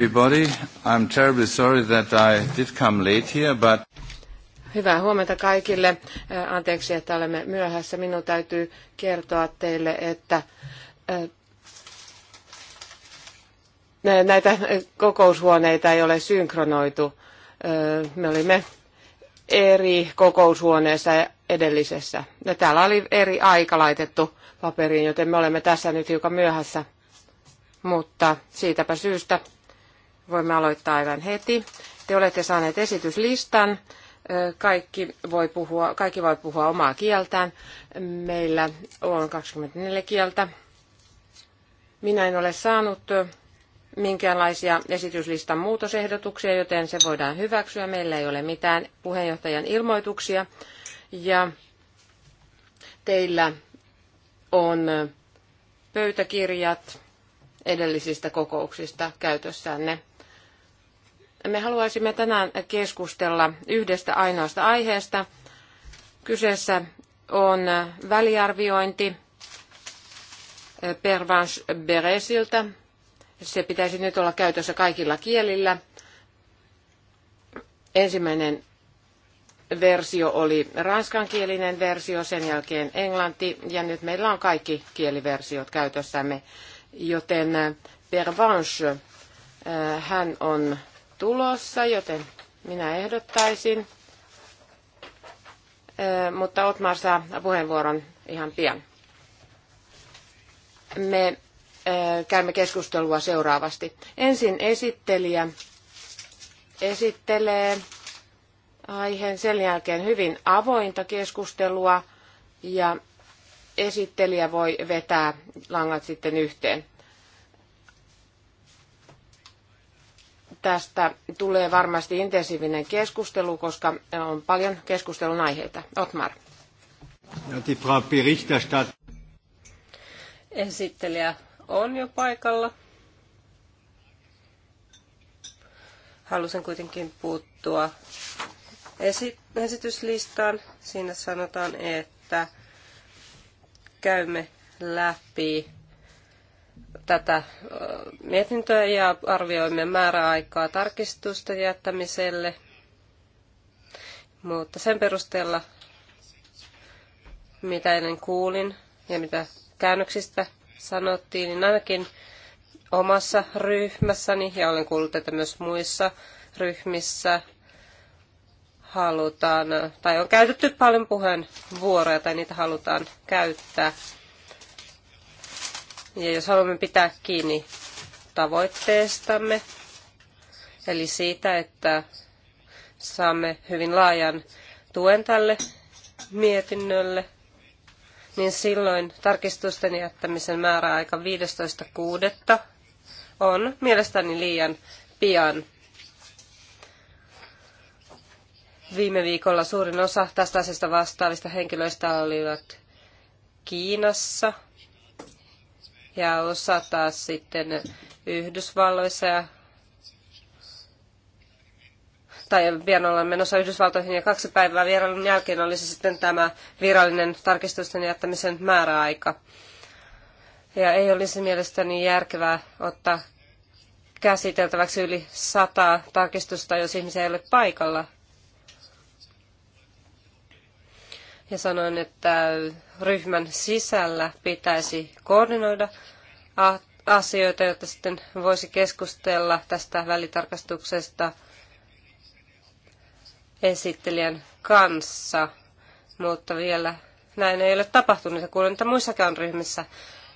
Everybody, I'm terribly sorry that I did come late here, but... Hyvää huomenta kaikille. Anteeksi, että olemme myöhässä. Minun täytyy kertoa teille, että näitä kokoushuoneita ei ole synkronoitu. Me olimme eri kokoushuoneessa edellisessä. Ja täällä oli eri aika laitettu paperiin, joten me olemme tässä nyt hiukan myöhässä. Mutta siitäpä syystä Voimme aloittaa aivan heti. Te olette saaneet esityslistan. Kaikki, voi puhua, kaikki voi puhua omaa kieltään. Meillä on 24 kieltä. Minä en ole saanut minkäänlaisia esityslistan muutosehdotuksia, joten se voidaan hyväksyä. Meillä ei ole mitään puheenjohtajan ilmoituksia. Ja teillä on pöytäkirjat edellisistä kokouksista käytössänne. Me haluaisimme tänään keskustella yhdestä ainoasta aiheesta. Kyseessä on väliarviointi eh, Pervans Beresiltä. Se pitäisi nyt olla käytössä kaikilla kielillä. Ensimmäinen versio oli ranskankielinen versio, sen jälkeen englanti ja nyt meillä on kaikki kieliversiot käytössämme, joten eh, Pervanche, eh, hän on tulossa, joten minä ehdottaisin. Eh, mutta Otmar saa puheenvuoron ihan pian. Me eh, käymme keskustelua seuraavasti. Ensin esittelijä esittelee aiheen, sen jälkeen hyvin avointa keskustelua ja esittelijä voi vetää langat sitten yhteen. Tästä tulee varmasti intensiivinen keskustelu, koska on paljon keskustelun aiheita. Otmar. Esittelijä on jo paikalla. Halusin kuitenkin puuttua esityslistaan. Siinä sanotaan, että käymme läpi tätä mietintöä ja arvioimme määräaikaa tarkistusten jättämiselle. Mutta sen perusteella, mitä ennen kuulin ja mitä käännöksistä sanottiin, niin ainakin omassa ryhmässäni, ja olen kuullut, että myös muissa ryhmissä halutaan, tai on käytetty paljon puheenvuoroja, tai niitä halutaan käyttää – ja jos haluamme pitää kiinni tavoitteestamme, eli siitä, että saamme hyvin laajan tuen tälle mietinnölle, niin silloin tarkistusten jättämisen määräaika 15.6. on mielestäni liian pian. Viime viikolla suurin osa tästä asiasta vastaavista henkilöistä olivat Kiinassa – ja osa taas sitten Yhdysvalloissa ja tai pian ollaan menossa Yhdysvaltoihin ja kaksi päivää vierailun jälkeen olisi sitten tämä virallinen tarkistusten jättämisen määräaika. Ja ei olisi mielestäni järkevää ottaa käsiteltäväksi yli sata tarkistusta, jos ihmisiä ei ole paikalla. ja sanoin, että ryhmän sisällä pitäisi koordinoida asioita, jotta sitten voisi keskustella tästä välitarkastuksesta esittelijän kanssa, mutta vielä näin ei ole tapahtunut ja kuulen, että muissakaan ryhmissä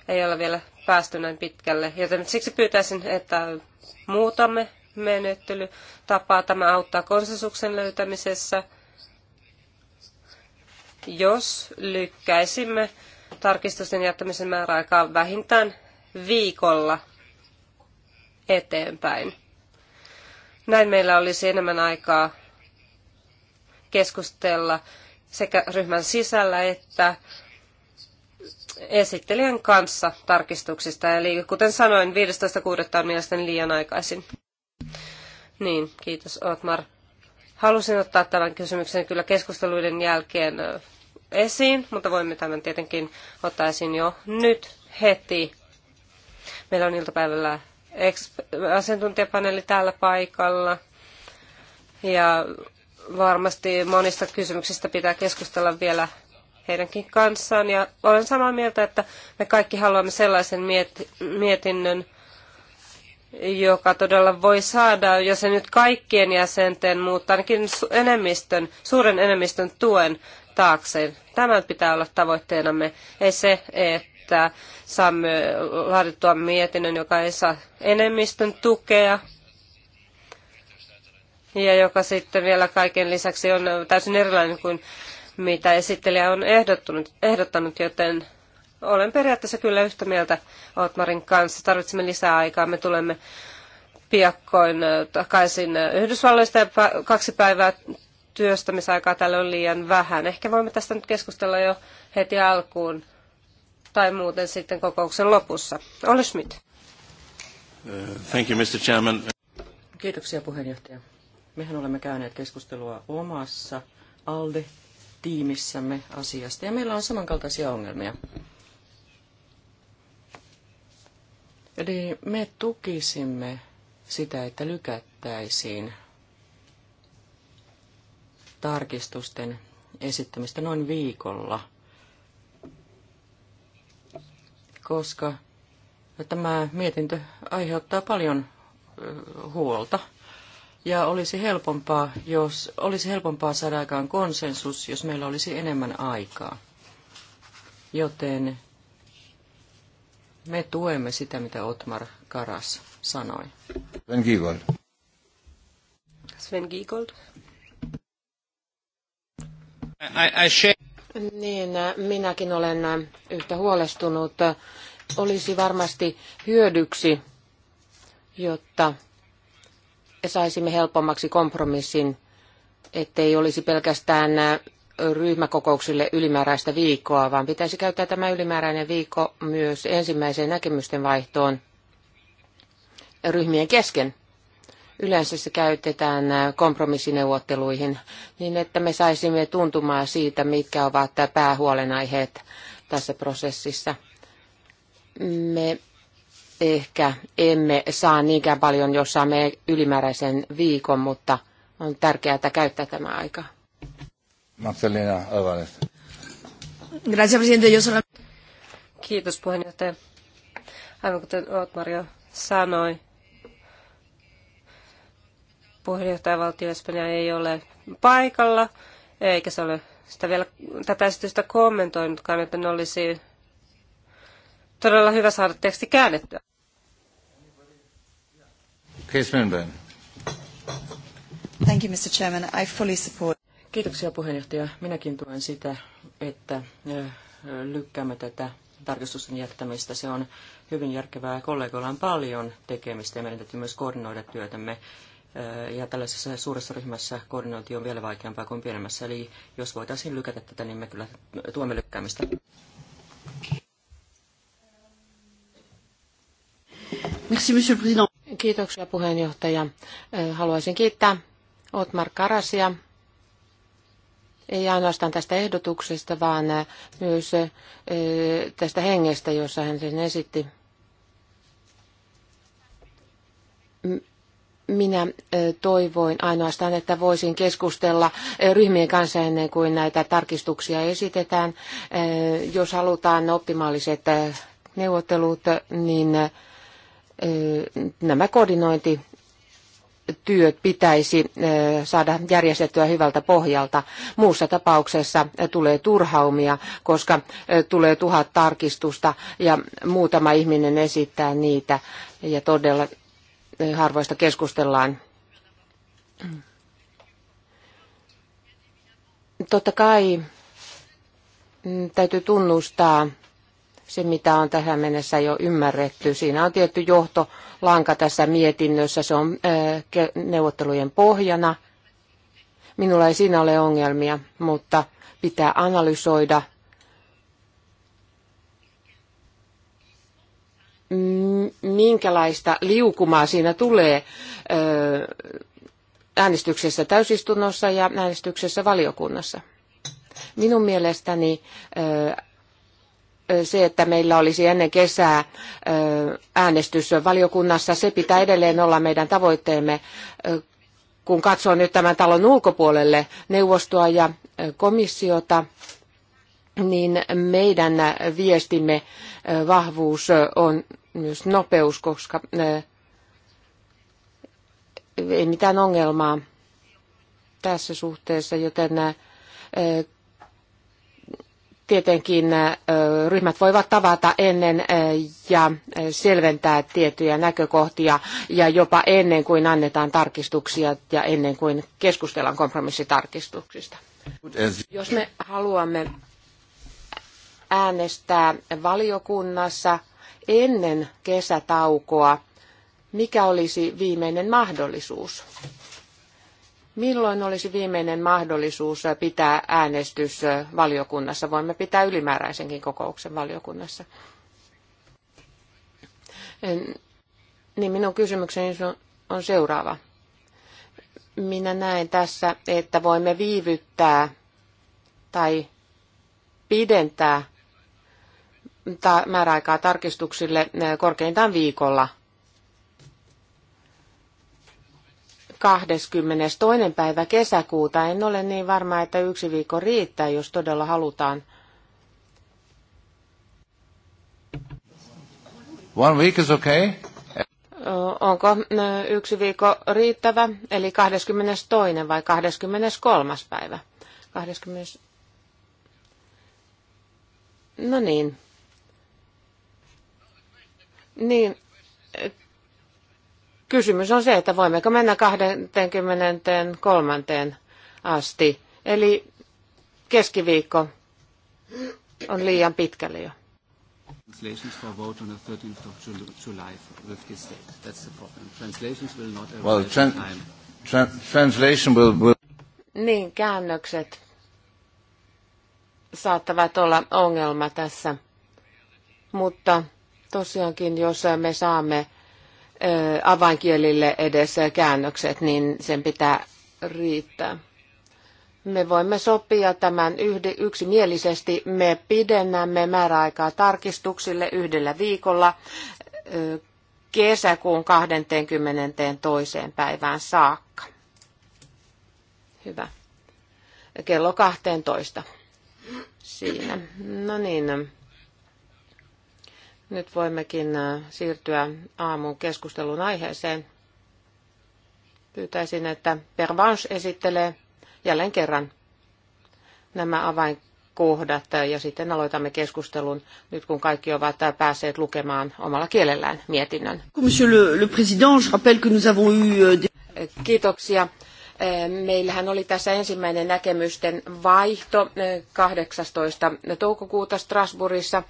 ei ole vielä päästy näin pitkälle. Joten siksi pyytäisin, että muutamme menettelytapaa. Tämä auttaa konsensuksen löytämisessä – jos lykkäisimme tarkistusten jättämisen määräaikaa vähintään viikolla eteenpäin. Näin meillä olisi enemmän aikaa keskustella sekä ryhmän sisällä että esittelijän kanssa tarkistuksista. Eli kuten sanoin, 15.6. on mielestäni liian aikaisin. Niin, kiitos Otmar. Halusin ottaa tämän kysymyksen kyllä keskusteluiden jälkeen esiin, mutta voimme tämän tietenkin ottaa esiin jo nyt heti. Meillä on iltapäivällä asiantuntijapaneeli täällä paikalla. Ja varmasti monista kysymyksistä pitää keskustella vielä heidänkin kanssaan. Ja olen samaa mieltä, että me kaikki haluamme sellaisen mietinnön, joka todella voi saada, jos ei nyt kaikkien jäsenten, mutta ainakin enemmistön, suuren enemmistön tuen taakseen. Tämän pitää olla tavoitteenamme, ei se, että saamme laadittua mietinnön, joka ei saa enemmistön tukea, ja joka sitten vielä kaiken lisäksi on täysin erilainen kuin mitä esittelijä on ehdottanut, joten olen periaatteessa kyllä yhtä mieltä Otmarin kanssa. Tarvitsemme lisää aikaa. Me tulemme piakkoin takaisin Yhdysvalloista ja kaksi päivää työstämisaikaa tälle on liian vähän. Ehkä voimme tästä nyt keskustella jo heti alkuun tai muuten sitten kokouksen lopussa. Ole Schmidt. Uh, thank you, Mr. Chairman. Kiitoksia puheenjohtaja. Mehän olemme käyneet keskustelua omassa ALDE-tiimissämme asiasta ja meillä on samankaltaisia ongelmia. Eli me tukisimme sitä, että lykättäisiin tarkistusten esittämistä noin viikolla, koska tämä mietintö aiheuttaa paljon huolta. Ja olisi helpompaa, jos, olisi helpompaa saada aikaan konsensus, jos meillä olisi enemmän aikaa. Joten me tuemme sitä, mitä Otmar Karas sanoi. Sven Giegold. Sven Giegold. I, I share... Niin, äh, minäkin olen äh, yhtä huolestunut. Olisi varmasti hyödyksi, jotta saisimme helpommaksi kompromissin, ettei olisi pelkästään äh, ryhmäkokouksille ylimääräistä viikkoa, vaan pitäisi käyttää tämä ylimääräinen viikko myös ensimmäiseen näkemysten vaihtoon ryhmien kesken. Yleensä se käytetään kompromissineuvotteluihin niin, että me saisimme tuntumaan siitä, mitkä ovat päähuolenaiheet tässä prosessissa. Me ehkä emme saa niinkään paljon, jos saamme ylimääräisen viikon, mutta on tärkeää käyttää tämä aikaa Marcelina Alvarez. Gracias, presidente. Yo Kiitos puheenjohtaja. Aivan kuten Otmario sanoi, puheenjohtajavaltio Espanja ei ole paikalla, eikä se ole sitä vielä, tätä esitystä kommentoinutkaan, että ne olisi todella hyvä saada teksti käännettyä. Thank you, Mr. Chairman. I fully support. Kiitoksia puheenjohtaja. Minäkin tuen sitä, että lykkäämme tätä tarkistusten jättämistä. Se on hyvin järkevää. Kollegoilla on paljon tekemistä ja meidän täytyy myös koordinoida työtämme. Ja tällaisessa suuressa ryhmässä koordinointi on vielä vaikeampaa kuin pienemmässä. Eli jos voitaisiin lykätä tätä, niin me kyllä tuomme lykkäämistä. Kiitoksia puheenjohtaja. Haluaisin kiittää Otmar Karasia ei ainoastaan tästä ehdotuksesta, vaan äh, myös äh, tästä hengestä, jossa hän sen esitti. Minä äh, toivoin ainoastaan, että voisin keskustella ryhmien kanssa ennen kuin näitä tarkistuksia esitetään. Jos halutaan optimaaliset neuvottelut, niin nämä koordinointi työt pitäisi saada järjestettyä hyvältä pohjalta. Muussa tapauksessa tulee turhaumia, koska tulee tuhat tarkistusta ja muutama ihminen esittää niitä ja todella harvoista keskustellaan. Totta kai mm, täytyy tunnustaa se, mitä on tähän mennessä jo ymmärretty. Siinä on tietty johtolanka tässä mietinnössä, se on äh, neuvottelujen pohjana. Minulla ei siinä ole ongelmia, mutta pitää analysoida, minkälaista liukumaa siinä tulee äh, äänestyksessä täysistunnossa ja äänestyksessä valiokunnassa. Minun mielestäni äh, se, että meillä olisi ennen kesää äänestys valiokunnassa, se pitää edelleen olla meidän tavoitteemme, kun katsoo nyt tämän talon ulkopuolelle neuvostoa ja komissiota, niin meidän viestimme vahvuus on myös nopeus, koska ei mitään ongelmaa tässä suhteessa, joten tietenkin ryhmät voivat tavata ennen ja selventää tiettyjä näkökohtia ja jopa ennen kuin annetaan tarkistuksia ja ennen kuin keskustellaan kompromissitarkistuksista. Jos me haluamme äänestää valiokunnassa ennen kesätaukoa, mikä olisi viimeinen mahdollisuus? Milloin olisi viimeinen mahdollisuus pitää äänestys valiokunnassa? Voimme pitää ylimääräisenkin kokouksen valiokunnassa. Niin minun kysymykseni on seuraava. Minä näen tässä, että voimme viivyttää tai pidentää määräaikaa tarkistuksille korkeintaan viikolla – 22. päivä kesäkuuta. En ole niin varma, että yksi viikko riittää, jos todella halutaan. One week is okay. Onko yksi viikko riittävä, eli 22. vai 23. päivä? 20. No niin. Niin, kysymys on se, että voimmeko mennä 23. asti. Eli keskiviikko on liian pitkälle jo. for vote on the 13th of July with date. That's the problem. will not well, translation will, Niin, käännökset saattavat olla ongelma tässä. Mutta tosiaankin, jos me saamme avainkielille edes käännökset, niin sen pitää riittää. Me voimme sopia tämän yksimielisesti. Me pidennämme määräaikaa tarkistuksille yhdellä viikolla kesäkuun 22. päivään saakka. Hyvä. Kello 12. Siinä. No niin. Nyt voimmekin äh, siirtyä aamun keskustelun aiheeseen. Pyytäisin, että Pervanche esittelee jälleen kerran nämä avainkohdat äh, ja sitten aloitamme keskustelun nyt kun kaikki ovat äh, päässeet lukemaan omalla kielellään mietinnön. Euh, Kiitoksia. Meillähän oli tässä ensimmäinen näkemysten vaihto 18. toukokuuta Strasbourgissa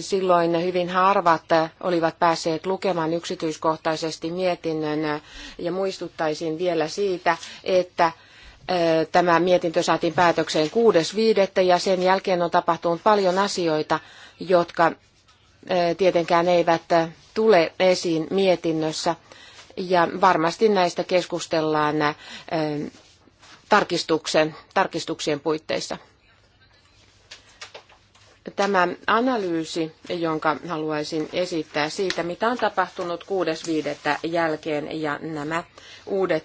silloin hyvin harvat olivat päässeet lukemaan yksityiskohtaisesti mietinnön ja muistuttaisin vielä siitä, että tämä mietintö saatiin päätökseen 6.5. ja sen jälkeen on tapahtunut paljon asioita, jotka tietenkään eivät tule esiin mietinnössä. Ja varmasti näistä keskustellaan tarkistuksen, tarkistuksien puitteissa tämä analyysi, jonka haluaisin esittää siitä, mitä on tapahtunut 6.5. jälkeen ja nämä uudet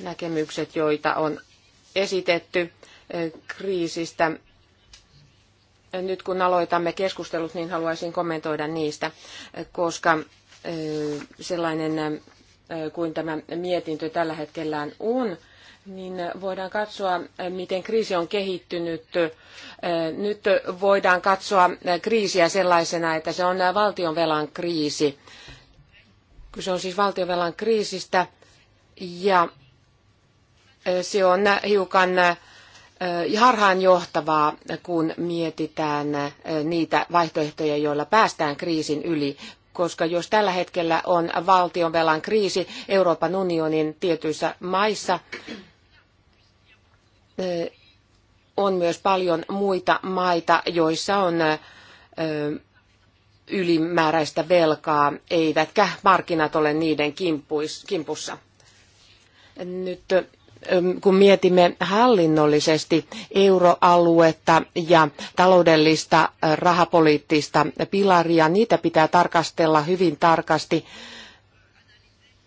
näkemykset, joita on esitetty kriisistä. Nyt kun aloitamme keskustelut, niin haluaisin kommentoida niistä, koska sellainen kuin tämä mietintö tällä hetkellä on, niin voidaan katsoa, miten kriisi on kehittynyt. Nyt voidaan katsoa kriisiä sellaisena, että se on valtionvelan kriisi. Kyse on siis valtionvelan kriisistä ja se on hiukan eh, harhaanjohtavaa, kun mietitään eh, niitä vaihtoehtoja, joilla päästään kriisin yli koska jos tällä hetkellä on valtionvelan kriisi Euroopan unionin tietyissä maissa, on myös paljon muita maita, joissa on ylimääräistä velkaa, eivätkä markkinat ole niiden kimpussa. Nyt kun mietimme hallinnollisesti euroaluetta ja taloudellista rahapoliittista pilaria, niitä pitää tarkastella hyvin tarkasti,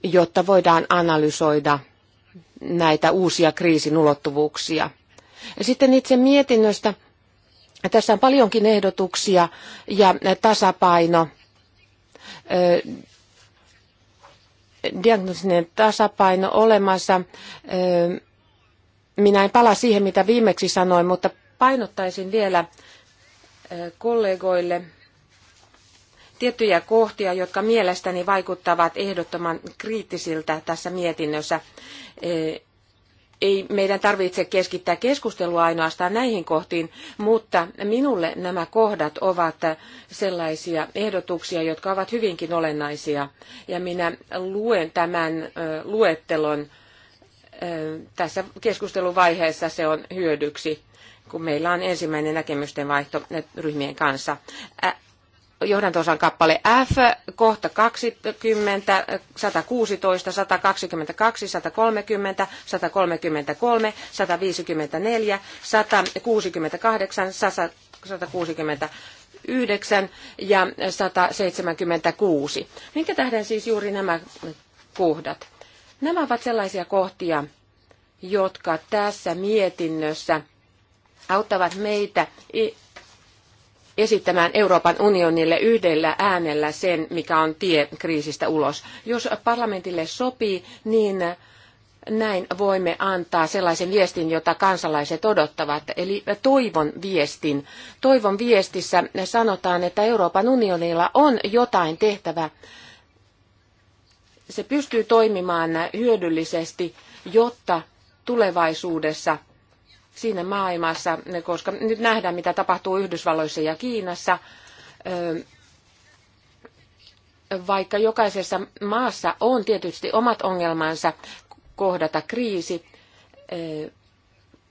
jotta voidaan analysoida näitä uusia kriisin ulottuvuuksia. Sitten itse mietinnöstä. Tässä on paljonkin ehdotuksia ja tasapaino, diagnosinen tasapaino olemassa. Minä en pala siihen, mitä viimeksi sanoin, mutta painottaisin vielä kollegoille tiettyjä kohtia, jotka mielestäni vaikuttavat ehdottoman kriittisiltä tässä mietinnössä. E, ei meidän tarvitse keskittää keskustelua ainoastaan näihin kohtiin, mutta minulle nämä kohdat ovat sellaisia ehdotuksia, jotka ovat hyvinkin olennaisia. Ja minä luen tämän luettelon tässä keskusteluvaiheessa se on hyödyksi, kun meillä on ensimmäinen näkemysten vaihto ryhmien kanssa johdantosan kappale F, kohta 20, 116, 122, 130, 133, 154, 168, 169 ja 176. Minkä tähden siis juuri nämä kohdat? Nämä ovat sellaisia kohtia, jotka tässä mietinnössä auttavat meitä esittämään Euroopan unionille yhdellä äänellä sen, mikä on tie kriisistä ulos. Jos parlamentille sopii, niin näin voimme antaa sellaisen viestin, jota kansalaiset odottavat, eli toivon viestin. Toivon viestissä sanotaan, että Euroopan unionilla on jotain tehtävä. Se pystyy toimimaan hyödyllisesti, jotta tulevaisuudessa – siinä maailmassa, koska nyt nähdään, mitä tapahtuu Yhdysvalloissa ja Kiinassa. Vaikka jokaisessa maassa on tietysti omat ongelmansa kohdata kriisi,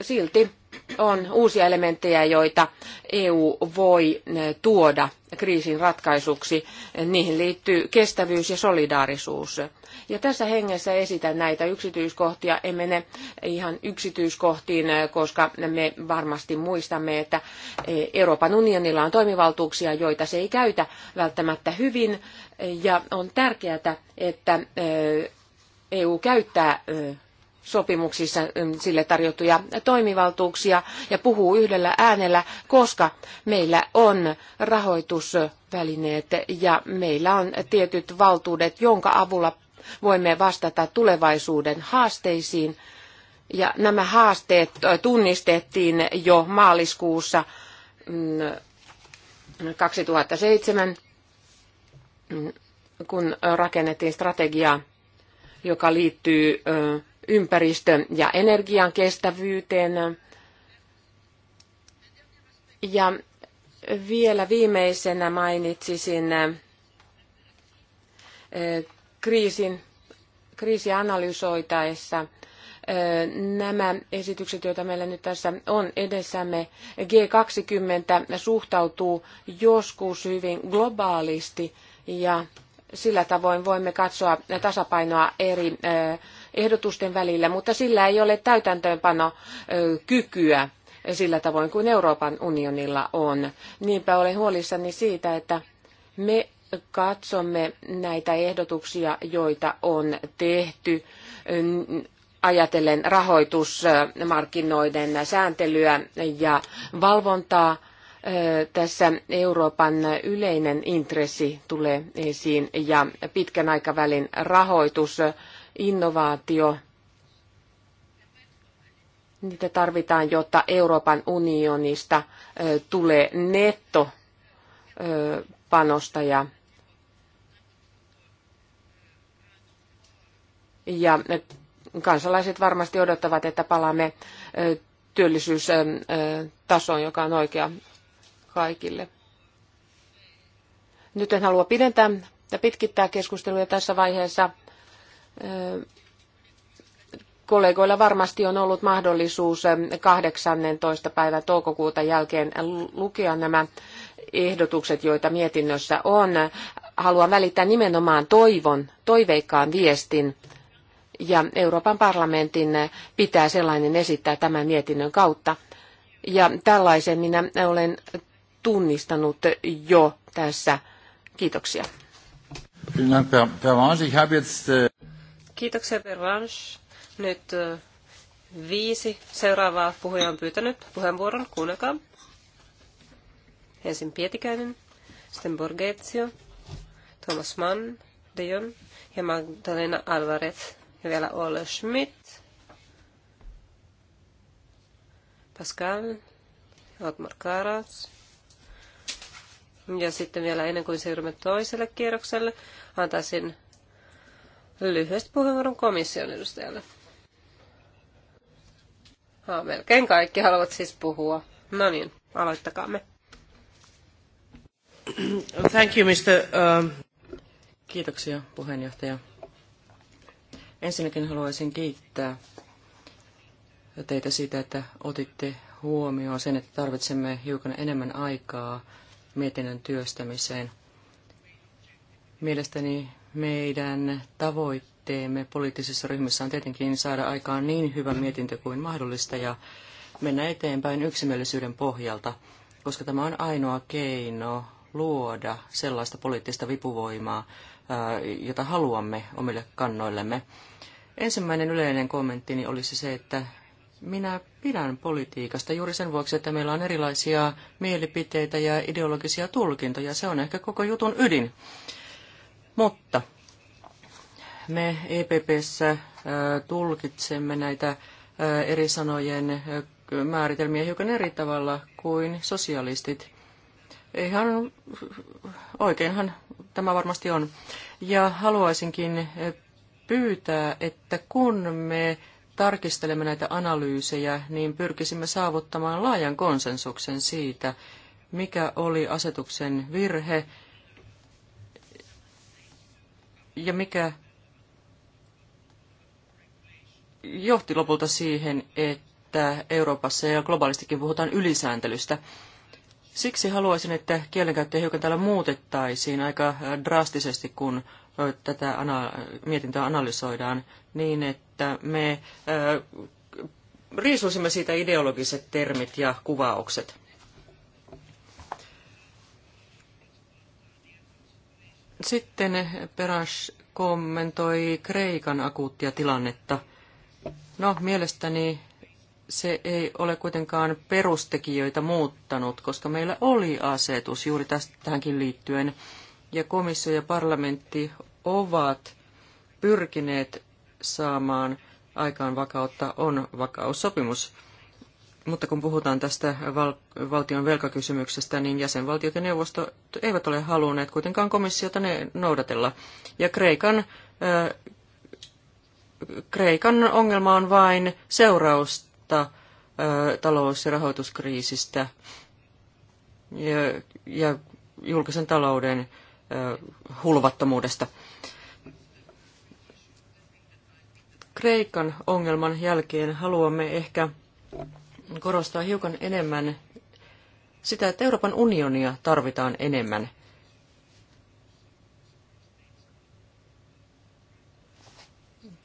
silti on uusia elementtejä, joita EU voi eh, tuoda kriisin ratkaisuksi. Niihin liittyy kestävyys ja solidaarisuus. Ja tässä hengessä esitän näitä yksityiskohtia. En mene ihan yksityiskohtiin, eh, koska me varmasti muistamme, että eh, Euroopan unionilla on toimivaltuuksia, joita se ei käytä välttämättä hyvin. Ja on tärkeää, että EU e käyttää sopimuksissa sille tarjottuja toimivaltuuksia ja puhuu yhdellä äänellä, koska meillä on rahoitusvälineet ja meillä on tietyt valtuudet, jonka avulla voimme vastata tulevaisuuden haasteisiin. Ja nämä haasteet tunnistettiin jo maaliskuussa 2007, mm, kun rakennettiin strategiaa, joka liittyy ympäristön ja energian kestävyyteen. Ja vielä viimeisenä mainitsisin äh, kriisin, kriisiä analysoitaessa äh, nämä esitykset, joita meillä nyt tässä on edessämme. G20 suhtautuu joskus hyvin globaalisti ja sillä tavoin voimme katsoa tasapainoa eri äh, ehdotusten välillä, mutta sillä ei ole täytäntöönpano kykyä sillä tavoin kuin Euroopan unionilla on. Niinpä olen huolissani siitä, että me katsomme näitä ehdotuksia, joita on tehty ajatellen rahoitusmarkkinoiden sääntelyä ja valvontaa. Tässä Euroopan yleinen intressi tulee esiin ja pitkän aikavälin rahoitus innovaatio. Niitä tarvitaan, jotta Euroopan unionista tulee nettopanostaja. Ja kansalaiset varmasti odottavat, että palaamme työllisyystasoon, joka on oikea kaikille. Nyt en halua pidentää ja pitkittää keskustelua tässä vaiheessa kollegoilla varmasti on ollut mahdollisuus 18. Eh, päivä toukokuuta jälkeen lukea nämä ehdotukset, joita mietinnössä on. Haluan välittää nimenomaan toivon, toiveikkaan viestin ja Euroopan parlamentin pitää sellainen esittää tämän mietinnön kautta. Ja tällaisen minä olen tunnistanut jo tässä. Kiitoksia. Vielen Dank, Herr Ich habe jetzt äh, Kiitoksia, Pervanche. Nyt viisi seuraavaa puhuja on pyytänyt puheenvuoron. Kuunnelkaa. Ensin Pietikäinen, sitten Borgezio, Thomas Mann, De ja Magdalena Alvarez ja vielä Ole Schmidt, Pascal, Otmar Karas. Ja sitten vielä ennen kuin siirrymme toiselle kierrokselle, antaisin lyhyesti puheenvuoron komission edustajalle. Ha, melkein kaikki haluavat siis puhua. No niin, aloittakaamme. Thank you, Mr. Um, kiitoksia, puheenjohtaja. Ensinnäkin haluaisin kiittää teitä siitä, että otitte huomioon sen, että tarvitsemme hiukan enemmän aikaa mietinnön työstämiseen. Mielestäni meidän tavoitteemme poliittisessa ryhmässä on tietenkin saada aikaan niin hyvä mietintö kuin mahdollista ja mennä eteenpäin yksimielisyyden pohjalta, koska tämä on ainoa keino luoda sellaista poliittista vipuvoimaa, jota haluamme omille kannoillemme. Ensimmäinen yleinen kommenttini olisi se, että minä pidän politiikasta juuri sen vuoksi, että meillä on erilaisia mielipiteitä ja ideologisia tulkintoja. Se on ehkä koko jutun ydin. Mutta me EPPssä tulkitsemme näitä eri sanojen määritelmiä hiukan eri tavalla kuin sosialistit. Ihan oikeinhan tämä varmasti on. Ja haluaisinkin pyytää, että kun me tarkistelemme näitä analyysejä, niin pyrkisimme saavuttamaan laajan konsensuksen siitä, mikä oli asetuksen virhe ja mikä johti lopulta siihen, että Euroopassa ja globaalistikin puhutaan ylisääntelystä. Siksi haluaisin, että kielenkäyttöä hiukan täällä muutettaisiin aika drastisesti, kun tätä ana- mietintöä analysoidaan, niin että me äh, riisuisimme siitä ideologiset termit ja kuvaukset. Sitten Peras kommentoi Kreikan akuuttia tilannetta. No, mielestäni se ei ole kuitenkaan perustekijöitä muuttanut, koska meillä oli asetus juuri tästä tähänkin liittyen, ja komissio ja parlamentti ovat pyrkineet saamaan aikaan vakautta, on vakaussopimus. Mutta kun puhutaan tästä val- valtion velkakysymyksestä, niin jäsenvaltiot ja neuvosto eivät ole halunneet kuitenkaan komissiota ne noudatella. Ja Kreikan, äh, Kreikan ongelma on vain seurausta äh, talous- ja rahoituskriisistä ja, ja julkisen talouden äh, hulvattomuudesta. Kreikan ongelman jälkeen haluamme ehkä korostaa hiukan enemmän sitä, että Euroopan unionia tarvitaan enemmän.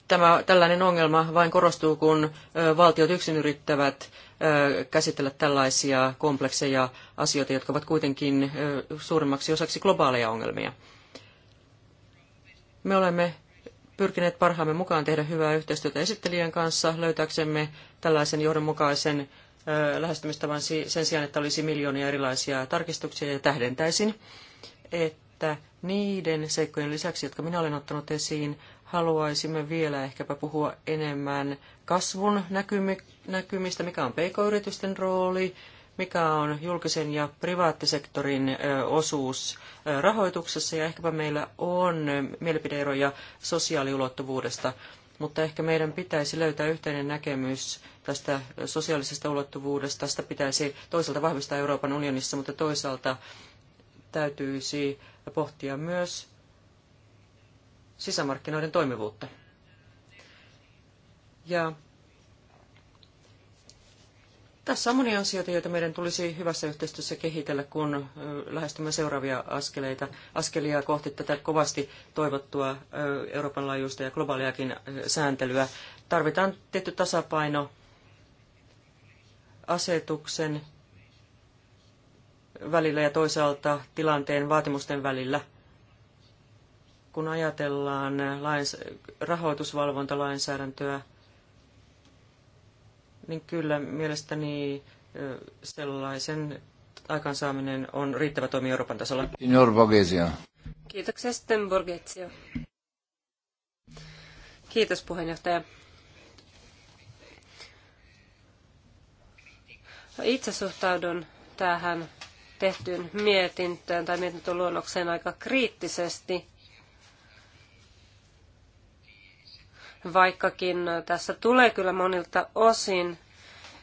Tämä, tällainen ongelma vain korostuu, kun valtiot yksin yrittävät käsitellä tällaisia komplekseja asioita, jotka ovat kuitenkin suurimmaksi osaksi globaaleja ongelmia. Me olemme pyrkineet parhaamme mukaan tehdä hyvää yhteistyötä esittelijän kanssa löytääksemme tällaisen johdonmukaisen lähestymistavan sen sijaan, että olisi miljoonia erilaisia tarkistuksia ja tähdentäisin, että niiden seikkojen lisäksi, jotka minä olen ottanut esiin, haluaisimme vielä ehkäpä puhua enemmän kasvun näkymistä, mikä on pk-yritysten rooli, mikä on julkisen ja privaattisektorin osuus rahoituksessa, ja ehkäpä meillä on mielipideeroja sosiaaliulottuvuudesta, mutta ehkä meidän pitäisi löytää yhteinen näkemys tästä sosiaalisesta ulottuvuudesta. Sitä pitäisi toisaalta vahvistaa Euroopan unionissa, mutta toisaalta täytyisi pohtia myös sisämarkkinoiden toimivuutta. Ja tässä on monia asioita, joita meidän tulisi hyvässä yhteistyössä kehitellä, kun lähestymme seuraavia askeleita, askelia kohti tätä kovasti toivottua Euroopan laajuista ja globaaliakin sääntelyä. Tarvitaan tietty tasapaino asetuksen välillä ja toisaalta tilanteen vaatimusten välillä. Kun ajatellaan rahoitusvalvontalainsäädäntöä, niin kyllä mielestäni sellaisen aikaansaaminen on riittävä toimi Euroopan tasolla. Signor Borgesio. Kiitoksia sitten Borgesio. Kiitos puheenjohtaja. Itse suhtaudun tähän tehtyyn mietintöön tai mietintöluonnokseen aika kriittisesti. vaikkakin tässä tulee kyllä monilta osin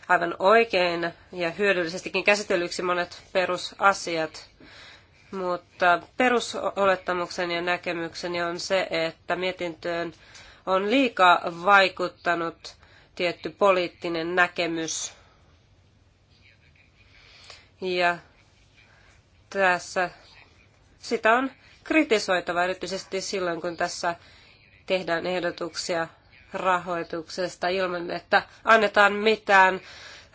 aivan oikein ja hyödyllisestikin käsitellyksi monet perusasiat. Mutta perusolettamukseni ja näkemykseni on se, että mietintöön on liikaa vaikuttanut tietty poliittinen näkemys. Ja tässä sitä on kritisoitava erityisesti silloin, kun tässä tehdään ehdotuksia rahoituksesta ilman, että annetaan mitään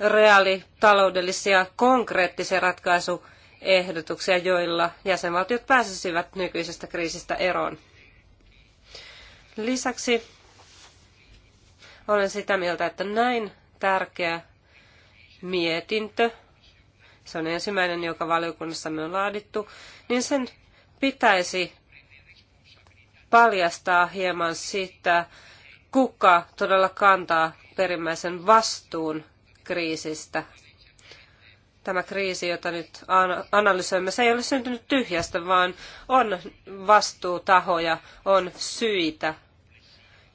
reaalitaloudellisia konkreettisia ratkaisuehdotuksia, joilla jäsenvaltiot pääsisivät nykyisestä kriisistä eroon. Lisäksi olen sitä mieltä, että näin tärkeä mietintö, se on ensimmäinen, joka valiokunnassamme on laadittu, niin sen pitäisi paljastaa hieman sitä, kuka todella kantaa perimmäisen vastuun kriisistä. Tämä kriisi, jota nyt analysoimme, se ei ole syntynyt tyhjästä, vaan on vastuutahoja, on syitä.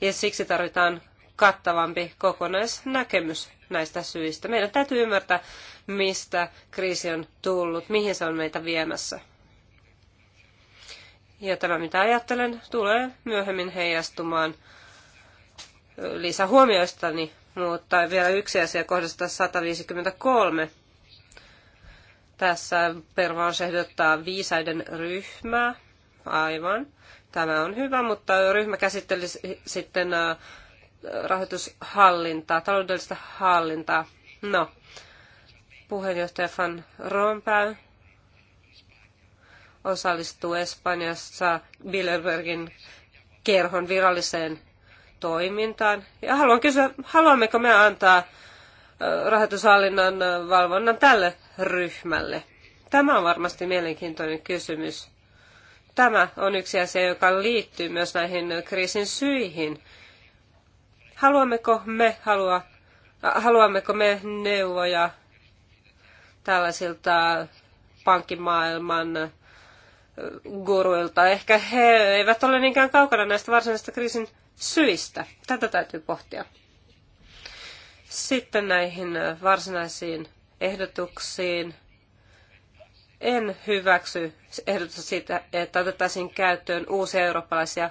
Ja siksi tarvitaan kattavampi kokonaisnäkemys näistä syistä. Meidän täytyy ymmärtää, mistä kriisi on tullut, mihin se on meitä viemässä. Ja tämä, mitä ajattelen, tulee myöhemmin heijastumaan lisähuomioistani, mutta vielä yksi asia kohdasta 153. Tässä Pervaus ehdottaa viisaiden ryhmää. Aivan. Tämä on hyvä, mutta ryhmä käsitteli sitten rahoitushallintaa, taloudellista hallintaa. No, puheenjohtaja Van Rompuy osallistuu Espanjassa Bilderbergin kerhon viralliseen toimintaan. Ja haluan kysyä, haluammeko me antaa rahoitushallinnan valvonnan tälle ryhmälle? Tämä on varmasti mielenkiintoinen kysymys. Tämä on yksi asia, joka liittyy myös näihin kriisin syihin. Haluammeko me, halua, haluammeko me neuvoja tällaisilta pankkimaailman guruilta. Ehkä he eivät ole niinkään kaukana näistä varsinaisista kriisin syistä. Tätä täytyy pohtia. Sitten näihin varsinaisiin ehdotuksiin. En hyväksy ehdotusta siitä, että otettaisiin käyttöön uusia eurooppalaisia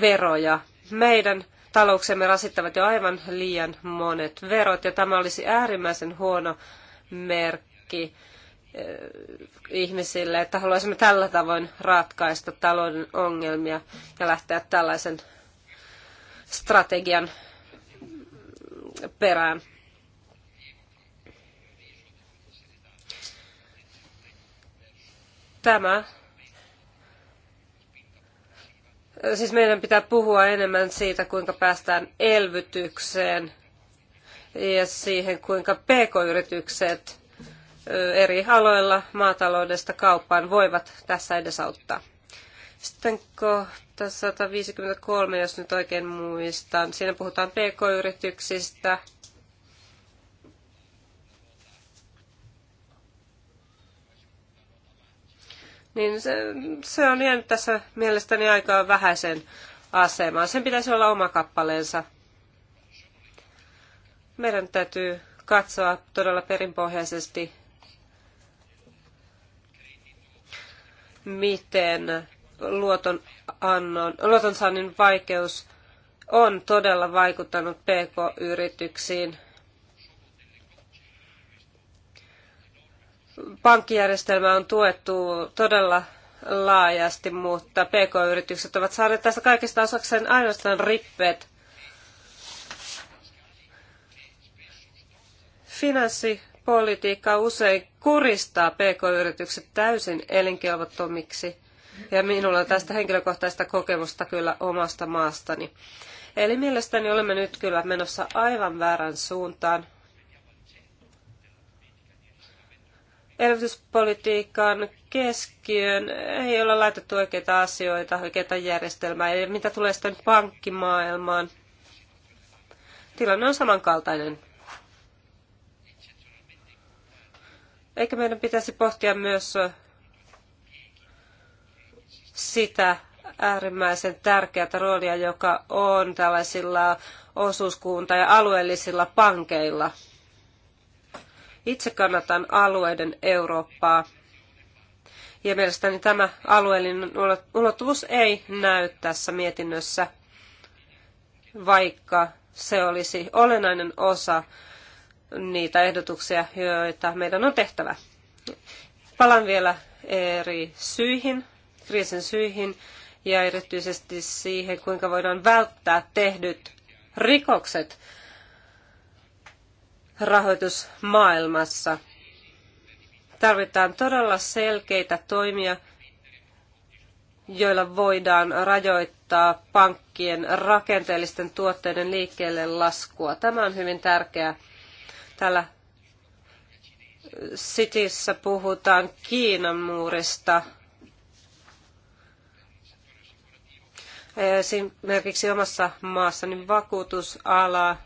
veroja. Meidän talouksemme rasittavat jo aivan liian monet verot, ja tämä olisi äärimmäisen huono merkki Eh, ihmisille, että haluaisimme tällä tavoin ratkaista talouden ongelmia ja lähteä tällaisen strategian perään. Tämä. Siis meidän pitää puhua enemmän siitä, kuinka päästään elvytykseen ja siihen, kuinka pk-yritykset eri aloilla maataloudesta kauppaan voivat tässä edesauttaa. Sitten kohta 153, jos nyt oikein muistan. Siinä puhutaan pk-yrityksistä. Niin se, se on jäänyt tässä mielestäni aika vähäisen asemaan. Sen pitäisi olla oma kappaleensa. Meidän täytyy katsoa todella perinpohjaisesti miten luoton annon, luotonsaannin vaikeus on todella vaikuttanut PK-yrityksiin. Pankkijärjestelmä on tuettu todella laajasti, mutta PK-yritykset ovat saaneet tästä kaikesta osakseen ainoastaan rippeet. Finanssi politiikka usein kuristaa pk-yritykset täysin elinkelvottomiksi. Ja minulla on tästä henkilökohtaista kokemusta kyllä omasta maastani. Eli mielestäni olemme nyt kyllä menossa aivan väärän suuntaan. Elvytyspolitiikan keskiön ei ole laitettu oikeita asioita, oikeita järjestelmää. Eli mitä tulee sitten pankkimaailmaan, tilanne on samankaltainen. Eikä meidän pitäisi pohtia myös sitä äärimmäisen tärkeää roolia, joka on tällaisilla osuuskunta- ja alueellisilla pankeilla. Itse kannatan alueiden Eurooppaa. Ja mielestäni tämä alueellinen ulottuvuus ei näy tässä mietinnössä, vaikka se olisi olennainen osa niitä ehdotuksia, joita meidän on tehtävä. Palaan vielä eri syihin, kriisin syihin ja erityisesti siihen, kuinka voidaan välttää tehdyt rikokset rahoitusmaailmassa. Tarvitaan todella selkeitä toimia, joilla voidaan rajoittaa pankkien rakenteellisten tuotteiden liikkeelle laskua. Tämä on hyvin tärkeää Täällä Cityssä puhutaan Kiinan muurista. Esimerkiksi omassa maassani vakuutusala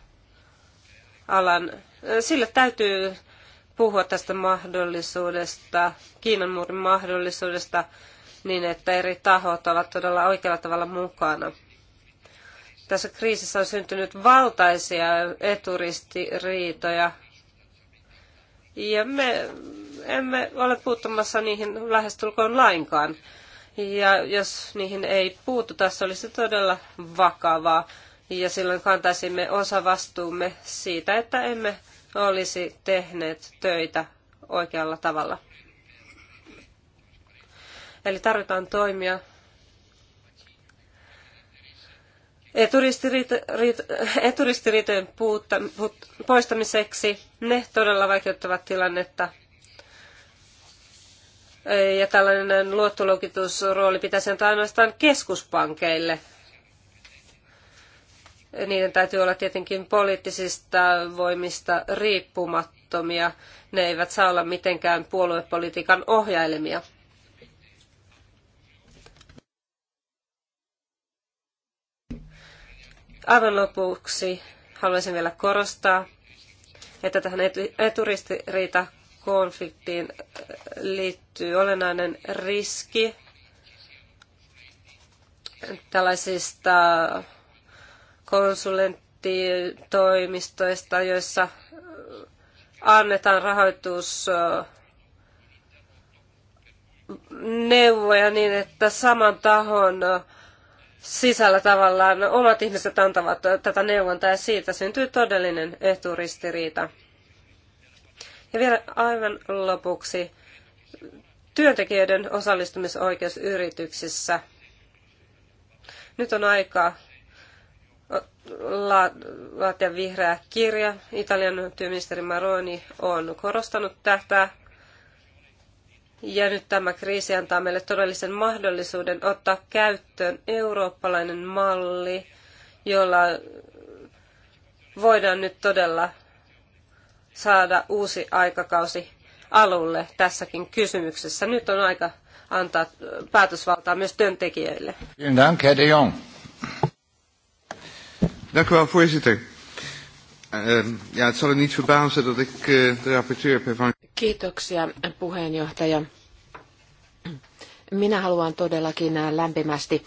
alan, sillä täytyy puhua tästä mahdollisuudesta, Kiinan muurin mahdollisuudesta, niin että eri tahot ovat todella oikealla tavalla mukana. Tässä kriisissä on syntynyt valtaisia eturistiriitoja ja me emme ole puuttumassa niihin lähestulkoon lainkaan. Ja jos niihin ei puututa, se olisi todella vakavaa. Ja silloin kantaisimme osa vastuumme siitä, että emme olisi tehneet töitä oikealla tavalla. Eli tarvitaan toimia, eturistiriitojen puutta, poistamiseksi. Ne todella vaikeuttavat tilannetta. Ja tällainen luottoluokitusrooli pitäisi antaa ainoastaan keskuspankeille. Niiden täytyy olla tietenkin poliittisista voimista riippumattomia. Ne eivät saa olla mitenkään puoluepolitiikan ohjailemia. Aivan lopuksi haluaisin vielä korostaa, että tähän eturistiriita konfliktiin äh, liittyy olennainen riski tällaisista konsulenttitoimistoista, joissa äh, annetaan rahoitus äh, neuvoja niin, että saman tahon sisällä tavallaan omat ihmiset antavat tätä neuvontaa ja siitä syntyy todellinen eturistiriita. Ja vielä aivan lopuksi työntekijöiden osallistumisoikeus yrityksissä. Nyt on aika laatia vihreä kirja. Italian työministeri Maroni on korostanut tätä ja nyt tämä kriisi antaa meille todellisen mahdollisuuden ottaa käyttöön eurooppalainen malli, jolla voidaan nyt todella saada uusi aikakausi alulle tässäkin kysymyksessä. Nyt on aika antaa päätösvaltaa myös työntekijöille. Dank, ehm, ja, het zal u er niet verbazen dat ik eh, de rapporteur heb van... Kiitoksia puheenjohtaja. Minä haluan todellakin lämpimästi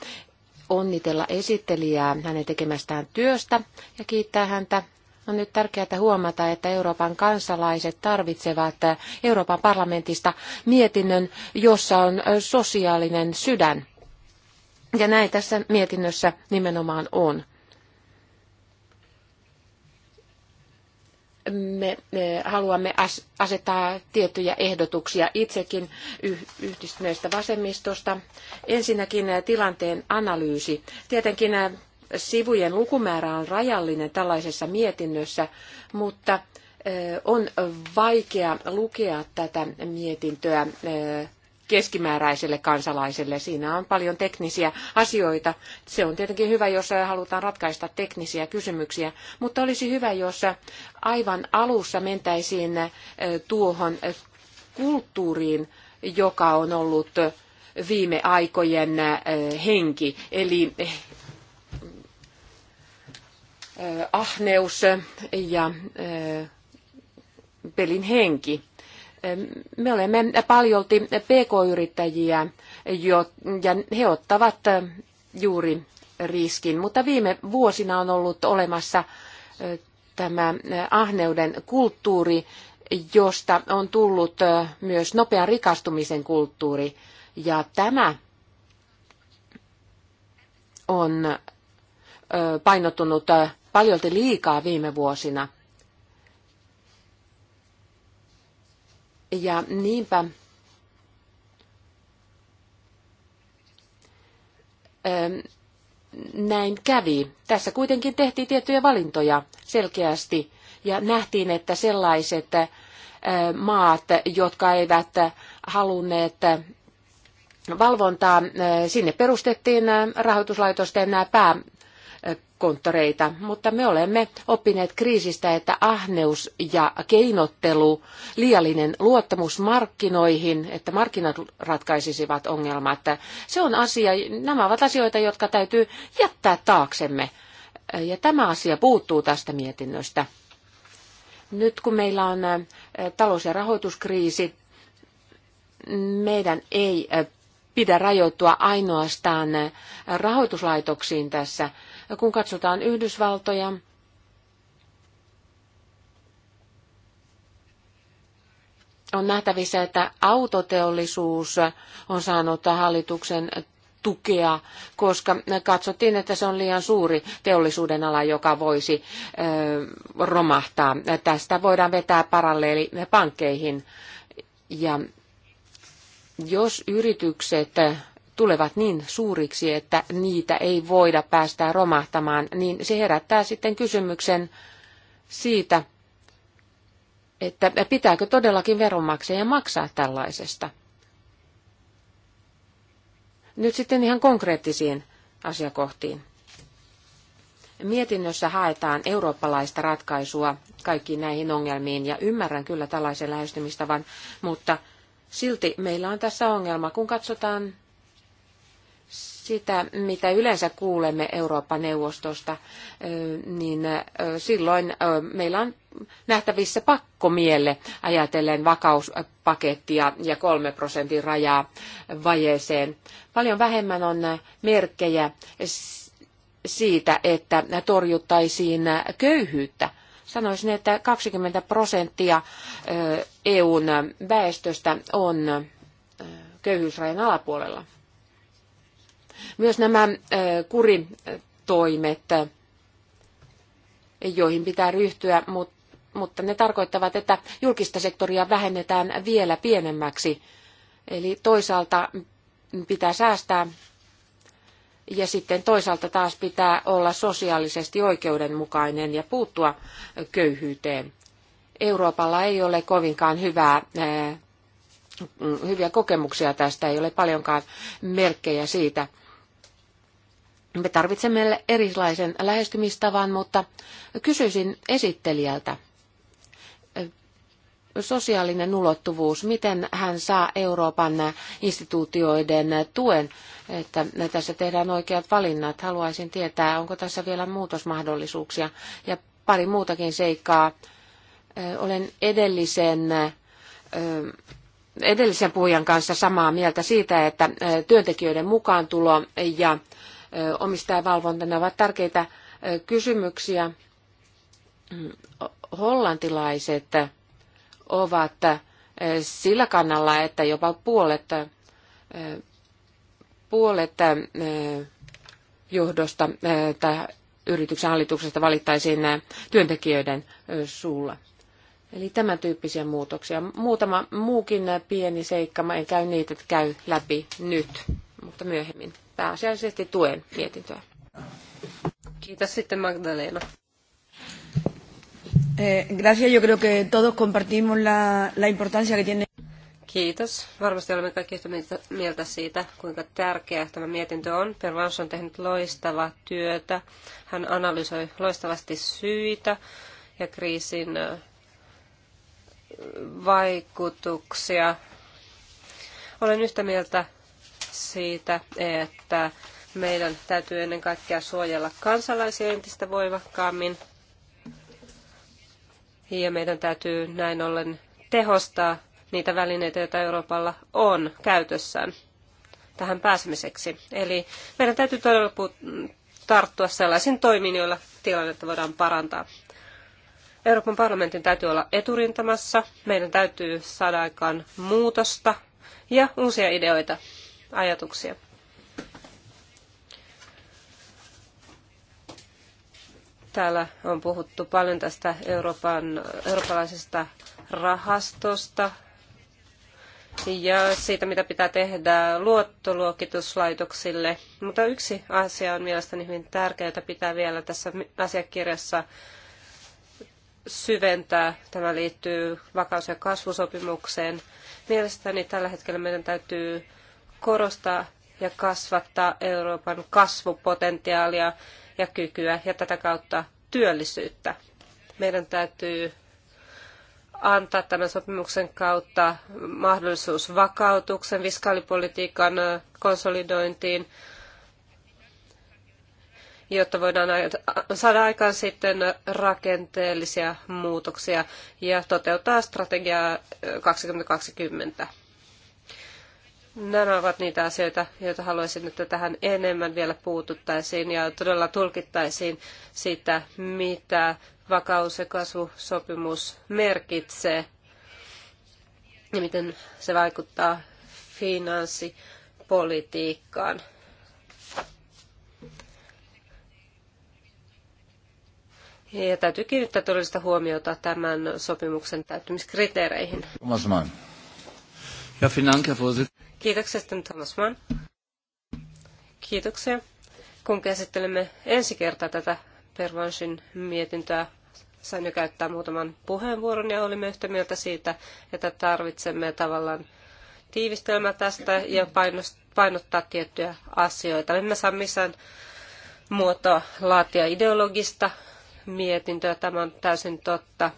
onnitella esittelijää hänen tekemästään työstä ja kiittää häntä. On nyt tärkeää huomata, että Euroopan kansalaiset tarvitsevat Euroopan parlamentista mietinnön, jossa on sosiaalinen sydän. Ja näin tässä mietinnössä nimenomaan on. me haluamme asettaa tiettyjä ehdotuksia itsekin yhdistyneestä vasemmistosta. Ensinnäkin eh, tilanteen analyysi. Tietenkin eh, sivujen lukumäärä on rajallinen tällaisessa mietinnössä, mutta eh, on vaikea lukea tätä mietintöä keskimääräiselle kansalaiselle. Siinä on paljon teknisiä asioita. Se on tietenkin hyvä, jos halutaan ratkaista teknisiä kysymyksiä, mutta olisi hyvä, jos aivan alussa mentäisiin tuohon kulttuuriin, joka on ollut viime aikojen henki, eli eh, ahneus ja pelin henki me olemme paljolti pk-yrittäjiä ja he ottavat juuri riskin, mutta viime vuosina on ollut olemassa tämä ahneuden kulttuuri, josta on tullut myös nopean rikastumisen kulttuuri. Ja tämä on painottunut paljolti liikaa viime vuosina. Ja niinpä ähm, näin kävi. Tässä kuitenkin tehtiin tiettyjä valintoja selkeästi ja nähtiin, että sellaiset äh, maat, jotka eivät halunneet valvontaa, äh, sinne perustettiin äh, rahoituslaitosten pää, konttoreita, mutta me olemme oppineet kriisistä, että ahneus ja keinottelu, liiallinen luottamus markkinoihin, että markkinat ratkaisisivat ongelmat, se on asia, nämä ovat asioita, jotka täytyy jättää taaksemme. Ja tämä asia puuttuu tästä mietinnöstä. Nyt kun meillä on äh, talous- ja rahoituskriisi, meidän ei äh, pidä rajoittua ainoastaan äh, rahoituslaitoksiin tässä kun katsotaan Yhdysvaltoja, on nähtävissä, että autoteollisuus on saanut hallituksen tukea, koska katsottiin, että se on liian suuri teollisuuden ala, joka voisi romahtaa. Tästä voidaan vetää paralleeli pankkeihin. Ja jos yritykset tulevat niin suuriksi, että niitä ei voida päästää romahtamaan, niin se herättää sitten kysymyksen siitä, että pitääkö todellakin veronmaksajia maksaa tällaisesta. Nyt sitten ihan konkreettisiin asiakohtiin. Mietinnössä haetaan eurooppalaista ratkaisua kaikkiin näihin ongelmiin, ja ymmärrän kyllä tällaisen lähestymistavan, mutta silti meillä on tässä ongelma, kun katsotaan sitä, mitä yleensä kuulemme Euroopan neuvostosta, niin silloin meillä on nähtävissä pakkomielle ajatellen vakauspakettia ja kolme prosentin rajaa vajeeseen. Paljon vähemmän on merkkejä siitä, että torjuttaisiin köyhyyttä. Sanoisin, että 20 prosenttia EUn väestöstä on köyhyysrajan alapuolella. Myös nämä kuritoimet, joihin pitää ryhtyä, mutta ne tarkoittavat, että julkista sektoria vähennetään vielä pienemmäksi. Eli toisaalta pitää säästää ja sitten toisaalta taas pitää olla sosiaalisesti oikeudenmukainen ja puuttua köyhyyteen. Euroopalla ei ole kovinkaan hyvää, hyviä kokemuksia tästä, ei ole paljonkaan merkkejä siitä me tarvitsemme erilaisen lähestymistavan, mutta kysyisin esittelijältä. Sosiaalinen ulottuvuus, miten hän saa Euroopan instituutioiden tuen, että tässä tehdään oikeat valinnat. Haluaisin tietää, onko tässä vielä muutosmahdollisuuksia ja pari muutakin seikkaa. Olen edellisen edellisen puhujan kanssa samaa mieltä siitä, että työntekijöiden mukaantulo ja omistajavalvonta, ne ovat tärkeitä kysymyksiä. Mm, hollantilaiset ovat sillä kannalla, että jopa puolet, puolet johdosta tai yrityksen hallituksesta valittaisiin työntekijöiden suulla. Eli tämän tyyppisiä muutoksia. Muutama muukin pieni seikka, mä en käy niitä käy läpi nyt mutta myöhemmin. Pääasiallisesti tuen mietintöä. Kiitos sitten Magdalena. Eh, gracias, Kiitos. Varmasti olemme kaikki yhtä mieltä siitä, kuinka tärkeä tämä mietintö on. Pervans on tehnyt loistavaa työtä. Hän analysoi loistavasti syitä ja kriisin eh, vaikutuksia. Olen yhtä mieltä siitä, että meidän täytyy ennen kaikkea suojella kansalaisia entistä voimakkaammin. Ja meidän täytyy näin ollen tehostaa niitä välineitä, joita Euroopalla on käytössään tähän pääsemiseksi. Eli meidän täytyy todella tarttua sellaisiin toimiin, joilla tilannetta voidaan parantaa. Euroopan parlamentin täytyy olla eturintamassa, meidän täytyy saada aikaan muutosta ja uusia ideoita ajatuksia. Täällä on puhuttu paljon tästä Euroopan, eurooppalaisesta rahastosta ja siitä, mitä pitää tehdä luottoluokituslaitoksille. Mutta yksi asia on mielestäni hyvin tärkeä, jota pitää vielä tässä asiakirjassa syventää. Tämä liittyy vakaus- ja kasvusopimukseen. Mielestäni tällä hetkellä meidän täytyy korostaa ja kasvattaa Euroopan kasvupotentiaalia ja kykyä ja tätä kautta työllisyyttä. Meidän täytyy antaa tämän sopimuksen kautta mahdollisuus vakautuksen, fiskaalipolitiikan konsolidointiin, jotta voidaan saada aikaan sitten rakenteellisia muutoksia ja toteuttaa strategiaa 2020. Nämä ovat niitä asioita, joita haluaisin, että tähän enemmän vielä puututtaisiin ja todella tulkittaisiin sitä, mitä vakaus- ja kasvusopimus merkitsee ja miten se vaikuttaa finanssipolitiikkaan. Ja täytyy kiinnittää todellista huomiota tämän sopimuksen täyttymiskriteereihin. Ja, vielen Kiitoksia sitten Thomas Mann. Kiitoksia. Kun käsittelemme ensi kertaa tätä Pervansin mietintöä, sain jo käyttää muutaman puheenvuoron ja olimme yhtä mieltä siitä, että tarvitsemme tavallaan tiivistelmä tästä ja painottaa tiettyjä asioita. Emme saa missään muotoa laatia ideologista mietintöä, tämä on täysin totta.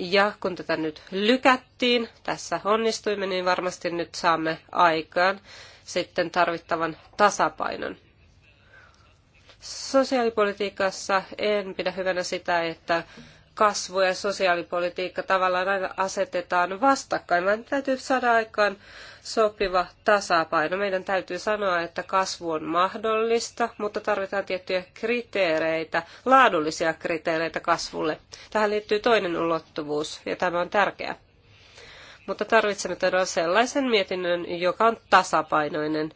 Ja kun tätä nyt lykättiin, tässä onnistuimme, niin varmasti nyt saamme aikaan sitten tarvittavan tasapainon. Sosiaalipolitiikassa en pidä hyvänä sitä, että kasvu ja sosiaalipolitiikka tavallaan aina asetetaan vastakkain, vaan täytyy saada aikaan sopiva tasapaino. Meidän täytyy sanoa, että kasvu on mahdollista, mutta tarvitaan tiettyjä kriteereitä, laadullisia kriteereitä kasvulle. Tähän liittyy toinen ulottuvuus, ja tämä on tärkeä. Mutta tarvitsemme todella sellaisen mietinnön, joka on tasapainoinen.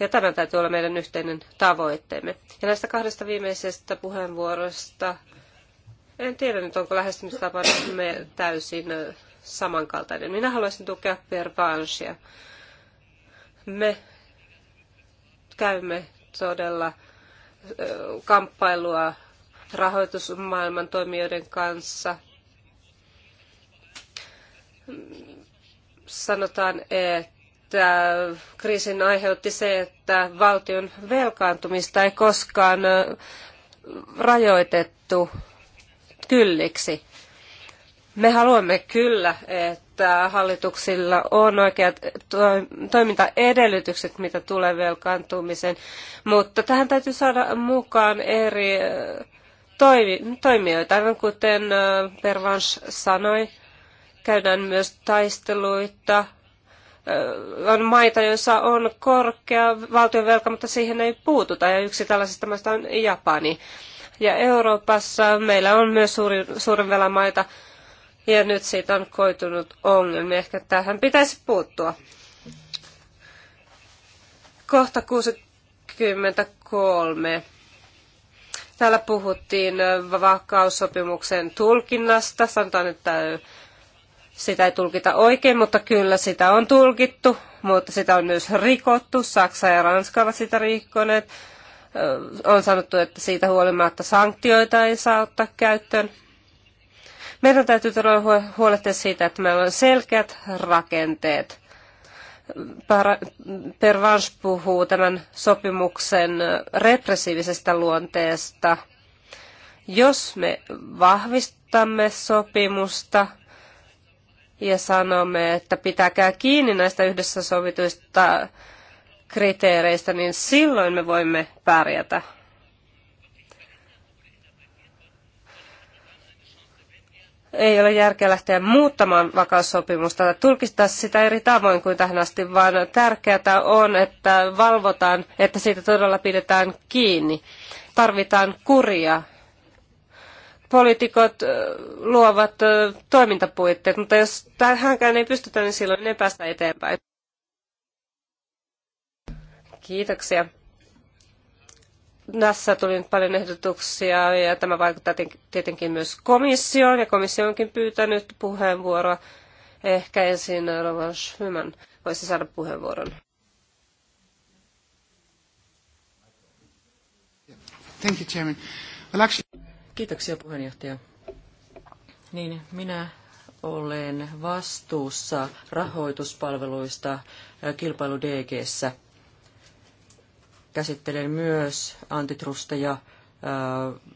Ja tämä täytyy olla meidän yhteinen tavoitteemme. Ja näistä kahdesta viimeisestä puheenvuorosta en tiedä nyt, onko lähestymistapa täysin samankaltainen. Minä haluaisin tukea Pervanchia. Me käymme todella kamppailua rahoitusmaailman toimijoiden kanssa. Sanotaan, että kriisin aiheutti se, että valtion velkaantumista ei koskaan rajoitettu kylliksi. Me haluamme kyllä, että hallituksilla on oikeat toimintaedellytykset, mitä tulee velkaantumiseen, mutta tähän täytyy saada mukaan eri toimi, toimijoita, aivan kuten Pervans sanoi. Käydään myös taisteluita. On maita, joissa on korkea valtionvelka, mutta siihen ei puututa. Ja yksi tällaisista maista on Japani ja Euroopassa meillä on myös suuri, suurin velamaita ja nyt siitä on koitunut ongelmia. Ehkä tähän pitäisi puuttua. Kohta 63. Täällä puhuttiin vakaussopimuksen tulkinnasta. Sanotaan, että sitä ei tulkita oikein, mutta kyllä sitä on tulkittu, mutta sitä on myös rikottu. Saksa ja Ranska ovat sitä rikkoneet on sanottu, että siitä huolimatta sanktioita ei saa ottaa käyttöön. Meidän täytyy todella huolehtia siitä, että meillä on selkeät rakenteet. Pervans puhuu tämän sopimuksen repressiivisestä luonteesta. Jos me vahvistamme sopimusta ja sanomme, että pitäkää kiinni näistä yhdessä sovituista kriteereistä, niin silloin me voimme pärjätä. Ei ole järkeä lähteä muuttamaan vakaussopimusta tai tulkistaa sitä eri tavoin kuin tähän asti, vaan tärkeää on, että valvotaan, että siitä todella pidetään kiinni. Tarvitaan kuria. Poliitikot luovat toimintapuitteet, mutta jos tähänkään ei pystytä, niin silloin ne päästä eteenpäin. Kiitoksia. Tässä tuli nyt paljon ehdotuksia ja tämä vaikuttaa tietenkin myös komissioon ja komissio onkin pyytänyt puheenvuoroa. Ehkä ensin Rovan Schlyman voisi saada puheenvuoron. Thank you, Chairman. Well, actually... Kiitoksia puheenjohtaja. Niin, minä olen vastuussa rahoituspalveluista kilpailu DGssä käsittelen myös antitrusteja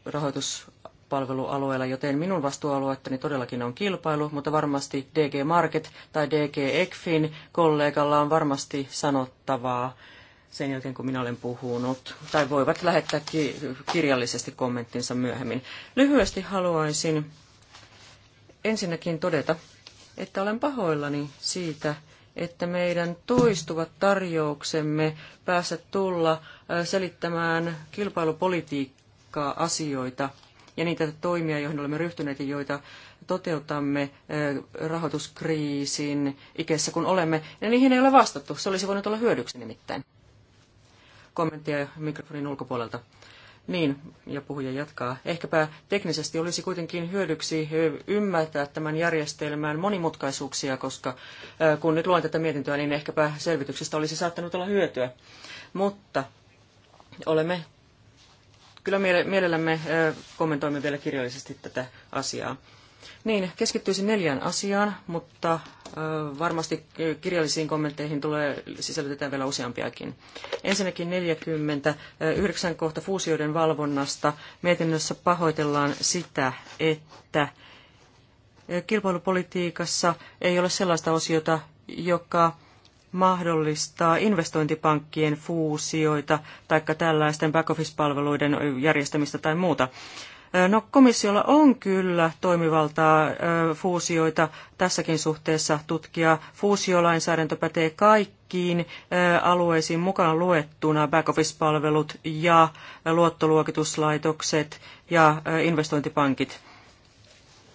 rahoituspalvelualueella, joten minun vastuualuettani todellakin on kilpailu, mutta varmasti DG Market tai DG ECFIN kollegalla on varmasti sanottavaa sen jälkeen, kun minä olen puhunut, tai voivat lähettää kirjallisesti kommenttinsa myöhemmin. Lyhyesti haluaisin ensinnäkin todeta, että olen pahoillani siitä, että meidän toistuvat tarjouksemme päästä tulla selittämään kilpailupolitiikkaa asioita ja niitä toimia, joihin olemme ryhtyneet ja joita toteutamme rahoituskriisin ikässä, kun olemme, ja niihin ei ole vastattu. Se olisi voinut olla hyödyksi nimittäin. Kommenttia mikrofonin ulkopuolelta. Niin, ja puhuja jatkaa. Ehkäpä teknisesti olisi kuitenkin hyödyksi ymmärtää tämän järjestelmän monimutkaisuuksia, koska kun nyt luen tätä mietintöä, niin ehkäpä selvityksestä olisi saattanut olla hyötyä. Mutta olemme kyllä mielellämme kommentoimme vielä kirjallisesti tätä asiaa. Niin, keskittyisin neljään asiaan, mutta varmasti kirjallisiin kommentteihin tulee sisällytetään vielä useampiakin. Ensinnäkin 49 kohta fuusioiden valvonnasta. Mietinnössä pahoitellaan sitä, että kilpailupolitiikassa ei ole sellaista osiota, joka mahdollistaa investointipankkien fuusioita tai tällaisten back-office-palveluiden järjestämistä tai muuta. No komissiolla on kyllä toimivaltaa fuusioita tässäkin suhteessa tutkia. Fuusiolainsäädäntö pätee kaikkiin alueisiin mukaan luettuna back-office-palvelut ja luottoluokituslaitokset ja investointipankit.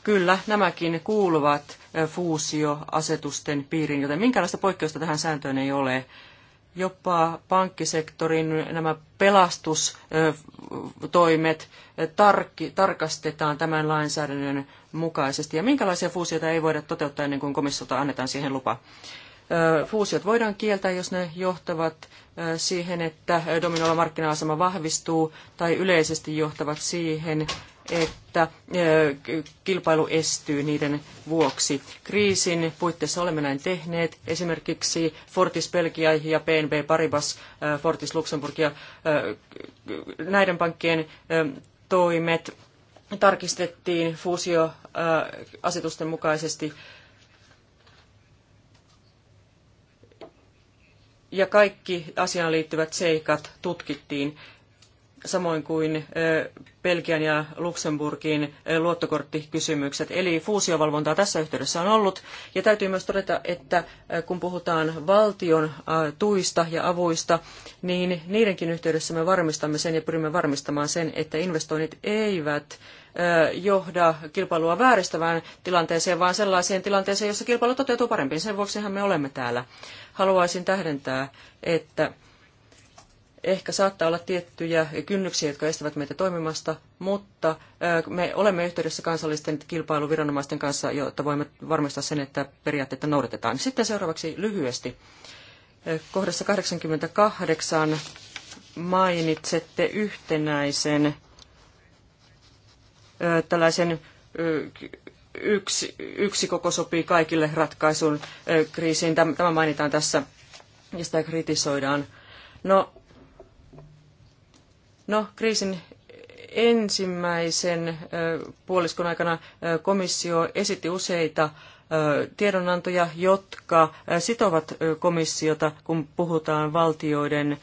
Kyllä, nämäkin kuuluvat fuusioasetusten piiriin, joten minkälaista poikkeusta tähän sääntöön ei ole jopa pankkisektorin nämä pelastustoimet tarkastetaan tämän lainsäädännön mukaisesti. Ja minkälaisia fuusioita ei voida toteuttaa ennen kuin komissiolta annetaan siihen lupa? Fuusiot voidaan kieltää, jos ne johtavat siihen, että dominoilla markkina-asema vahvistuu tai yleisesti johtavat siihen, että kilpailu estyy niiden vuoksi. Kriisin puitteissa olemme näin tehneet. Esimerkiksi Fortis Belgia ja PNB Paribas, Fortis Luxemburg ja näiden pankkien toimet tarkistettiin fuusioasetusten mukaisesti ja kaikki asiaan liittyvät seikat tutkittiin samoin kuin Belgian ja Luxemburgin luottokorttikysymykset. Eli fuusiovalvontaa tässä yhteydessä on ollut. Ja täytyy myös todeta, että kun puhutaan valtion tuista ja avuista, niin niidenkin yhteydessä me varmistamme sen ja pyrimme varmistamaan sen, että investoinnit eivät johda kilpailua vääristävään tilanteeseen, vaan sellaiseen tilanteeseen, jossa kilpailu toteutuu paremmin. Sen vuoksihan me olemme täällä. Haluaisin tähdentää, että ehkä saattaa olla tiettyjä kynnyksiä, jotka estävät meitä toimimasta, mutta me olemme yhteydessä kansallisten kilpailuviranomaisten kanssa, jotta voimme varmistaa sen, että periaatteita noudatetaan. Sitten seuraavaksi lyhyesti. Kohdassa 88 mainitsette yhtenäisen tällaisen yksi, yksi koko sopii kaikille ratkaisun kriisiin. Tämä mainitaan tässä ja sitä kritisoidaan. No, No, kriisin ensimmäisen puoliskon aikana komissio esitti useita tiedonantoja, jotka sitovat komissiota, kun puhutaan valtioiden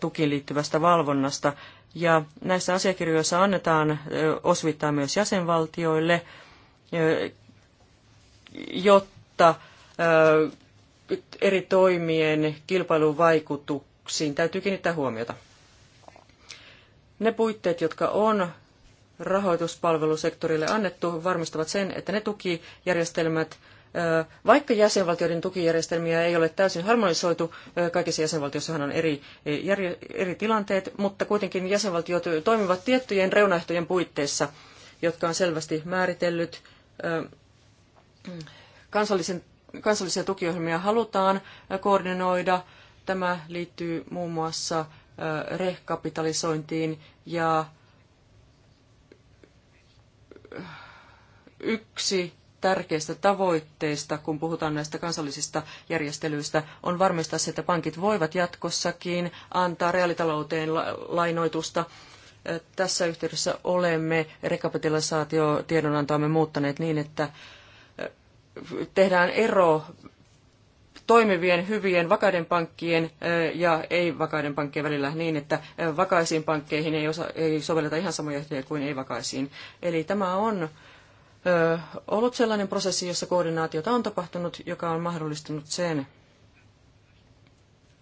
tukiin liittyvästä valvonnasta. Ja näissä asiakirjoissa annetaan osvittaa myös jäsenvaltioille, jotta eri toimien kilpailuvaikutuksiin täytyy kiinnittää huomiota. Ne puitteet, jotka on rahoituspalvelusektorille annettu, varmistavat sen, että ne tukijärjestelmät, vaikka jäsenvaltioiden tukijärjestelmiä ei ole täysin harmonisoitu, kaikissa jäsenvaltioissahan on eri, e, eri tilanteet, mutta kuitenkin jäsenvaltiot toimivat tiettyjen reunaehtojen puitteissa, jotka on selvästi määritellyt. Kansallisen, kansallisia tukiohjelmia halutaan koordinoida. Tämä liittyy muun muassa rekapitalisointiin ja yksi tärkeistä tavoitteista, kun puhutaan näistä kansallisista järjestelyistä, on varmistaa se, että pankit voivat jatkossakin antaa reaalitalouteen lainoitusta. Tässä yhteydessä olemme rekapitalisaatiotiedonantoamme muuttaneet niin, että tehdään ero toimivien, hyvien, vakaiden pankkien ja ei-vakaiden pankkien välillä niin, että vakaisiin pankkeihin ei, osa, ei sovelleta ihan samoja ehtoja kuin ei-vakaisiin. Eli tämä on ollut sellainen prosessi, jossa koordinaatiota on tapahtunut, joka on mahdollistanut sen,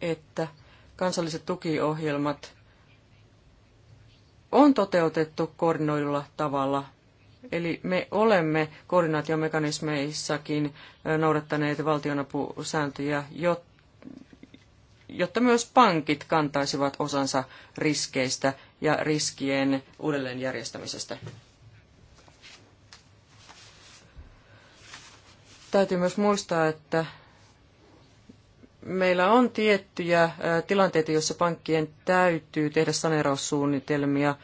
että kansalliset tukiohjelmat on toteutettu koordinoidulla tavalla Eli me olemme koordinaatiomekanismeissakin noudattaneet valtionapusääntöjä, jotta myös pankit kantaisivat osansa riskeistä ja riskien uudelleenjärjestämisestä. Täytyy myös muistaa, että meillä on tiettyjä tilanteita, joissa pankkien täytyy tehdä saneeraussuunnitelmia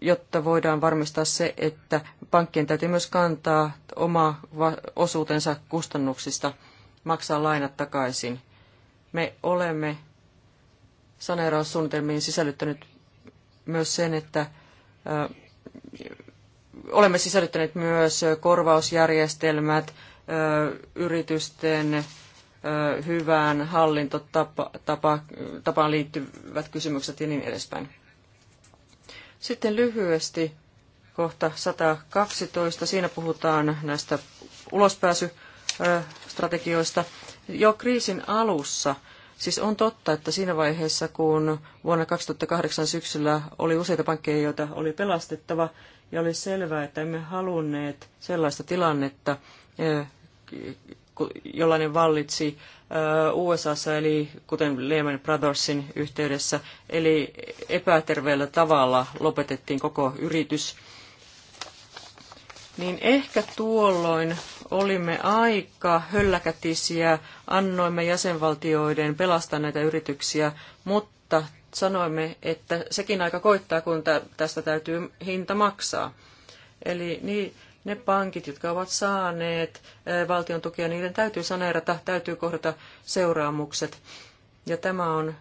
jotta voidaan varmistaa se, että pankkien täytyy myös kantaa oma osuutensa kustannuksista, maksaa lainat takaisin. Me olemme saneeraussuunnitelmiin sisällyttänyt myös sen, että olemme sisällyttäneet myös korvausjärjestelmät yritysten hyvään hallintotapaan liittyvät kysymykset ja niin edespäin. Sitten lyhyesti kohta 112. Siinä puhutaan näistä ulospääsystrategioista. Jo kriisin alussa, siis on totta, että siinä vaiheessa, kun vuonna 2008 syksyllä oli useita pankkeja, joita oli pelastettava, ja oli selvää, että emme halunneet sellaista tilannetta, eh, jollainen vallitsi USAssa, eli kuten Lehman Brothersin yhteydessä, eli epäterveellä tavalla lopetettiin koko yritys, niin ehkä tuolloin olimme aika hölläkätisiä, annoimme jäsenvaltioiden pelastaa näitä yrityksiä, mutta sanoimme, että sekin aika koittaa, kun tästä täytyy hinta maksaa. Eli niin, ne pankit, jotka ovat saaneet valtion tukea, niiden täytyy saneerata, täytyy kohdata seuraamukset. Ja tämä on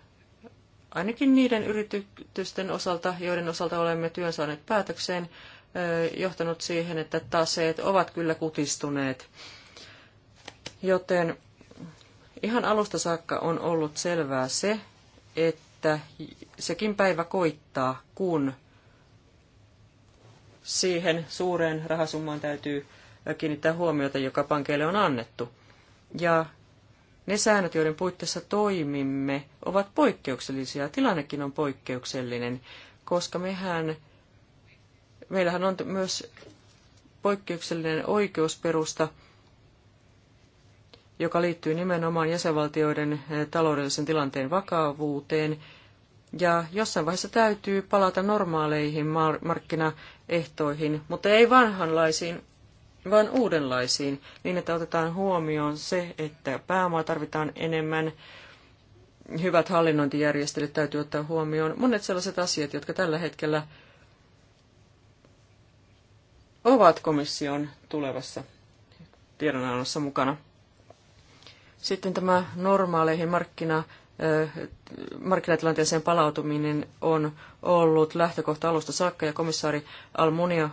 ainakin niiden yritysten osalta, joiden osalta olemme työn saaneet päätökseen, johtanut siihen, että taseet ovat kyllä kutistuneet. Joten ihan alusta saakka on ollut selvää se, että sekin päivä koittaa, kun siihen suureen rahasummaan täytyy kiinnittää huomiota, joka pankeille on annettu. Ja ne säännöt, joiden puitteissa toimimme, ovat poikkeuksellisia. Tilannekin on poikkeuksellinen, koska mehän, meillähän on myös poikkeuksellinen oikeusperusta, joka liittyy nimenomaan jäsenvaltioiden taloudellisen tilanteen vakavuuteen. Ja jossain vaiheessa täytyy palata normaaleihin markkina- ehtoihin, mutta ei vanhanlaisiin, vaan uudenlaisiin, niin että otetaan huomioon se, että pääomaa tarvitaan enemmän, hyvät hallinnointijärjestelyt täytyy ottaa huomioon, monet sellaiset asiat, jotka tällä hetkellä ovat komission tulevassa tiedonannossa mukana. Sitten tämä normaaleihin markkina markkinatilanteeseen palautuminen on ollut lähtökohta alusta saakka ja komissaari Almunia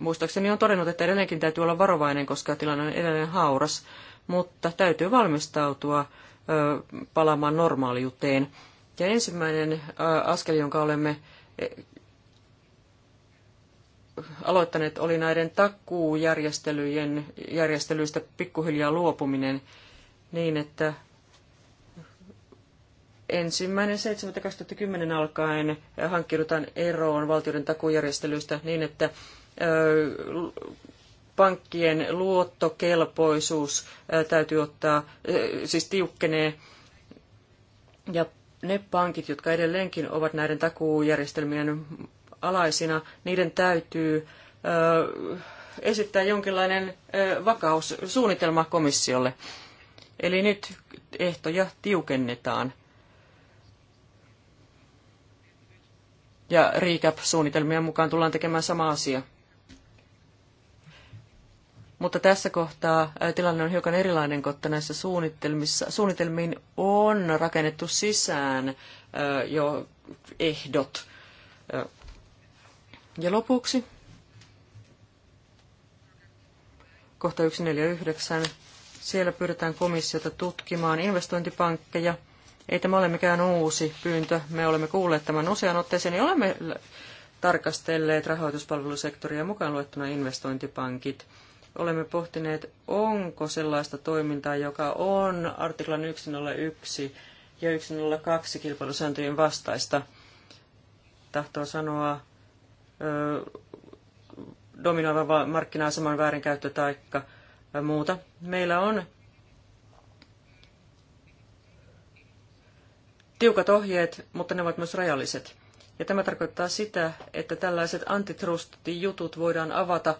muistaakseni on todennut, että edelleenkin täytyy olla varovainen, koska tilanne on edelleen hauras, mutta täytyy valmistautua palaamaan normaaliuteen. Ja ensimmäinen askel, jonka olemme e, aloittaneet, oli näiden takuujärjestelyjen järjestelyistä pikkuhiljaa luopuminen niin, että ensimmäinen 7.2010 alkaen hankkiudutaan eroon valtioiden takujärjestelyistä niin, että pankkien luottokelpoisuus täytyy ottaa, siis tiukkenee. Ja ne pankit, jotka edelleenkin ovat näiden takuujärjestelmien alaisina, niiden täytyy esittää jonkinlainen vakaussuunnitelma komissiolle. Eli nyt ehtoja tiukennetaan. ja recap-suunnitelmien mukaan tullaan tekemään sama asia. Mutta tässä kohtaa tilanne on hiukan erilainen, koska näissä suunnitelmissa, suunnitelmiin on rakennettu sisään jo ehdot. Ja lopuksi kohta 149. Siellä pyydetään komissiota tutkimaan investointipankkeja – ei tämä ole mikään uusi pyyntö. Me olemme kuulleet tämän usean otteeseen ja olemme tarkastelleet rahoituspalvelusektoria mukaan luettuna investointipankit. Olemme pohtineet, onko sellaista toimintaa, joka on artiklan 101 ja 102 kilpailusääntöjen vastaista. Tahtoo sanoa dominoiva markkina-aseman väärinkäyttö tai muuta. Meillä on tiukat ohjeet, mutta ne ovat myös rajalliset. Ja tämä tarkoittaa sitä, että tällaiset antitrust-jutut voidaan avata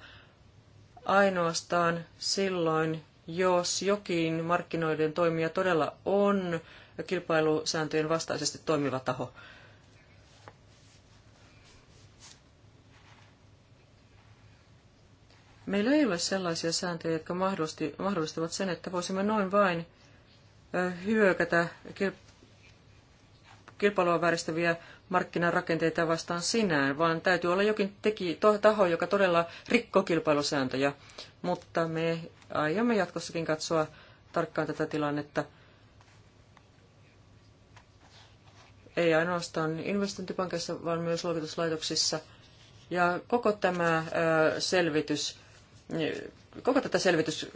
ainoastaan silloin, jos jokin markkinoiden toimija todella on kilpailusääntöjen vastaisesti toimiva taho. Meillä ei ole sellaisia sääntöjä, jotka mahdollistavat sen, että voisimme noin vain hyökätä kilpailua vääristäviä markkinarakenteita vastaan sinään, vaan täytyy olla jokin teki, to, taho, joka todella rikkoo kilpailusääntöjä. Mutta me aiomme jatkossakin katsoa tarkkaan tätä tilannetta. Ei ainoastaan investointipankissa, vaan myös luokituslaitoksissa. Ja koko tämä selvitys, koko tätä selvitys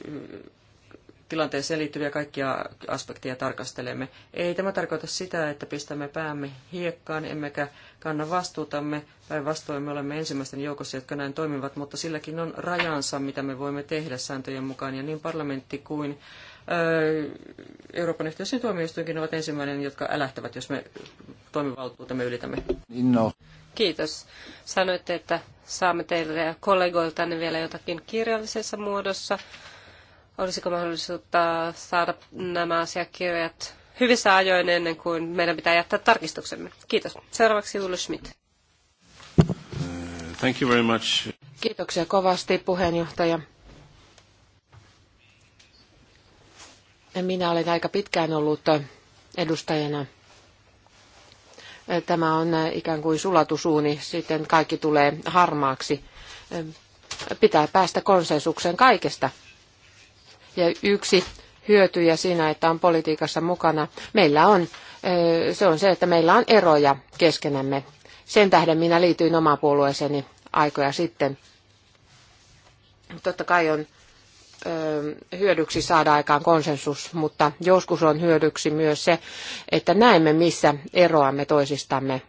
tilanteeseen liittyviä kaikkia aspekteja tarkastelemme. Ei tämä tarkoita sitä, että pistämme päämme hiekkaan, emmekä kanna vastuutamme. Päinvastoin me olemme ensimmäisten joukossa, jotka näin toimivat, mutta silläkin on rajansa, mitä me voimme tehdä sääntöjen mukaan. Ja niin parlamentti kuin Euroopan yhteisön tuomioistuinkin ovat ensimmäinen, jotka älähtävät, jos me toimivaltuutemme ylitämme. No. Kiitos. Sanoitte, että saamme teille ja kollegoiltanne vielä jotakin kirjallisessa muodossa. Olisiko mahdollisuutta saada nämä asiakirjat hyvissä ajoin ennen kuin meidän pitää jättää tarkistuksemme? Kiitos. Seuraavaksi Ulle Schmidt. Uh, thank you very much. Kiitoksia kovasti puheenjohtaja. Minä olen aika pitkään ollut edustajana. Tämä on ikään kuin sulatusuuni, sitten kaikki tulee harmaaksi. Pitää päästä konsensukseen kaikesta. Ja yksi hyötyjä siinä, että on politiikassa mukana, meillä on, se on se, että meillä on eroja keskenämme. Sen tähden minä liityin omaan puolueeseeni aikoja sitten. Totta kai on hyödyksi saada aikaan konsensus, mutta joskus on hyödyksi myös se, että näemme, missä eroamme toisistamme.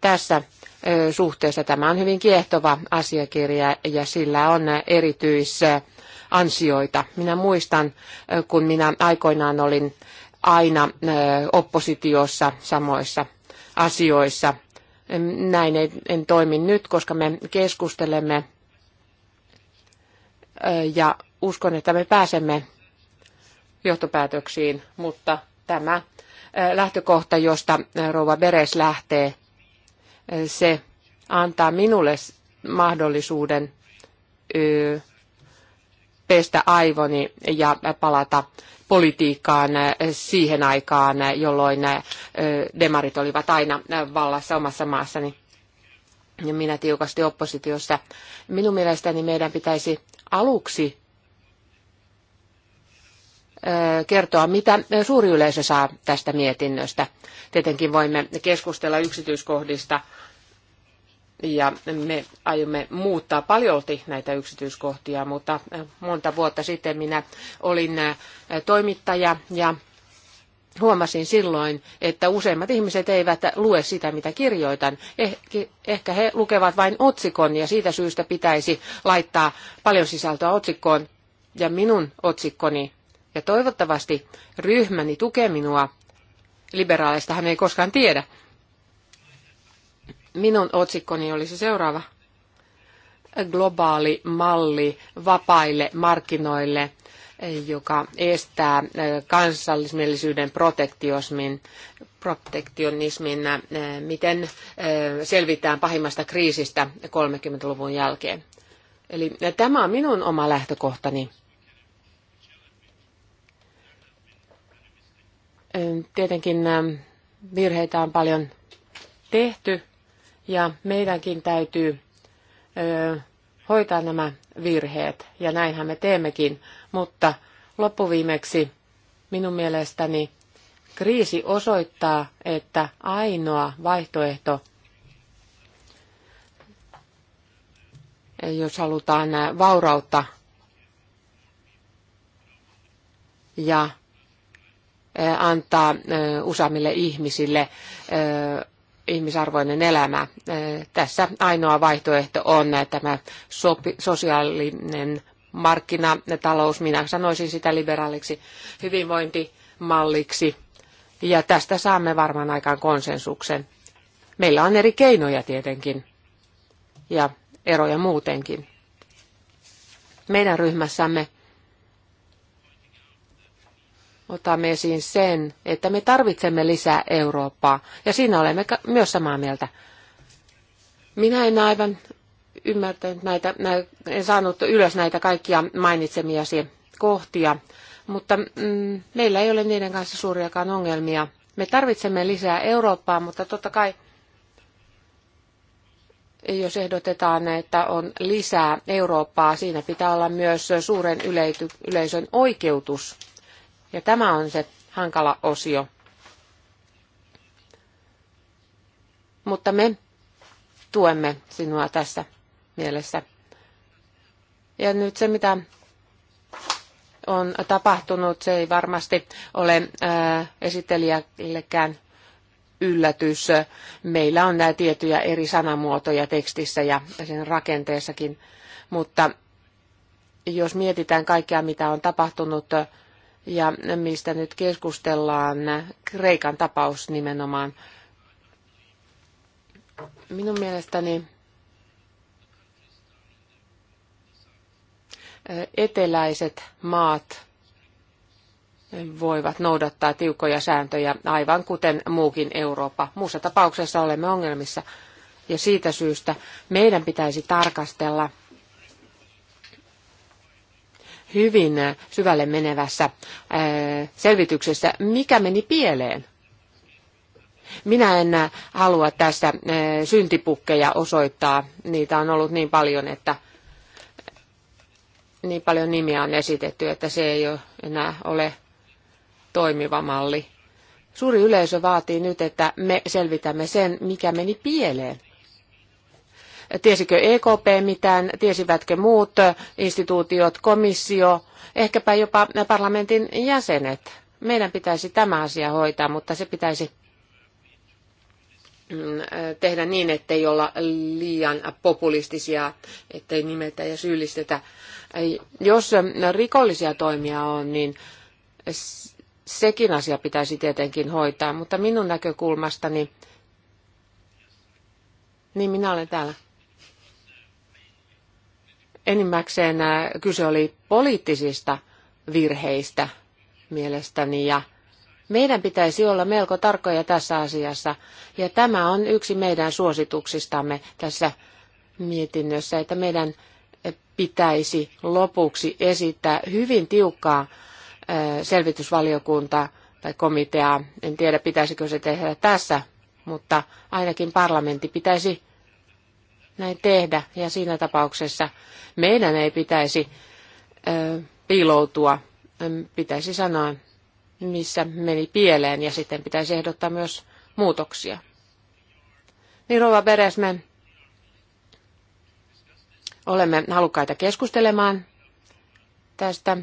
Tässä suhteessa tämä on hyvin kiehtova asiakirja ja sillä on erityis ansioita. Minä muistan, kun minä aikoinaan olin aina oppositiossa samoissa asioissa. Näin en toimi nyt, koska me keskustelemme ja uskon, että me pääsemme johtopäätöksiin, mutta tämä lähtökohta, josta rouva Beres lähtee, se antaa minulle mahdollisuuden pestä aivoni ja palata politiikkaan siihen aikaan, jolloin demarit olivat aina vallassa omassa maassani ja minä tiukasti oppositiossa. Minun mielestäni meidän pitäisi aluksi kertoa, mitä suuri yleisö saa tästä mietinnöstä. Tietenkin voimme keskustella yksityiskohdista ja me aiomme muuttaa paljolti näitä yksityiskohtia, mutta eh, monta vuotta sitten minä olin eh, toimittaja ja huomasin silloin, että useimmat ihmiset eivät lue sitä, mitä kirjoitan. Eh, ehkä he lukevat vain otsikon ja siitä syystä pitäisi laittaa paljon sisältöä otsikkoon ja minun otsikkoni. Ja toivottavasti ryhmäni tukee minua. Liberaaleista hän ei koskaan tiedä. Minun otsikkoni olisi seuraava. Globaali malli vapaille markkinoille, joka estää kansallismielisyyden protektionismin, protektionismin miten selvitään pahimmasta kriisistä 30-luvun jälkeen. Eli tämä on minun oma lähtökohtani. Tietenkin virheitä on paljon tehty ja meidänkin täytyy hoitaa nämä virheet, ja näinhän me teemmekin, mutta loppuviimeksi minun mielestäni kriisi osoittaa, että ainoa vaihtoehto, jos halutaan vaurautta ja antaa useammille ihmisille ihmisarvoinen elämä. Tässä ainoa vaihtoehto on tämä sopi, sosiaalinen markkinatalous, minä sanoisin sitä liberaaliksi hyvinvointimalliksi. Ja tästä saamme varmaan aikaan konsensuksen. Meillä on eri keinoja tietenkin ja eroja muutenkin. Meidän ryhmässämme otamme esiin sen, että me tarvitsemme lisää Eurooppaa, ja siinä olemme myös samaa mieltä. Minä en aivan ymmärtänyt näitä, en saanut ylös näitä kaikkia mainitsemiasi kohtia, mutta mm, meillä ei ole niiden kanssa suuriakaan ongelmia. Me tarvitsemme lisää Eurooppaa, mutta totta kai jos ehdotetaan, että on lisää Eurooppaa, siinä pitää olla myös suuren yleisön oikeutus ja tämä on se hankala osio. Mutta me tuemme sinua tässä mielessä. Ja nyt se, mitä on tapahtunut, se ei varmasti ole äh, esittelijällekään yllätys. Meillä on nämä tiettyjä eri sanamuotoja tekstissä ja sen rakenteessakin, mutta jos mietitään kaikkea, mitä on tapahtunut ja mistä nyt keskustellaan, Kreikan tapaus nimenomaan. Minun mielestäni eteläiset maat voivat noudattaa tiukkoja sääntöjä, aivan kuten muukin Eurooppa. Muussa tapauksessa olemme ongelmissa, ja siitä syystä meidän pitäisi tarkastella – hyvin syvälle menevässä äh, selvityksessä, mikä meni pieleen. Minä en halua tässä äh, syntipukkeja osoittaa. Niitä on ollut niin paljon, että niin paljon nimiä on esitetty, että se ei ole enää ole toimiva malli. Suuri yleisö vaatii nyt, että me selvitämme sen, mikä meni pieleen. Tiesikö EKP mitään, tiesivätkö muut instituutiot, komissio, ehkäpä jopa parlamentin jäsenet. Meidän pitäisi tämä asia hoitaa, mutta se pitäisi mm, tehdä niin, ettei olla liian populistisia, ettei nimetä ja syyllistetä. Jos rikollisia toimia on, niin sekin asia pitäisi tietenkin hoitaa, mutta minun näkökulmastani, niin minä olen täällä enimmäkseen äh, kyse oli poliittisista virheistä mielestäni ja meidän pitäisi olla melko tarkkoja tässä asiassa ja tämä on yksi meidän suosituksistamme tässä mietinnössä, että meidän äh, pitäisi lopuksi esittää hyvin tiukkaa äh, selvitysvaliokuntaa tai komiteaa. En tiedä, pitäisikö se tehdä tässä, mutta ainakin parlamentti pitäisi näin tehdä. Ja siinä tapauksessa meidän ei pitäisi ö, piiloutua, pitäisi sanoa, missä meni pieleen, ja sitten pitäisi ehdottaa myös muutoksia. Niin Rova Beres, me olemme halukkaita keskustelemaan tästä.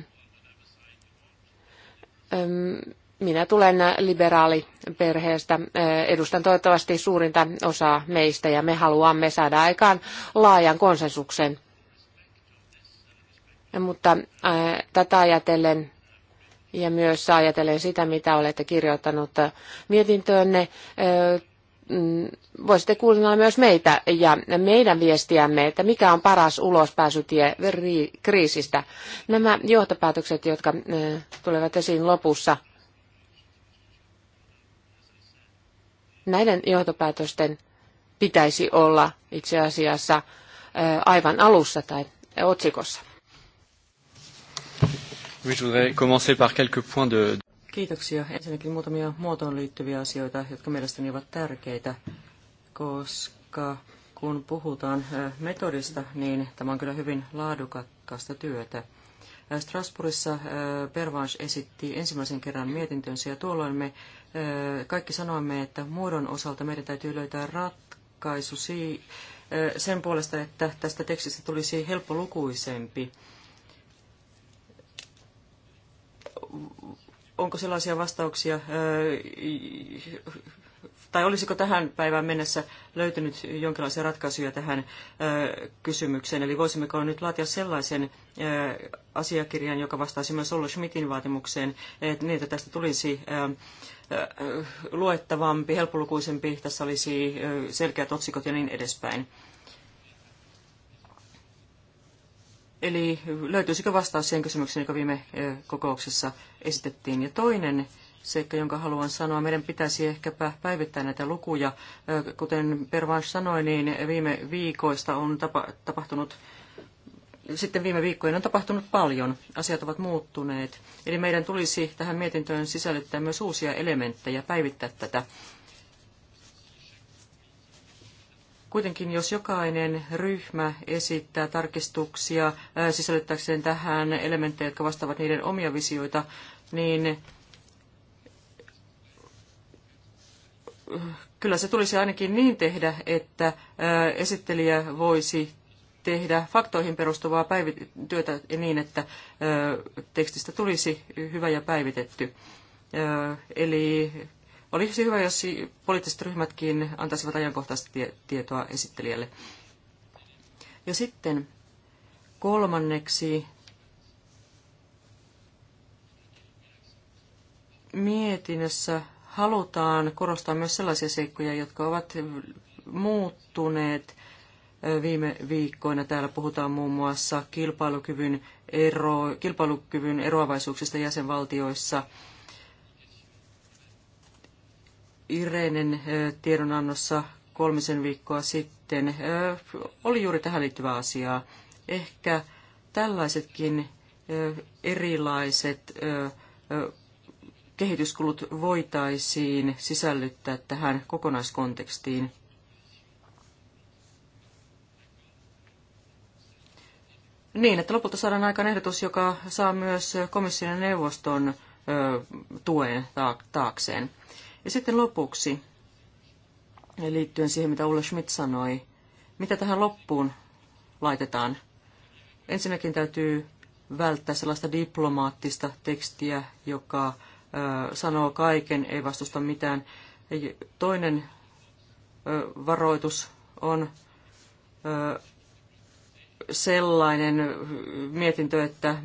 Öm, minä tulen liberaaliperheestä, edustan toivottavasti suurinta osaa meistä ja me haluamme saada aikaan laajan konsensuksen. Mutta tätä ajatellen ja myös ajatellen sitä, mitä olette kirjoittanut mietintöönne, mm, voisitte kuunnella myös meitä ja meidän viestiämme, että mikä on paras ulospääsytie kriisistä. Nämä johtopäätökset, jotka tulevat esiin lopussa, Näiden johtopäätösten pitäisi olla itse asiassa aivan alussa tai otsikossa. Kiitoksia. Ensinnäkin muutamia muotoon liittyviä asioita, jotka mielestäni ovat tärkeitä, koska kun puhutaan metodista, niin tämä on kyllä hyvin laadukasta työtä. Strasbourgissa äh, Pervans esitti ensimmäisen kerran mietintönsä ja tuolloin me äh, kaikki sanoimme, että muodon osalta meidän täytyy löytää ratkaisu äh, sen puolesta, että tästä tekstistä tulisi helppolukuisempi. Onko sellaisia vastauksia, tai olisiko tähän päivään mennessä löytynyt jonkinlaisia ratkaisuja tähän kysymykseen, eli voisimmeko nyt laatia sellaisen asiakirjan, joka vastaisi myös Ollo Schmidtin vaatimukseen, että niitä tästä tulisi luettavampi, helppolukuisempi, tässä olisi selkeät otsikot ja niin edespäin. Eli löytyisikö vastaus siihen kysymykseen, joka viime kokouksessa esitettiin? Ja toinen seikka, jonka haluan sanoa. Meidän pitäisi ehkäpä päivittää näitä lukuja. Kuten Pervans sanoi, niin viime viikoista on tapa, tapahtunut sitten viime viikkoina on tapahtunut paljon. Asiat ovat muuttuneet. Eli meidän tulisi tähän mietintöön sisällyttää myös uusia elementtejä, päivittää tätä. Kuitenkin jos jokainen ryhmä esittää tarkistuksia sisällyttääkseen tähän elementtejä, jotka vastaavat niiden omia visioita, niin kyllä se tulisi ainakin niin tehdä, että esittelijä voisi tehdä faktoihin perustuvaa päivit- työtä niin, että tekstistä tulisi hyvä ja päivitetty. Eli olisi hyvä, jos poliittiset ryhmätkin antaisivat ajankohtaista tietoa esittelijälle. Ja sitten kolmanneksi mietinnössä halutaan korostaa myös sellaisia seikkoja, jotka ovat muuttuneet viime viikkoina. Täällä puhutaan muun muassa kilpailukyvyn, ero, kilpailukyvyn eroavaisuuksista jäsenvaltioissa. Ireinen tiedonannossa kolmisen viikkoa sitten oli juuri tähän liittyvää asiaa. Ehkä tällaisetkin erilaiset kehityskulut voitaisiin sisällyttää tähän kokonaiskontekstiin. Niin, että lopulta saadaan aikaan ehdotus, joka saa myös komission ja neuvoston tuen taakseen. Ja sitten lopuksi, liittyen siihen, mitä Ulla Schmidt sanoi, mitä tähän loppuun laitetaan. Ensinnäkin täytyy välttää sellaista diplomaattista tekstiä, joka sanoo kaiken, ei vastusta mitään. Toinen varoitus on sellainen mietintö, että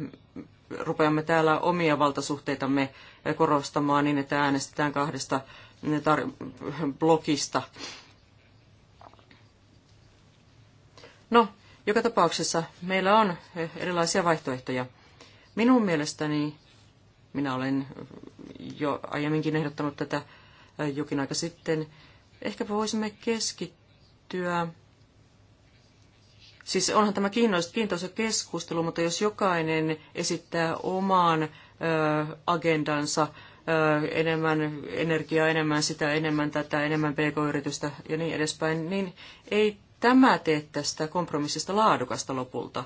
rupeamme täällä omia valtasuhteitamme korostamaan niin, että äänestetään kahdesta tar- blogista. No, joka tapauksessa meillä on erilaisia vaihtoehtoja. Minun mielestäni, minä olen jo aiemminkin ehdottanut tätä jokin aika sitten. Ehkä voisimme keskittyä. Siis onhan tämä kiintoisa keskustelu, mutta jos jokainen esittää oman ö, agendansa, ö, enemmän energiaa, enemmän sitä, enemmän tätä, enemmän pk-yritystä ja niin edespäin, niin ei tämä tee tästä kompromissista laadukasta lopulta.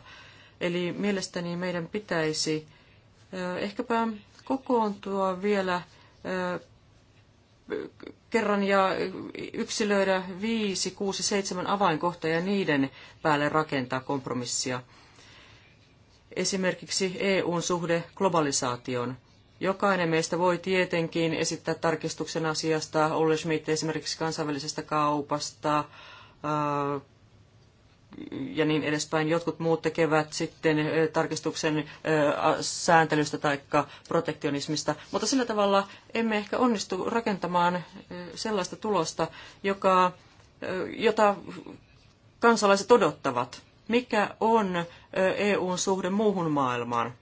Eli mielestäni meidän pitäisi ehkäpä kokoontua vielä kerran ja yksilöidä viisi, kuusi, seitsemän avainkohtaa ja niiden päälle rakentaa kompromissia. Esimerkiksi EUn suhde globalisaation. Jokainen meistä voi tietenkin esittää tarkistuksen asiasta, Olle Schmidt esimerkiksi kansainvälisestä kaupasta, ja niin edespäin. Jotkut muut tekevät sitten tarkistuksen sääntelystä tai protektionismista, mutta sillä tavalla emme ehkä onnistu rakentamaan sellaista tulosta, joka, jota kansalaiset odottavat. Mikä on EUn suhde muuhun maailmaan?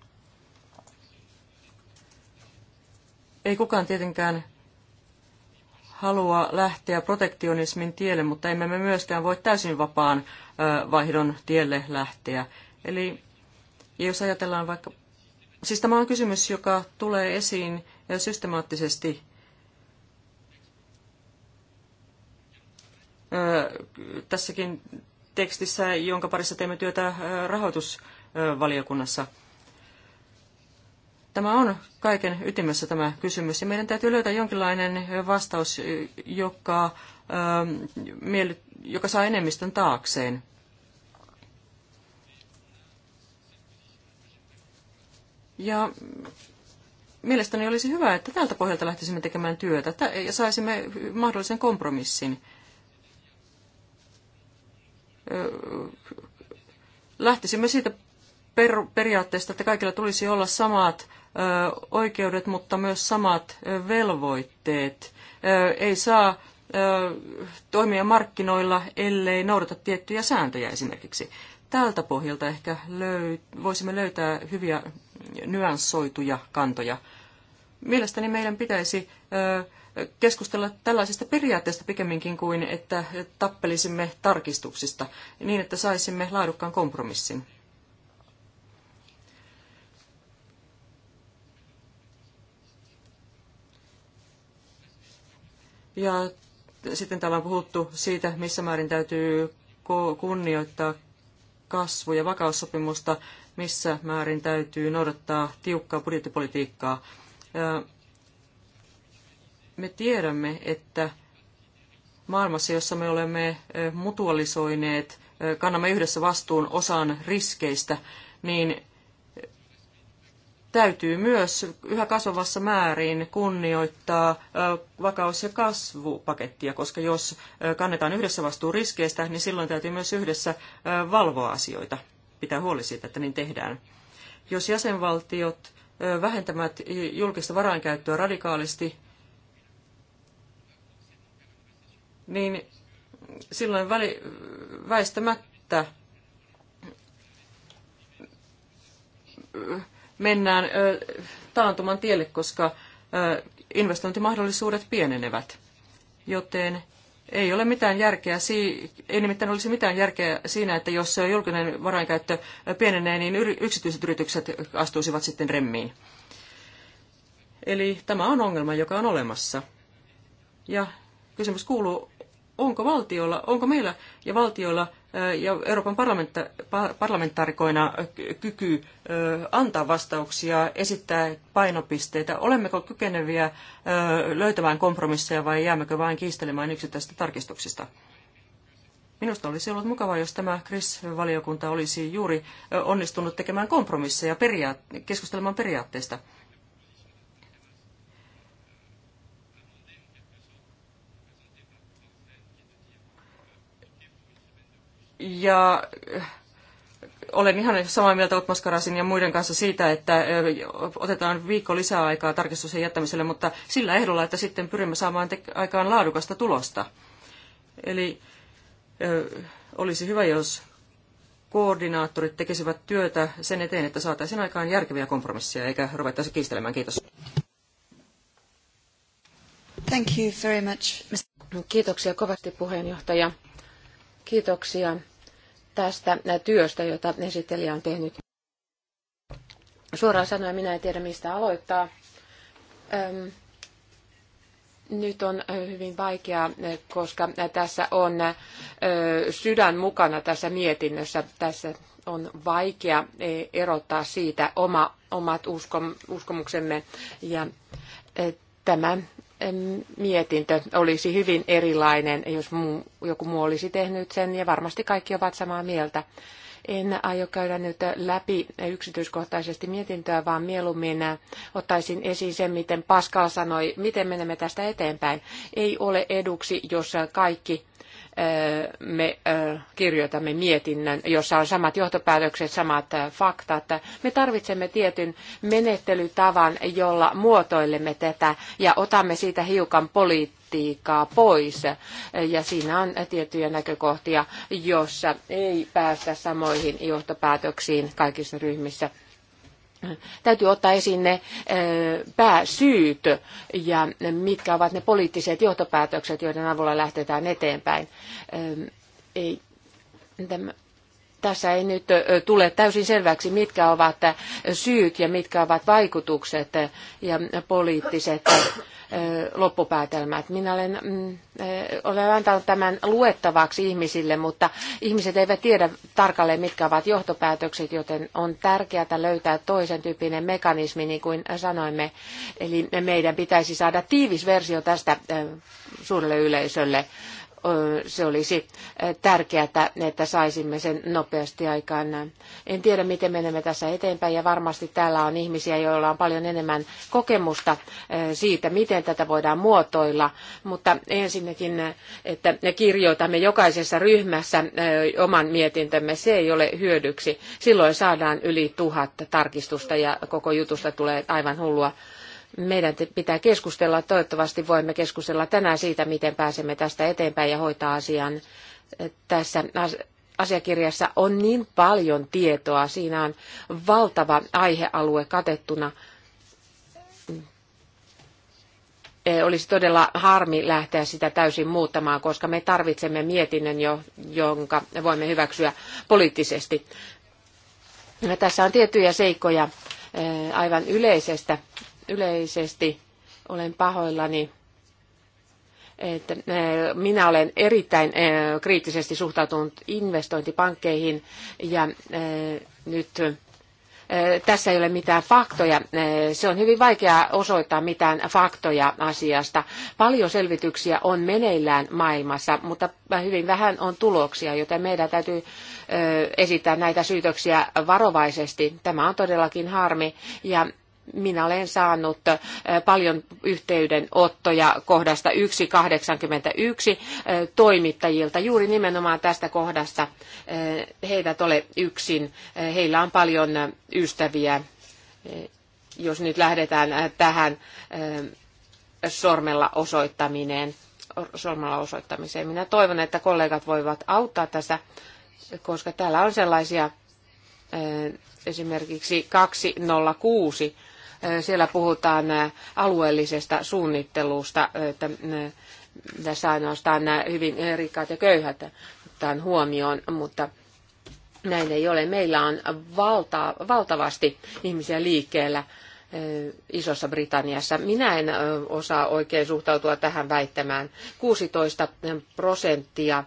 Ei kukaan tietenkään halua lähteä protektionismin tielle, mutta emme me myöskään voi täysin vapaan vaihdon tielle lähteä. Eli jos ajatellaan vaikka, siis tämä on kysymys, joka tulee esiin systemaattisesti tässäkin tekstissä, jonka parissa teemme työtä rahoitusvaliokunnassa – Tämä on kaiken ytimessä tämä kysymys ja meidän täytyy löytää jonkinlainen vastaus, joka, ähm, joka saa enemmistön taakseen. Ja mielestäni olisi hyvä, että tältä pohjalta lähtisimme tekemään työtä ja saisimme mahdollisen kompromissin. Lähtisimme siitä per- periaatteesta, että kaikilla tulisi olla samat oikeudet, mutta myös samat velvoitteet. Ei saa toimia markkinoilla, ellei noudata tiettyjä sääntöjä esimerkiksi. Tältä pohjalta ehkä löy- voisimme löytää hyviä nyanssoituja kantoja. Mielestäni meidän pitäisi keskustella tällaisista periaatteista pikemminkin kuin, että tappelisimme tarkistuksista, niin että saisimme laadukkaan kompromissin. Ja sitten täällä on puhuttu siitä, missä määrin täytyy kunnioittaa kasvu- ja vakaussopimusta, missä määrin täytyy noudattaa tiukkaa budjettipolitiikkaa. Me tiedämme, että maailmassa, jossa me olemme mutualisoineet, kannamme yhdessä vastuun osan riskeistä, niin täytyy myös yhä kasvavassa määrin kunnioittaa vakaus- ja kasvupakettia, koska jos kannetaan yhdessä vastuu riskeistä, niin silloin täytyy myös yhdessä valvoa asioita, pitää huoli siitä, että niin tehdään. Jos jäsenvaltiot vähentävät julkista varainkäyttöä radikaalisti, niin silloin väli, väistämättä mennään taantuman tielle, koska investointimahdollisuudet pienenevät. Joten ei ole mitään järkeä, ei nimittäin olisi mitään järkeä siinä, että jos julkinen varainkäyttö pienenee, niin yksityiset yritykset astuisivat sitten remmiin. Eli tämä on ongelma, joka on olemassa. Ja kysymys kuuluu, onko valtiolla, onko meillä ja valtioilla ja Euroopan parlamentaarikoina kyky antaa vastauksia, esittää painopisteitä. Olemmeko kykeneviä löytämään kompromisseja vai jäämmekö vain kiistelemään yksittäisistä tarkistuksista? Minusta olisi ollut mukavaa, jos tämä Chris-valiokunta olisi juuri onnistunut tekemään kompromisseja, keskustelemaan periaatteista. Ja eh, olen ihan samaa mieltä Otmaskarasin ja muiden kanssa siitä, että eh, otetaan viikko lisää aikaa tarkistuksen jättämiselle, mutta sillä ehdolla, että sitten pyrimme saamaan aikaan laadukasta tulosta. Eli eh, olisi hyvä, jos koordinaattorit tekisivät työtä sen eteen, että saataisiin aikaan järkeviä kompromisseja, eikä ruvettaisi kiistelemään. Kiitos. Thank you very much, Kiitoksia kovasti puheenjohtaja. Kiitoksia tästä työstä, jota esittelijä on tehnyt. Suoraan sanoen minä en tiedä, mistä aloittaa. Öm, nyt on hyvin vaikeaa, koska tässä on sydän mukana tässä mietinnössä. Tässä on vaikea e, erottaa siitä oma, omat uskomuksemme ja e, tämä mietintö olisi hyvin erilainen, jos muu, joku muu olisi tehnyt sen, ja varmasti kaikki ovat samaa mieltä. En aio käydä nyt läpi yksityiskohtaisesti mietintöä, vaan mieluummin ottaisin esiin sen, miten Pascal sanoi, miten menemme tästä eteenpäin. Ei ole eduksi, jos kaikki me kirjoitamme mietinnön, jossa on samat johtopäätökset, samat faktat. Me tarvitsemme tietyn menettelytavan, jolla muotoilemme tätä ja otamme siitä hiukan politiikkaa pois. Ja siinä on tiettyjä näkökohtia, jossa ei päästä samoihin johtopäätöksiin kaikissa ryhmissä täytyy ottaa esiin ne pääsyyt ja mitkä ovat ne poliittiset johtopäätökset, joiden avulla lähtetään eteenpäin. Ei, tämä tässä ei nyt tule täysin selväksi, mitkä ovat syyt ja mitkä ovat vaikutukset ja poliittiset loppupäätelmät. Minä olen, mm, olen antanut tämän luettavaksi ihmisille, mutta ihmiset eivät tiedä tarkalleen, mitkä ovat johtopäätökset, joten on tärkeää löytää toisen tyyppinen mekanismi, niin kuin sanoimme. Eli meidän pitäisi saada tiivis versio tästä suurelle yleisölle se olisi tärkeää, että saisimme sen nopeasti aikaan. En tiedä, miten menemme tässä eteenpäin ja varmasti täällä on ihmisiä, joilla on paljon enemmän kokemusta siitä, miten tätä voidaan muotoilla, mutta ensinnäkin, että kirjoitamme jokaisessa ryhmässä oman mietintömme, se ei ole hyödyksi. Silloin saadaan yli tuhat tarkistusta ja koko jutusta tulee aivan hullua meidän pitää keskustella. Toivottavasti voimme keskustella tänään siitä, miten pääsemme tästä eteenpäin ja hoitaa asian. Tässä asiakirjassa on niin paljon tietoa. Siinä on valtava aihealue katettuna. E, olisi todella harmi lähteä sitä täysin muuttamaan, koska me tarvitsemme mietinnön, jo, jonka voimme hyväksyä poliittisesti. Tässä on tiettyjä seikkoja e, aivan yleisestä yleisesti olen pahoillani, että eh, minä olen erittäin eh, kriittisesti suhtautunut investointipankkeihin ja eh, nyt tässä ei ole mitään faktoja. Se on hyvin vaikea osoittaa mitään faktoja asiasta. Paljon selvityksiä on meneillään maailmassa, mutta hyvin vähän on tuloksia, joten meidän täytyy esittää näitä syytöksiä varovaisesti. Tämä on todellakin harmi ja minä olen saanut paljon yhteydenottoja kohdasta 181 toimittajilta juuri nimenomaan tästä kohdasta. He eivät ole yksin, heillä on paljon ystäviä. Jos nyt lähdetään tähän sormella osoittaminen, sormella osoittamiseen. Minä toivon, että kollegat voivat auttaa tässä, koska täällä on sellaisia esimerkiksi 206 siellä puhutaan alueellisesta suunnittelusta, että tässä ainoastaan nämä hyvin rikkaat ja köyhät otetaan huomioon, mutta näin ei ole. Meillä on valta, valtavasti ihmisiä liikkeellä Isossa Britanniassa. Minä en osaa oikein suhtautua tähän väittämään. 16 prosenttia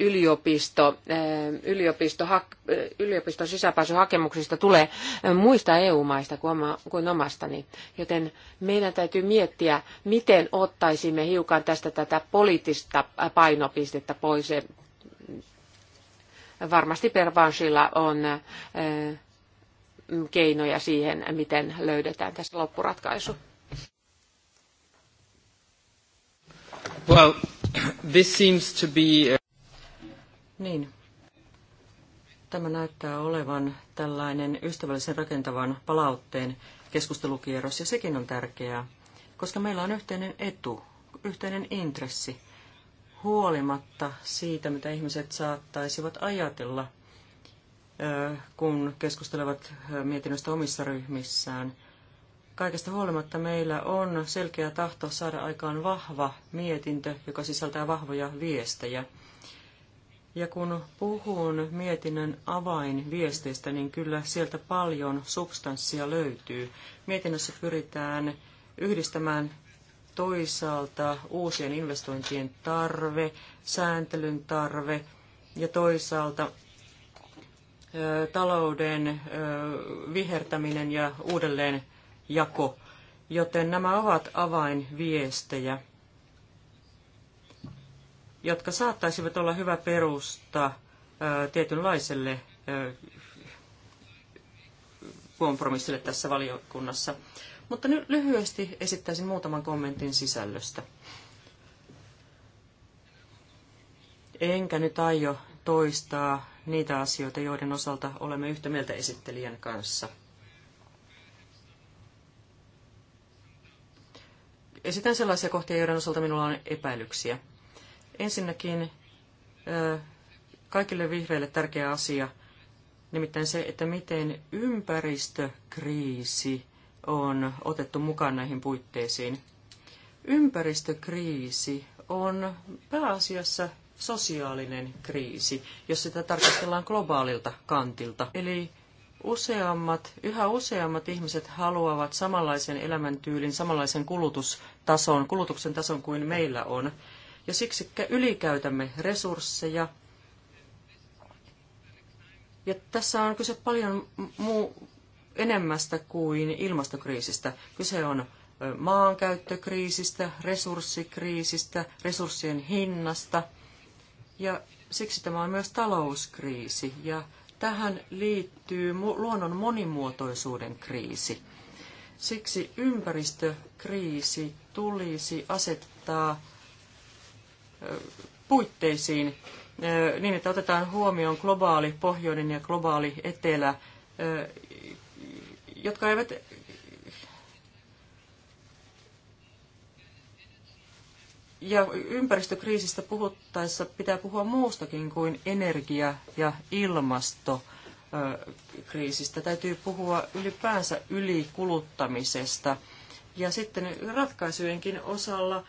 yliopisto, eh, yliopisto, eh, yliopiston sisäpääsyhakemuksista tulee eh, muista EU-maista kuin omastani. Joten meidän täytyy miettiä, miten ottaisimme hiukan tästä tätä poliittista painopistettä pois. Varmasti Pervansilla on keinoja siihen, miten löydetään tässä loppuratkaisu. Well, this seems to be... Niin. Tämä näyttää olevan tällainen ystävällisen rakentavan palautteen keskustelukierros, ja sekin on tärkeää, koska meillä on yhteinen etu, yhteinen intressi, huolimatta siitä, mitä ihmiset saattaisivat ajatella, kun keskustelevat mietinnöstä omissa ryhmissään. Kaikesta huolimatta meillä on selkeä tahto saada aikaan vahva mietintö, joka sisältää vahvoja viestejä – ja kun puhun mietinnön avainviesteistä, niin kyllä sieltä paljon substanssia löytyy. Mietinnössä pyritään yhdistämään toisaalta uusien investointien tarve, sääntelyn tarve ja toisaalta talouden vihertäminen ja uudelleenjako. Joten nämä ovat avainviestejä jotka saattaisivat olla hyvä perusta tietynlaiselle kompromissille tässä valiokunnassa. Mutta nyt lyhyesti esittäisin muutaman kommentin sisällöstä. Enkä nyt aio toistaa niitä asioita, joiden osalta olemme yhtä mieltä esittelijän kanssa. Esitän sellaisia kohtia, joiden osalta minulla on epäilyksiä. Ensinnäkin kaikille vihreille tärkeä asia, nimittäin se, että miten ympäristökriisi on otettu mukaan näihin puitteisiin. Ympäristökriisi on pääasiassa sosiaalinen kriisi, jos sitä tarkastellaan globaalilta kantilta. Eli useammat, yhä useammat ihmiset haluavat samanlaisen elämäntyylin, samanlaisen kulutustason, kulutuksen tason kuin meillä on ja siksi ylikäytämme resursseja. Ja tässä on kyse paljon muu, enemmästä kuin ilmastokriisistä. Kyse on maankäyttökriisistä, resurssikriisistä, resurssien hinnasta. Ja siksi tämä on myös talouskriisi ja tähän liittyy luonnon monimuotoisuuden kriisi. Siksi ympäristökriisi tulisi asettaa puitteisiin niin, että otetaan huomioon globaali pohjoinen ja globaali etelä, jotka eivät ja ympäristökriisistä puhuttaessa pitää puhua muustakin kuin energia- ja ilmastokriisistä. Täytyy puhua ylipäänsä ylikuluttamisesta. Ja sitten ratkaisujenkin osalla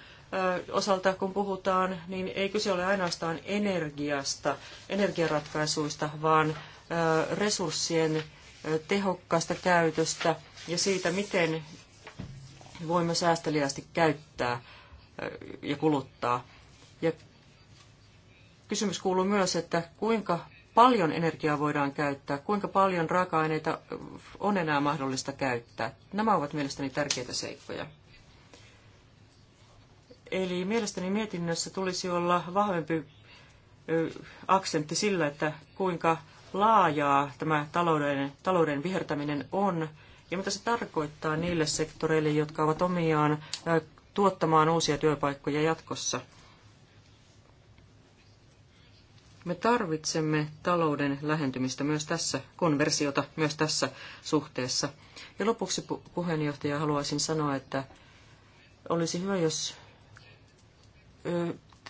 osalta, kun puhutaan, niin ei kyse ole ainoastaan energiasta, energiaratkaisuista, vaan resurssien tehokkaasta käytöstä ja siitä, miten voimme säästeliästi käyttää ja kuluttaa. Ja kysymys kuuluu myös, että kuinka paljon energiaa voidaan käyttää, kuinka paljon raaka-aineita on enää mahdollista käyttää. Nämä ovat mielestäni tärkeitä seikkoja. Eli mielestäni mietinnössä tulisi olla vahvempi aksentti sillä, että kuinka laajaa tämä talouden, talouden vihertäminen on ja mitä se tarkoittaa niille sektoreille, jotka ovat omiaan tuottamaan uusia työpaikkoja jatkossa. Me tarvitsemme talouden lähentymistä myös tässä, konversiota myös tässä suhteessa. Ja lopuksi puheenjohtaja haluaisin sanoa, että olisi hyvä, jos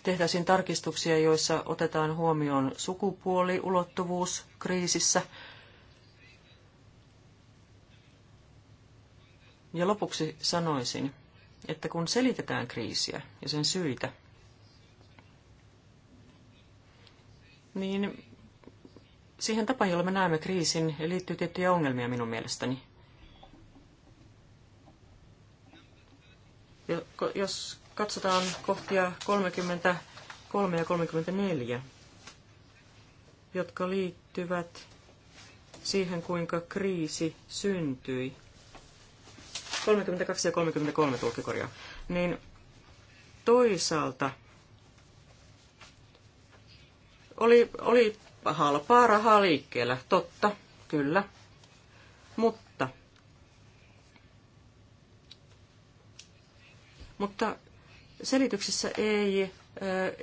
tehtäisiin tarkistuksia, joissa otetaan huomioon sukupuoliulottuvuus kriisissä. Ja lopuksi sanoisin, että kun selitetään kriisiä ja sen syitä, niin siihen tapaan, jolla me näemme kriisin, liittyy tiettyjä ongelmia minun mielestäni. Jos Katsotaan kohtia 33 ja 34, jotka liittyvät siihen, kuinka kriisi syntyi. 32 ja 33 tulkikorjaa. Niin toisaalta oli, oli halpaa rahaa liikkeellä, totta, kyllä. Mutta, mutta Selityksissä ei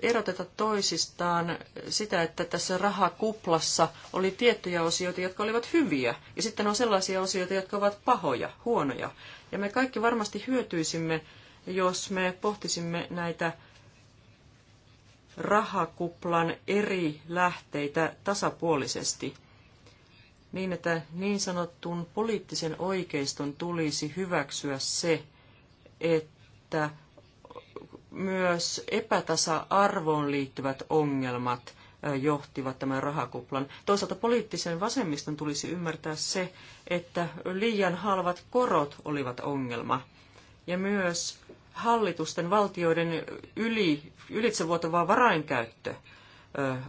eroteta toisistaan sitä, että tässä rahakuplassa oli tiettyjä osioita, jotka olivat hyviä, ja sitten on sellaisia osioita, jotka ovat pahoja, huonoja. Ja me kaikki varmasti hyötyisimme, jos me pohtisimme näitä rahakuplan eri lähteitä tasapuolisesti, niin että niin sanotun poliittisen oikeiston tulisi hyväksyä se, että myös epätasa-arvoon liittyvät ongelmat johtivat tämän rahakuplan. Toisaalta poliittisen vasemmiston tulisi ymmärtää se, että liian halvat korot olivat ongelma. Ja myös hallitusten, valtioiden yli, ylitsevuotavaa varainkäyttö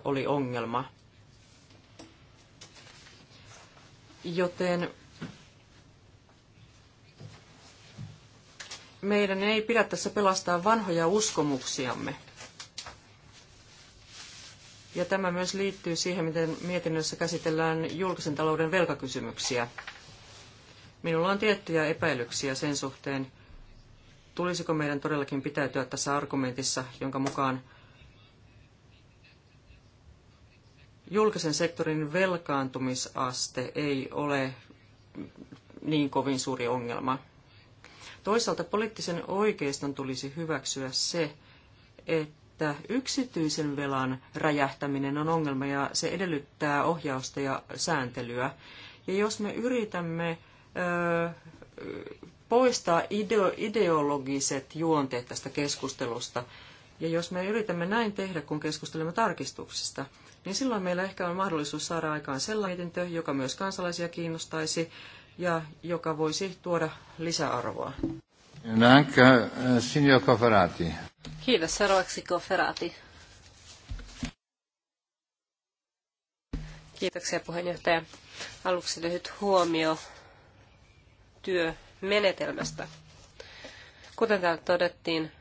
oli ongelma. Joten meidän ei pidä tässä pelastaa vanhoja uskomuksiamme. Ja tämä myös liittyy siihen, miten mietinnössä käsitellään julkisen talouden velkakysymyksiä. Minulla on tiettyjä epäilyksiä sen suhteen, tulisiko meidän todellakin pitäytyä tässä argumentissa, jonka mukaan julkisen sektorin velkaantumisaste ei ole niin kovin suuri ongelma. Toisaalta poliittisen oikeiston tulisi hyväksyä se, että yksityisen velan räjähtäminen on ongelma ja se edellyttää ohjausta ja sääntelyä. Ja jos me yritämme poistaa ideo, ideologiset juonteet tästä keskustelusta, ja jos me yritämme näin tehdä, kun keskustelemme tarkistuksista, niin silloin meillä ehkä on mahdollisuus saada aikaan sellainen mietintö, joka myös kansalaisia kiinnostaisi, ja joka voisi tuoda lisäarvoa. Eh, signor Cofferati. Kiitos. Seuraavaksi Cofferati. Kiitoksia puheenjohtaja. Aluksi lyhyt huomio työmenetelmästä. Kuten täällä todettiin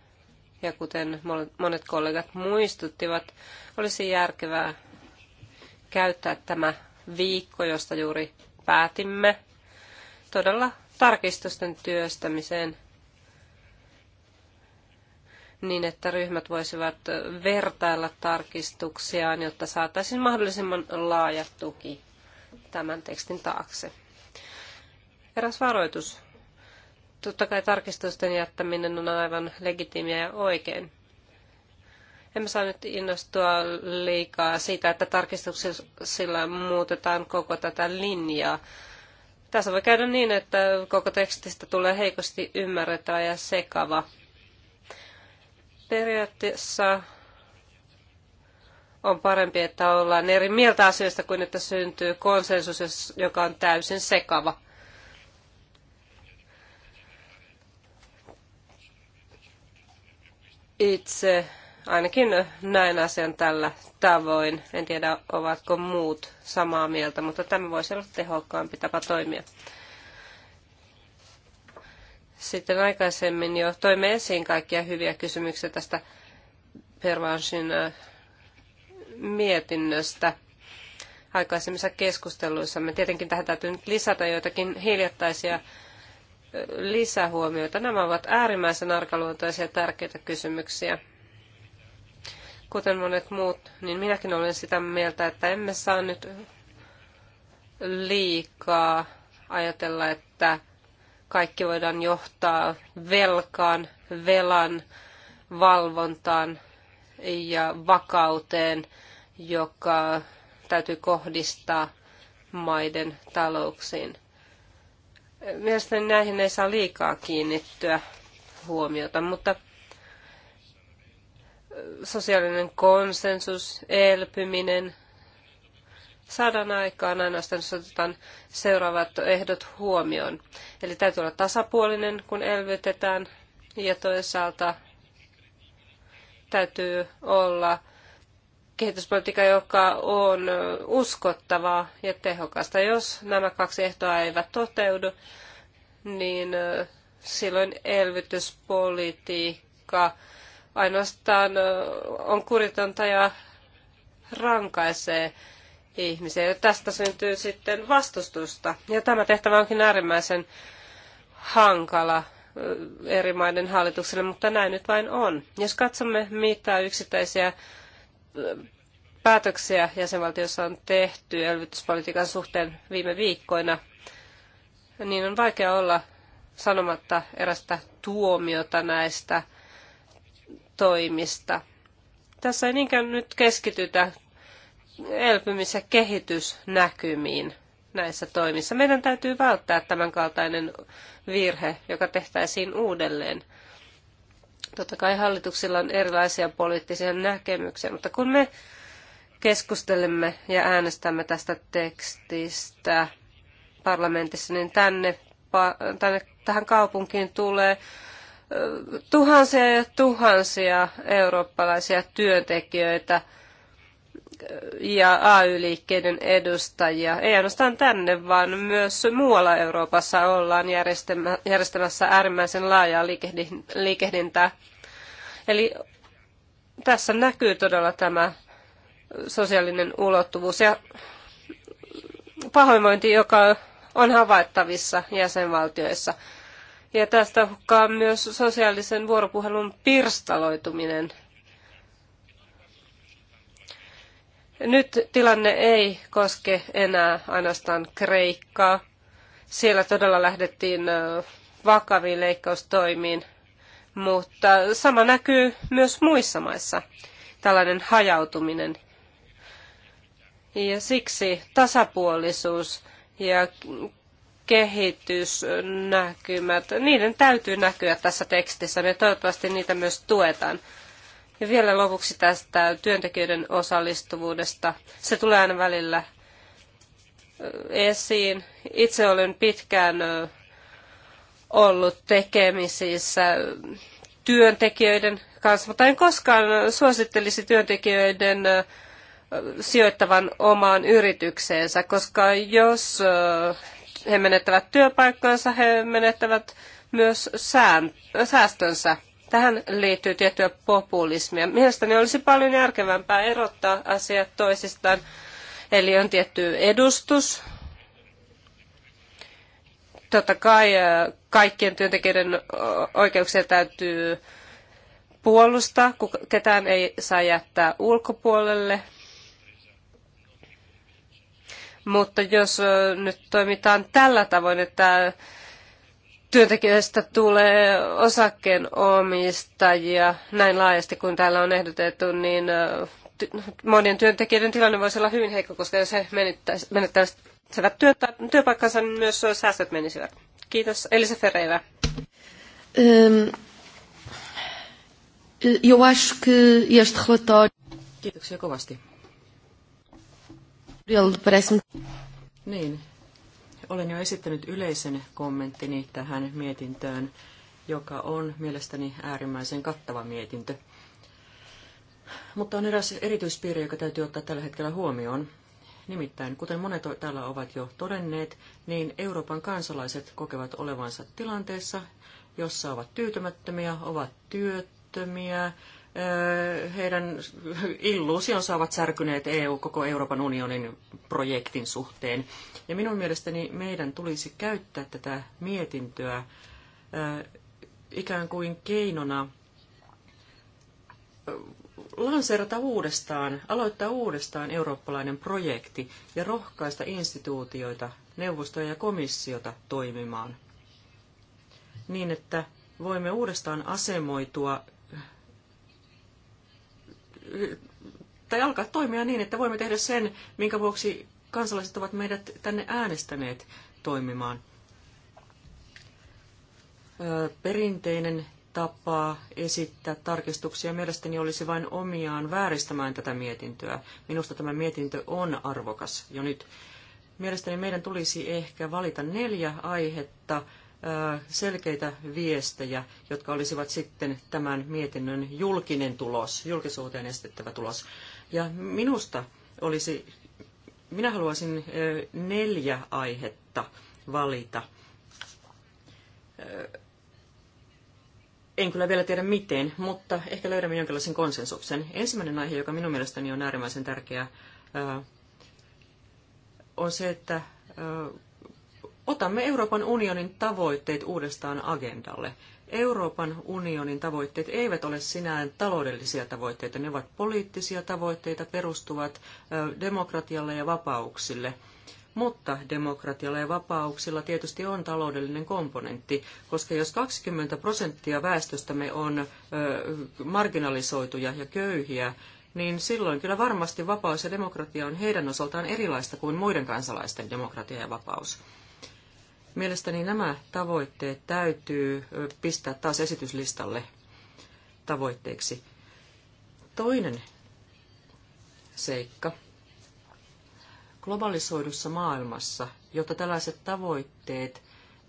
ja kuten monet kollegat muistuttivat, olisi järkevää käyttää tämä viikko, josta juuri päätimme todella tarkistusten työstämiseen niin, että ryhmät voisivat vertailla tarkistuksiaan, jotta saataisiin mahdollisimman laaja tuki tämän tekstin taakse. Eräs varoitus. Totta kai tarkistusten jättäminen on aivan legitiimiä ja oikein. Emme saa nyt innostua liikaa siitä, että tarkistuksilla muutetaan koko tätä linjaa, tässä voi käydä niin, että koko tekstistä tulee heikosti ymmärrettävä ja sekava. Periaatteessa on parempi, että ollaan eri mieltä asioista kuin että syntyy konsensus, joka on täysin sekava. Itse Ainakin näin asian tällä tavoin. En tiedä, ovatko muut samaa mieltä, mutta tämä voisi olla tehokkaampi tapa toimia. Sitten aikaisemmin jo toimme esiin kaikkia hyviä kysymyksiä tästä Pervansin äh, mietinnöstä aikaisemmissa me Tietenkin tähän täytyy nyt lisätä joitakin hiljattaisia äh, lisähuomioita. Nämä ovat äärimmäisen arkaluontoisia ja tärkeitä kysymyksiä kuten monet muut, niin minäkin olen sitä mieltä, että emme saa nyt liikaa ajatella, että kaikki voidaan johtaa velkaan, velan valvontaan ja vakauteen, joka täytyy kohdistaa maiden talouksiin. Mielestäni näihin ei saa liikaa kiinnittyä huomiota, mutta sosiaalinen konsensus, elpyminen saadaan aikaan ainoastaan, jos otetaan seuraavat ehdot huomioon. Eli täytyy olla tasapuolinen, kun elvytetään, ja toisaalta täytyy olla kehityspolitiikka, joka on uskottavaa ja tehokasta. Jos nämä kaksi ehtoa eivät toteudu, niin silloin elvytyspolitiikka ainoastaan on kuritonta ja rankaisee ihmisiä. Ja tästä syntyy sitten vastustusta. Ja tämä tehtävä onkin äärimmäisen hankala eri maiden hallitukselle, mutta näin nyt vain on. Jos katsomme, mitä yksittäisiä päätöksiä jäsenvaltiossa on tehty elvytyspolitiikan suhteen viime viikkoina, niin on vaikea olla sanomatta erästä tuomiota näistä – toimista. Tässä ei niinkään nyt keskitytä elpymis- ja kehitysnäkymiin näissä toimissa. Meidän täytyy välttää tämän kaltainen virhe, joka tehtäisiin uudelleen. Totta kai hallituksilla on erilaisia poliittisia näkemyksiä, mutta kun me keskustelemme ja äänestämme tästä tekstistä parlamentissa, niin tänne, tänne tähän kaupunkiin tulee tuhansia ja tuhansia eurooppalaisia työntekijöitä ja AY-liikkeiden edustajia. Ei ainoastaan tänne, vaan myös muualla Euroopassa ollaan järjestämässä äärimmäisen laajaa liikehdintää. Eli tässä näkyy todella tämä sosiaalinen ulottuvuus ja pahoinvointi, joka on havaittavissa jäsenvaltioissa – ja tästä hukkaa myös sosiaalisen vuoropuhelun pirstaloituminen. Nyt tilanne ei koske enää ainoastaan Kreikkaa. Siellä todella lähdettiin vakaviin leikkaustoimiin, mutta sama näkyy myös muissa maissa, tällainen hajautuminen. Ja siksi tasapuolisuus ja kehitysnäkymät, niiden täytyy näkyä tässä tekstissä ja toivottavasti niitä myös tuetaan. Ja vielä lopuksi tästä työntekijöiden osallistuvuudesta. Se tulee aina välillä esiin. Itse olen pitkään ollut tekemisissä työntekijöiden kanssa, mutta en koskaan suosittelisi työntekijöiden sijoittavan omaan yritykseensä, koska jos he menettävät työpaikkansa, he menettävät myös sään, säästönsä. Tähän liittyy tiettyä populismia. Mielestäni olisi paljon järkevämpää erottaa asiat toisistaan. Eli on tietty edustus. Totta kai äh, kaikkien työntekijöiden oikeuksia täytyy puolustaa, ketään ei saa jättää ulkopuolelle, mutta jos nyt toimitaan tällä tavoin, että työntekijöistä tulee osakkeenomistajia näin laajasti kuin täällä on ehdotettu, niin monien työntekijöiden tilanne voisi olla hyvin heikko, koska jos he menettäisivät työ, työpaikkansa, niin myös säästöt menisivät. Kiitos. Elisa Ferreira. Um, eu acho que este relatório... Kiitoksia kovasti. Niin, olen jo esittänyt yleisen kommenttini tähän mietintöön, joka on mielestäni äärimmäisen kattava mietintö. Mutta on eräs erityispiirre, joka täytyy ottaa tällä hetkellä huomioon. Nimittäin, kuten monet täällä ovat jo todenneet, niin Euroopan kansalaiset kokevat olevansa tilanteessa, jossa ovat tyytymättömiä, ovat työttömiä, heidän illuusionsa ovat särkyneet EU koko Euroopan unionin projektin suhteen. Ja minun mielestäni meidän tulisi käyttää tätä mietintöä ikään kuin keinona lanseerata uudestaan, aloittaa uudestaan eurooppalainen projekti ja rohkaista instituutioita, neuvostoja ja komissiota toimimaan niin, että voimme uudestaan asemoitua tai alkaa toimia niin, että voimme tehdä sen, minkä vuoksi kansalaiset ovat meidät tänne äänestäneet toimimaan. Perinteinen tapa esittää tarkistuksia mielestäni olisi vain omiaan vääristämään tätä mietintöä. Minusta tämä mietintö on arvokas jo nyt. Mielestäni meidän tulisi ehkä valita neljä aihetta, selkeitä viestejä, jotka olisivat sitten tämän mietinnön julkinen tulos, julkisuuteen estettävä tulos. Ja minusta olisi, minä haluaisin neljä aihetta valita. En kyllä vielä tiedä miten, mutta ehkä löydämme jonkinlaisen konsensuksen. Ensimmäinen aihe, joka minun mielestäni on äärimmäisen tärkeä, on se, että Otamme Euroopan unionin tavoitteet uudestaan agendalle. Euroopan unionin tavoitteet eivät ole sinään taloudellisia tavoitteita, ne ovat poliittisia tavoitteita, perustuvat demokratialle ja vapauksille. Mutta demokratialla ja vapauksilla tietysti on taloudellinen komponentti, koska jos 20 prosenttia väestöstämme on marginalisoituja ja köyhiä, niin silloin kyllä varmasti vapaus ja demokratia on heidän osaltaan erilaista kuin muiden kansalaisten demokratia ja vapaus. Mielestäni nämä tavoitteet täytyy pistää taas esityslistalle tavoitteiksi. Toinen seikka. Globalisoidussa maailmassa, jotta tällaiset tavoitteet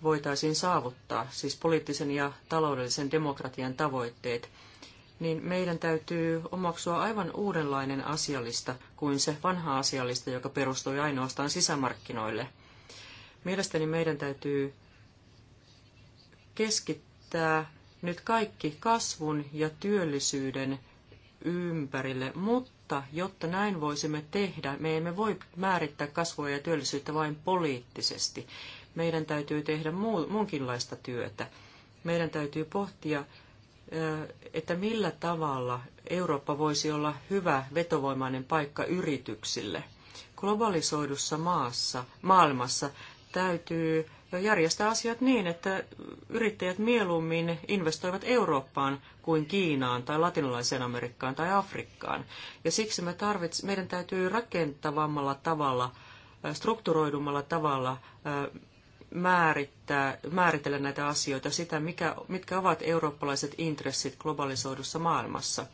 voitaisiin saavuttaa, siis poliittisen ja taloudellisen demokratian tavoitteet, niin meidän täytyy omaksua aivan uudenlainen asialista kuin se vanha asialista, joka perustui ainoastaan sisämarkkinoille – Mielestäni meidän täytyy keskittää nyt kaikki kasvun ja työllisyyden ympärille, mutta jotta näin voisimme tehdä, me emme voi määrittää kasvua ja työllisyyttä vain poliittisesti. Meidän täytyy tehdä muunkinlaista työtä. Meidän täytyy pohtia, että millä tavalla Eurooppa voisi olla hyvä vetovoimainen paikka yrityksille. Globalisoidussa maassa, maailmassa täytyy järjestää asiat niin, että yrittäjät mieluummin investoivat Eurooppaan kuin Kiinaan tai latinalaiseen Amerikkaan tai Afrikkaan. Ja siksi me tarvits, meidän täytyy rakentavammalla tavalla, strukturoidummalla tavalla määrittää, määritellä näitä asioita, sitä, mikä, mitkä ovat eurooppalaiset intressit globalisoidussa maailmassa.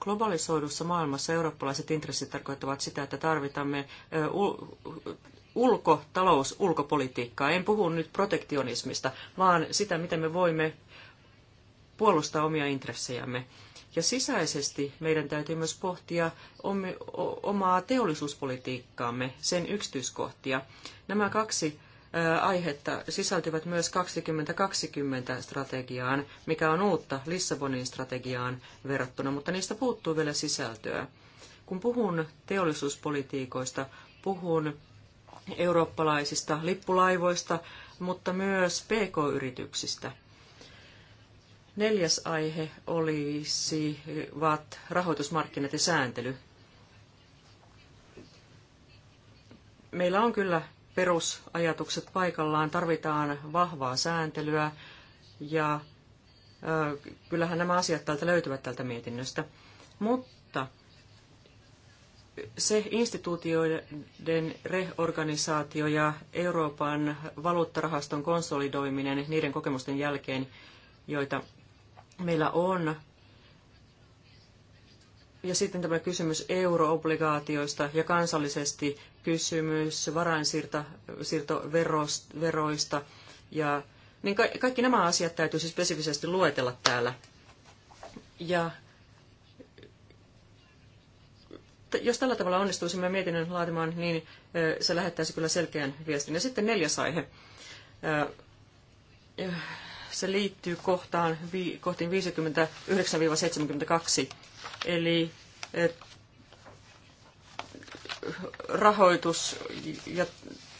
Globalisoidussa maailmassa eurooppalaiset intressit tarkoittavat sitä, että tarvitamme ulko talous ulkopolitiikkaa. En puhu nyt protektionismista, vaan sitä, miten me voimme puolustaa omia intressejämme. Ja sisäisesti meidän täytyy myös pohtia omaa teollisuuspolitiikkaamme, sen yksityiskohtia. Nämä kaksi aihetta sisältyvät myös 2020-strategiaan, mikä on uutta Lissabonin strategiaan verrattuna, mutta niistä puuttuu vielä sisältöä. Kun puhun teollisuuspolitiikoista, puhun eurooppalaisista lippulaivoista, mutta myös pk-yrityksistä. Neljäs aihe olisi vat rahoitusmarkkinat ja sääntely. Meillä on kyllä perusajatukset paikallaan, tarvitaan vahvaa sääntelyä ja kyllähän nämä asiat täältä löytyvät tältä mietinnöstä. Mutta se instituutioiden reorganisaatio ja Euroopan valuuttarahaston konsolidoiminen niiden kokemusten jälkeen, joita meillä on. Ja sitten tämä kysymys euroobligaatioista ja kansallisesti kysymys varainsiirtoveroista. Ja, niin kaikki nämä asiat täytyy siis spesifisesti luetella täällä. Ja jos tällä tavalla onnistuisimme mietinnön laatimaan, niin se lähettäisi kyllä selkeän viestin. Ja sitten neljäs aihe. Se liittyy kohtaan, kohtiin 59-72, eli rahoitus ja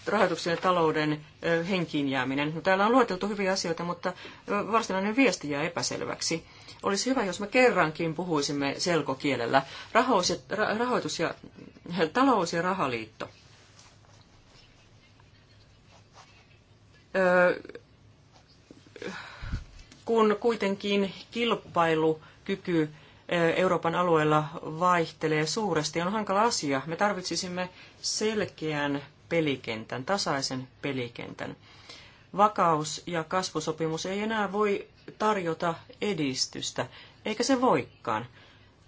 rahoituksen ja talouden henkiin jääminen. No, täällä on luoteltu hyviä asioita, mutta varsinainen viesti jää epäselväksi olisi hyvä, jos me kerrankin puhuisimme selkokielellä. Rahois ja, rahoitus ja, talous- ja rahaliitto. kun kuitenkin kilpailukyky Euroopan alueella vaihtelee suuresti, on hankala asia. Me tarvitsisimme selkeän pelikentän, tasaisen pelikentän. Vakaus- ja kasvusopimus ei enää voi tarjota edistystä, eikä se voikaan.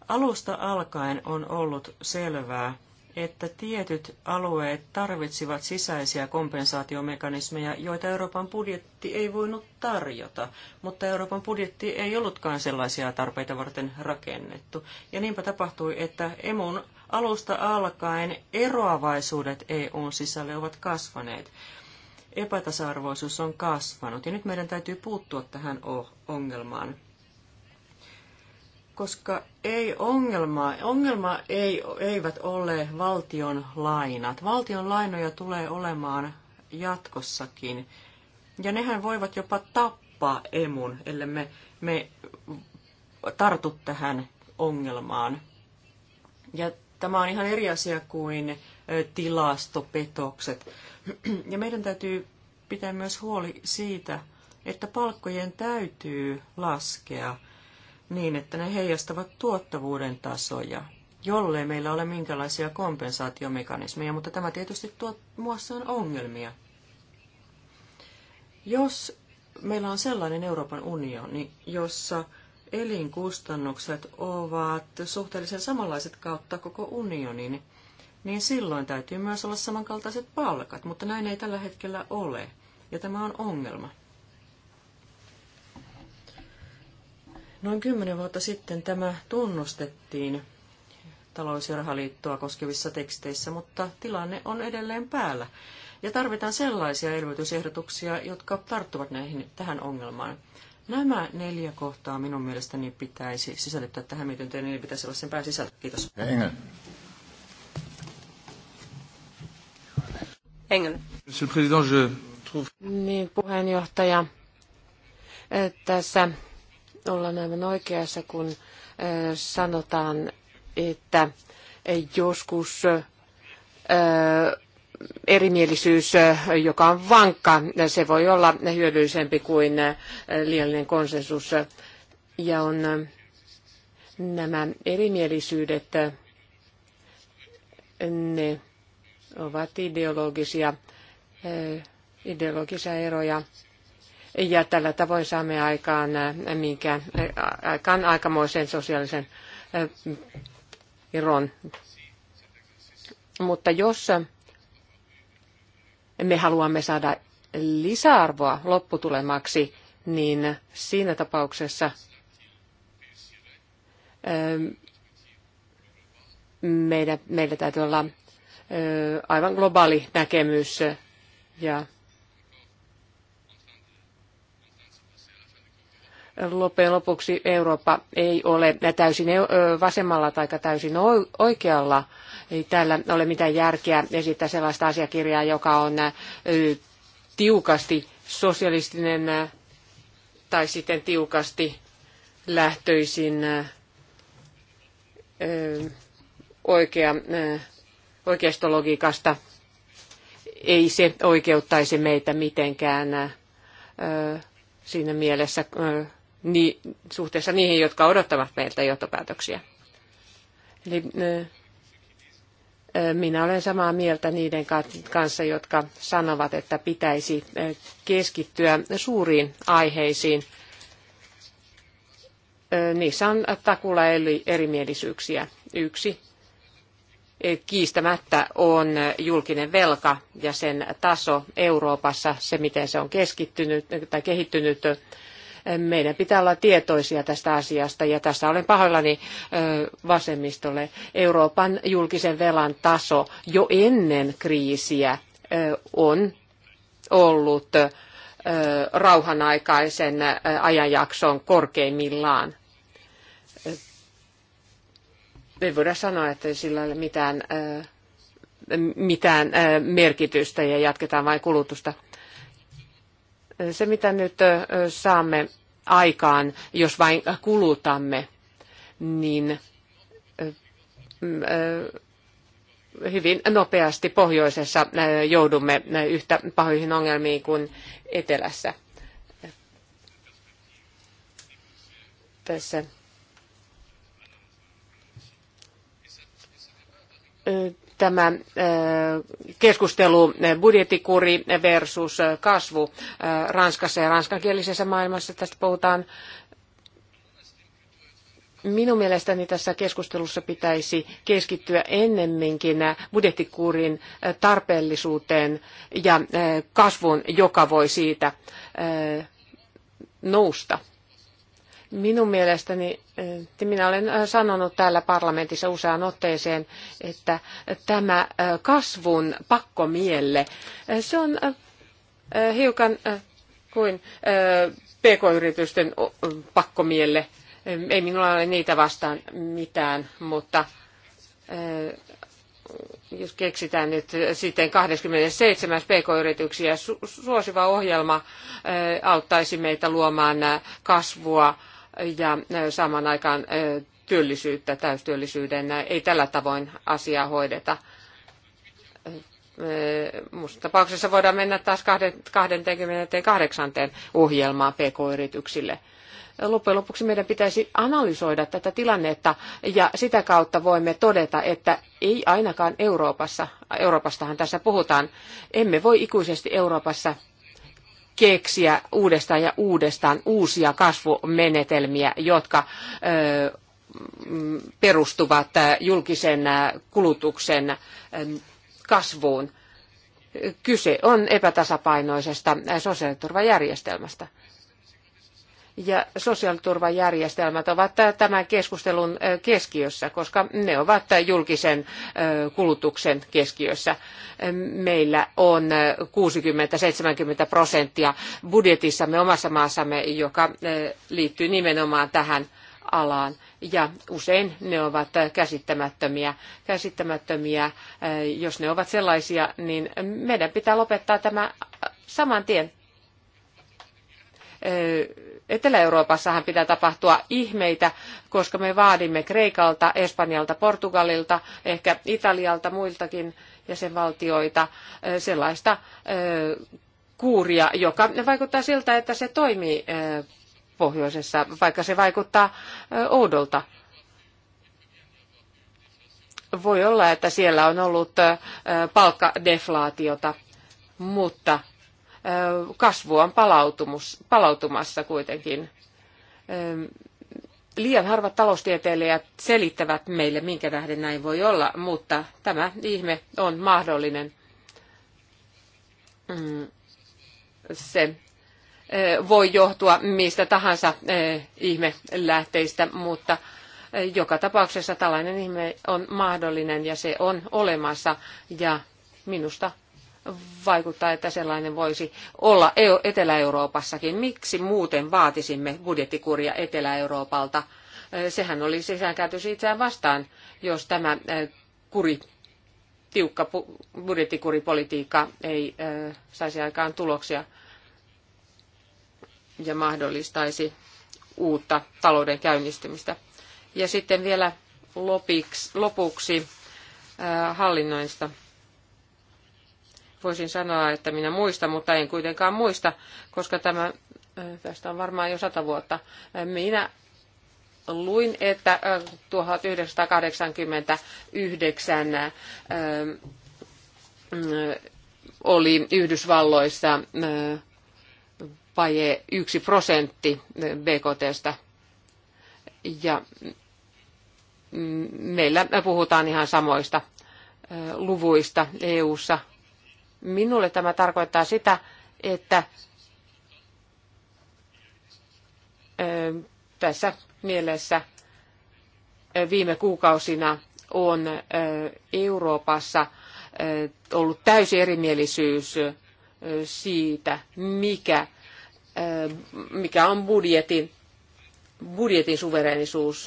Alusta alkaen on ollut selvää, että tietyt alueet tarvitsivat sisäisiä kompensaatiomekanismeja, joita Euroopan budjetti ei voinut tarjota, mutta Euroopan budjetti ei ollutkaan sellaisia tarpeita varten rakennettu. Ja niinpä tapahtui, että emun alusta alkaen eroavaisuudet EUn sisälle ovat kasvaneet epätasa-arvoisuus on kasvanut ja nyt meidän täytyy puuttua tähän ongelmaan. Koska ei ongelmaa, ongelma ei, eivät ole valtion lainat. Valtion lainoja tulee olemaan jatkossakin. Ja nehän voivat jopa tappaa emun, ellei me, me tartu tähän ongelmaan. Ja tämä on ihan eri asia kuin tilastopetokset. Ja meidän täytyy pitää myös huoli siitä, että palkkojen täytyy laskea niin, että ne heijastavat tuottavuuden tasoja, jollei meillä ole minkälaisia kompensaatiomekanismeja, mutta tämä tietysti tuo muassaan ongelmia. Jos meillä on sellainen Euroopan unioni, jossa elinkustannukset ovat suhteellisen samanlaiset kautta koko unionin, niin niin silloin täytyy myös olla samankaltaiset palkat, mutta näin ei tällä hetkellä ole, ja tämä on ongelma. Noin kymmenen vuotta sitten tämä tunnustettiin talous- ja rahaliittoa koskevissa teksteissä, mutta tilanne on edelleen päällä. Ja tarvitaan sellaisia elvytysehdotuksia, jotka tarttuvat näihin, tähän ongelmaan. Nämä neljä kohtaa minun mielestäni pitäisi sisällyttää tähän mietintöön, niin pitäisi olla sen pääsisältö. Kiitos. Engel. Engel. Monsieur le Président, je trouve... Niin, puheenjohtaja. Eh, tässä ollaan aivan oikeassa, kun eh, sanotaan, että joskus eh, erimielisyys, joka on vankka, se voi olla hyödyllisempi kuin liiallinen konsensus. Ja on nämä erimielisyydet, ne ovat ideologisia, eh, ideologisia eroja. Ja tällä tavoin saamme aikaan, eh, minkä, eh, aikaan aikamoisen sosiaalisen eron. Mutta jos me haluamme saada lisäarvoa lopputulemaksi, niin siinä tapauksessa meidän, meillä täytyy olla aivan globaali näkemys ja loppujen lopuksi Eurooppa ei ole täysin vasemmalla tai täysin oikealla. Ei täällä ole mitään järkeä esittää sellaista asiakirjaa, joka on tiukasti sosialistinen tai sitten tiukasti lähtöisin oikea oikeistologiikasta. Ei se oikeuttaisi meitä mitenkään siinä mielessä ni, suhteessa niihin, jotka odottavat meiltä johtopäätöksiä. Eli minä olen samaa mieltä niiden kanssa, jotka sanovat, että pitäisi keskittyä suuriin aiheisiin. Niissä on takulla erimielisyyksiä. Yksi kiistämättä on julkinen velka ja sen taso Euroopassa, se miten se on keskittynyt tai kehittynyt. Meidän pitää olla tietoisia tästä asiasta ja tässä olen pahoillani vasemmistolle. Euroopan julkisen velan taso jo ennen kriisiä on ollut rauhanaikaisen ajanjakson korkeimmillaan ei voida sanoa, että sillä ei ole mitään, äh, mitään äh, merkitystä ja jatketaan vain kulutusta. Se, mitä nyt äh, saamme aikaan, jos vain kulutamme, niin hyvin nopeasti pohjoisessa joudumme yhtä pahoihin ongelmiin kuin etelässä. Tässä tämä keskustelu budjettikuri versus kasvu Ranskassa ja ranskankielisessä maailmassa. Tästä puhutaan. Minun mielestäni tässä keskustelussa pitäisi keskittyä ennemminkin budjettikurin tarpeellisuuteen ja kasvun, joka voi siitä nousta. Minun mielestäni, eh, minä olen eh, sanonut täällä parlamentissa useaan otteeseen, että tämä eh, kasvun pakkomielle, se on hiukan kuin pk-yritysten pakkomielle. Ei minulla ole niitä vastaan mitään, mutta jos keksitään nyt sitten 27. pk-yrityksiä suosiva ohjelma auttaisi meitä luomaan kasvua ja saman aikaan työllisyyttä, täystyöllisyyden. Ei tällä tavoin asiaa hoideta. Muussa tapauksessa voidaan mennä taas 28 ohjelmaan pk-yrityksille. Loppujen lopuksi meidän pitäisi analysoida tätä tilannetta ja sitä kautta voimme todeta, että ei ainakaan Euroopassa, Euroopastahan tässä puhutaan, emme voi ikuisesti Euroopassa keksiä uudestaan ja uudestaan uusia kasvumenetelmiä, jotka perustuvat julkisen kulutuksen kasvuun. Kyse on epätasapainoisesta sosiaaliturvajärjestelmästä ja sosiaaliturvajärjestelmät ovat tämän keskustelun keskiössä, koska ne ovat julkisen kulutuksen keskiössä. Meillä on 60-70 prosenttia budjetissamme omassa maassamme, joka liittyy nimenomaan tähän alaan. Ja usein ne ovat käsittämättömiä. käsittämättömiä. Jos ne ovat sellaisia, niin meidän pitää lopettaa tämä saman tien Etelä-Euroopassahan pitää tapahtua ihmeitä, koska me vaadimme Kreikalta, Espanjalta, Portugalilta, ehkä Italialta, muiltakin jäsenvaltioita sellaista kuuria, joka vaikuttaa siltä, että se toimii pohjoisessa, vaikka se vaikuttaa oudolta. Voi olla, että siellä on ollut palkkadeflaatiota, mutta kasvu on palautumassa kuitenkin. Liian harvat taloustieteilijät selittävät meille, minkä tähden näin voi olla, mutta tämä ihme on mahdollinen. Mm, se voi johtua mistä tahansa ihmelähteistä, mutta joka tapauksessa tällainen ihme on mahdollinen ja se on olemassa ja minusta vaikuttaa, että sellainen voisi olla Etelä-Euroopassakin. Miksi muuten vaatisimme budjettikuria Etelä-Euroopalta? Sehän oli sisäänkäytössä itseään vastaan, jos tämä kuri, tiukka budjettikuripolitiikka ei saisi aikaan tuloksia ja mahdollistaisi uutta talouden käynnistymistä. Ja sitten vielä lopiksi, lopuksi hallinnoista voisin sanoa, että minä muistan, mutta en kuitenkaan muista, koska tämä, tästä on varmaan jo sata vuotta. Minä luin, että 1989 oli Yhdysvalloissa vaje yksi prosentti BKTstä. Ja meillä puhutaan ihan samoista luvuista EU-ssa Minulle tämä tarkoittaa sitä, että tässä mielessä viime kuukausina on Euroopassa ollut täysi erimielisyys siitä, mikä, mikä on budjetin, budjetin suverenisuus.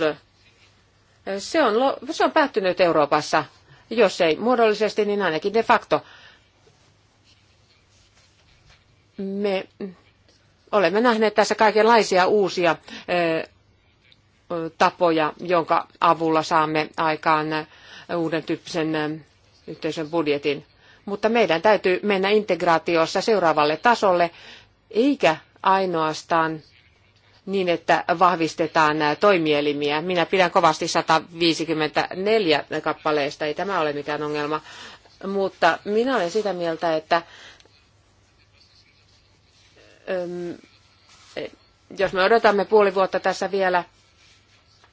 Se on, se on päättynyt Euroopassa, jos ei muodollisesti, niin ainakin de facto me olemme nähneet tässä kaikenlaisia uusia tapoja, jonka avulla saamme aikaan uuden tyyppisen yhteisön budjetin. Mutta meidän täytyy mennä integraatiossa seuraavalle tasolle, eikä ainoastaan niin, että vahvistetaan toimielimiä. Minä pidän kovasti 154 kappaleesta, ei tämä ole mikään ongelma. Mutta minä olen sitä mieltä, että jos me odotamme puoli vuotta tässä vielä,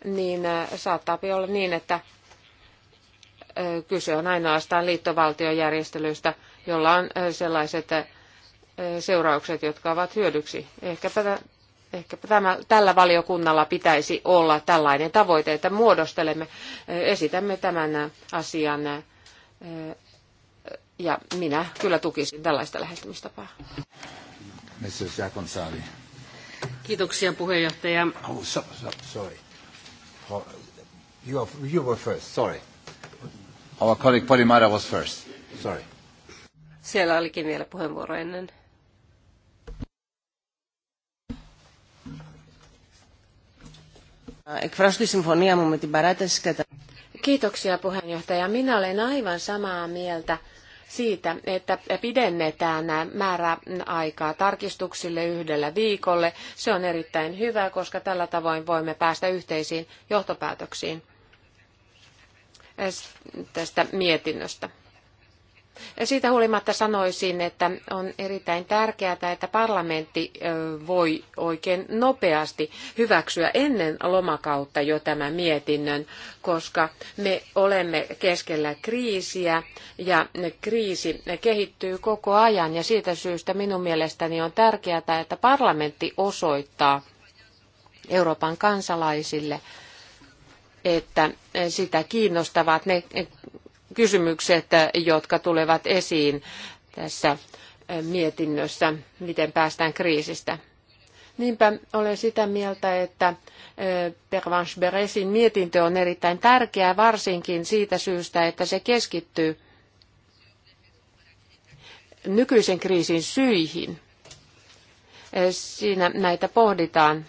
niin saattaa olla niin, että kyse on ainoastaan liittovaltiojärjestelyistä, jolla on sellaiset seuraukset, jotka ovat hyödyksi. Ehkäpä, ehkäpä tämä, tällä valiokunnalla pitäisi olla tällainen tavoite, että muodostelemme, esitämme tämän asian ja minä kyllä tukisin tällaista lähestymistapaa. Mrs. Jakonsari. Kiitoksia puheenjohtaja. Oh, so, so, sorry. Oh, you, are, you were first, sorry. Our colleague Polimara was first. Sorry. Siellä olikin vielä puheenvuoro ennen. Εκφράσω τη συμφωνία μου με την Kiitoksia puheenjohtaja. Minä olen aivan samaa mieltä siitä, että pidennetään määräaikaa tarkistuksille yhdellä viikolle. Se on erittäin hyvä, koska tällä tavoin voimme päästä yhteisiin johtopäätöksiin tästä mietinnöstä. Siitä huolimatta sanoisin, että on erittäin tärkeää, että parlamentti voi oikein nopeasti hyväksyä ennen lomakautta jo tämän mietinnön, koska me olemme keskellä kriisiä ja kriisi kehittyy koko ajan ja siitä syystä minun mielestäni on tärkeää, että parlamentti osoittaa Euroopan kansalaisille, että sitä kiinnostavat ne kysymykset, jotka tulevat esiin tässä mietinnössä, miten päästään kriisistä. Niinpä olen sitä mieltä, että Pervanche Beresin mietintö on erittäin tärkeä, varsinkin siitä syystä, että se keskittyy nykyisen kriisin syihin. Siinä näitä pohditaan.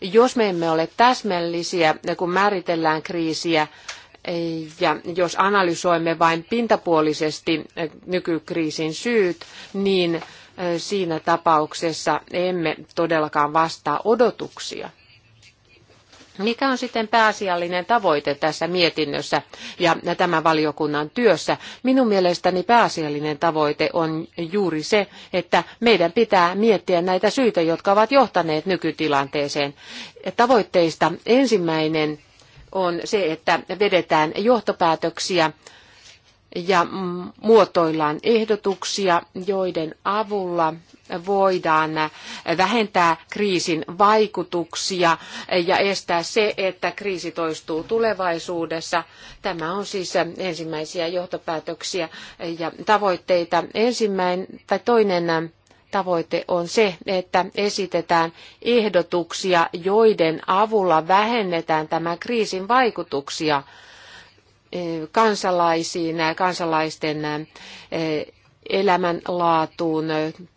Jos me emme ole täsmällisiä, kun määritellään kriisiä, ja jos analysoimme vain pintapuolisesti eh, nykykriisin syyt, niin eh, siinä tapauksessa emme todellakaan vastaa odotuksia. Mikä on sitten pääasiallinen tavoite tässä mietinnössä ja tämän valiokunnan työssä? Minun mielestäni pääasiallinen tavoite on juuri se, että meidän pitää miettiä näitä syitä, jotka ovat johtaneet nykytilanteeseen. Tavoitteista ensimmäinen on se, että vedetään johtopäätöksiä ja muotoillaan ehdotuksia, joiden avulla voidaan vähentää kriisin vaikutuksia ja estää se, että kriisi toistuu tulevaisuudessa. Tämä on siis ensimmäisiä johtopäätöksiä ja tavoitteita. Ensimmäinen tai toinen tavoite on se, että esitetään ehdotuksia, joiden avulla vähennetään tämän kriisin vaikutuksia eh, kansalaisiin, eh, kansalaisten eh, elämänlaatuun,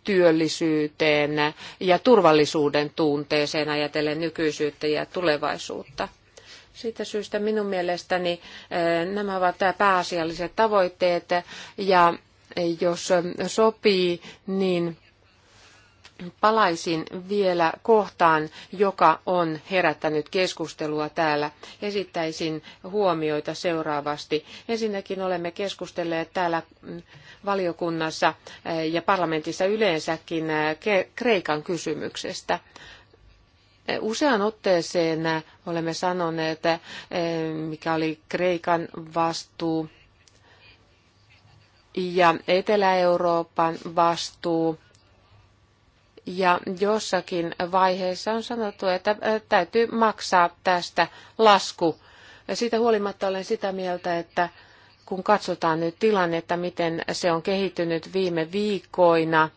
työllisyyteen ja turvallisuuden tunteeseen ajatellen nykyisyyttä ja tulevaisuutta. Siitä syystä minun mielestäni nämä ovat pääasialliset tavoitteet ja jos sopii, niin palaisin vielä kohtaan, joka on herättänyt keskustelua täällä. Esittäisin huomioita seuraavasti. Ensinnäkin olemme keskustelleet täällä mm, valiokunnassa eh, ja parlamentissa yleensäkin eh, Kreikan kysymyksestä. Eh, Usean otteeseen olemme sanoneet, mikä oli Kreikan vastuu ja Etelä-Euroopan vastuu – ja jossakin vaiheessa on sanottu, että äh, täytyy maksaa tästä lasku. Ja siitä huolimatta olen sitä mieltä, että kun katsotaan nyt tilannetta, miten se on kehittynyt viime viikkoina,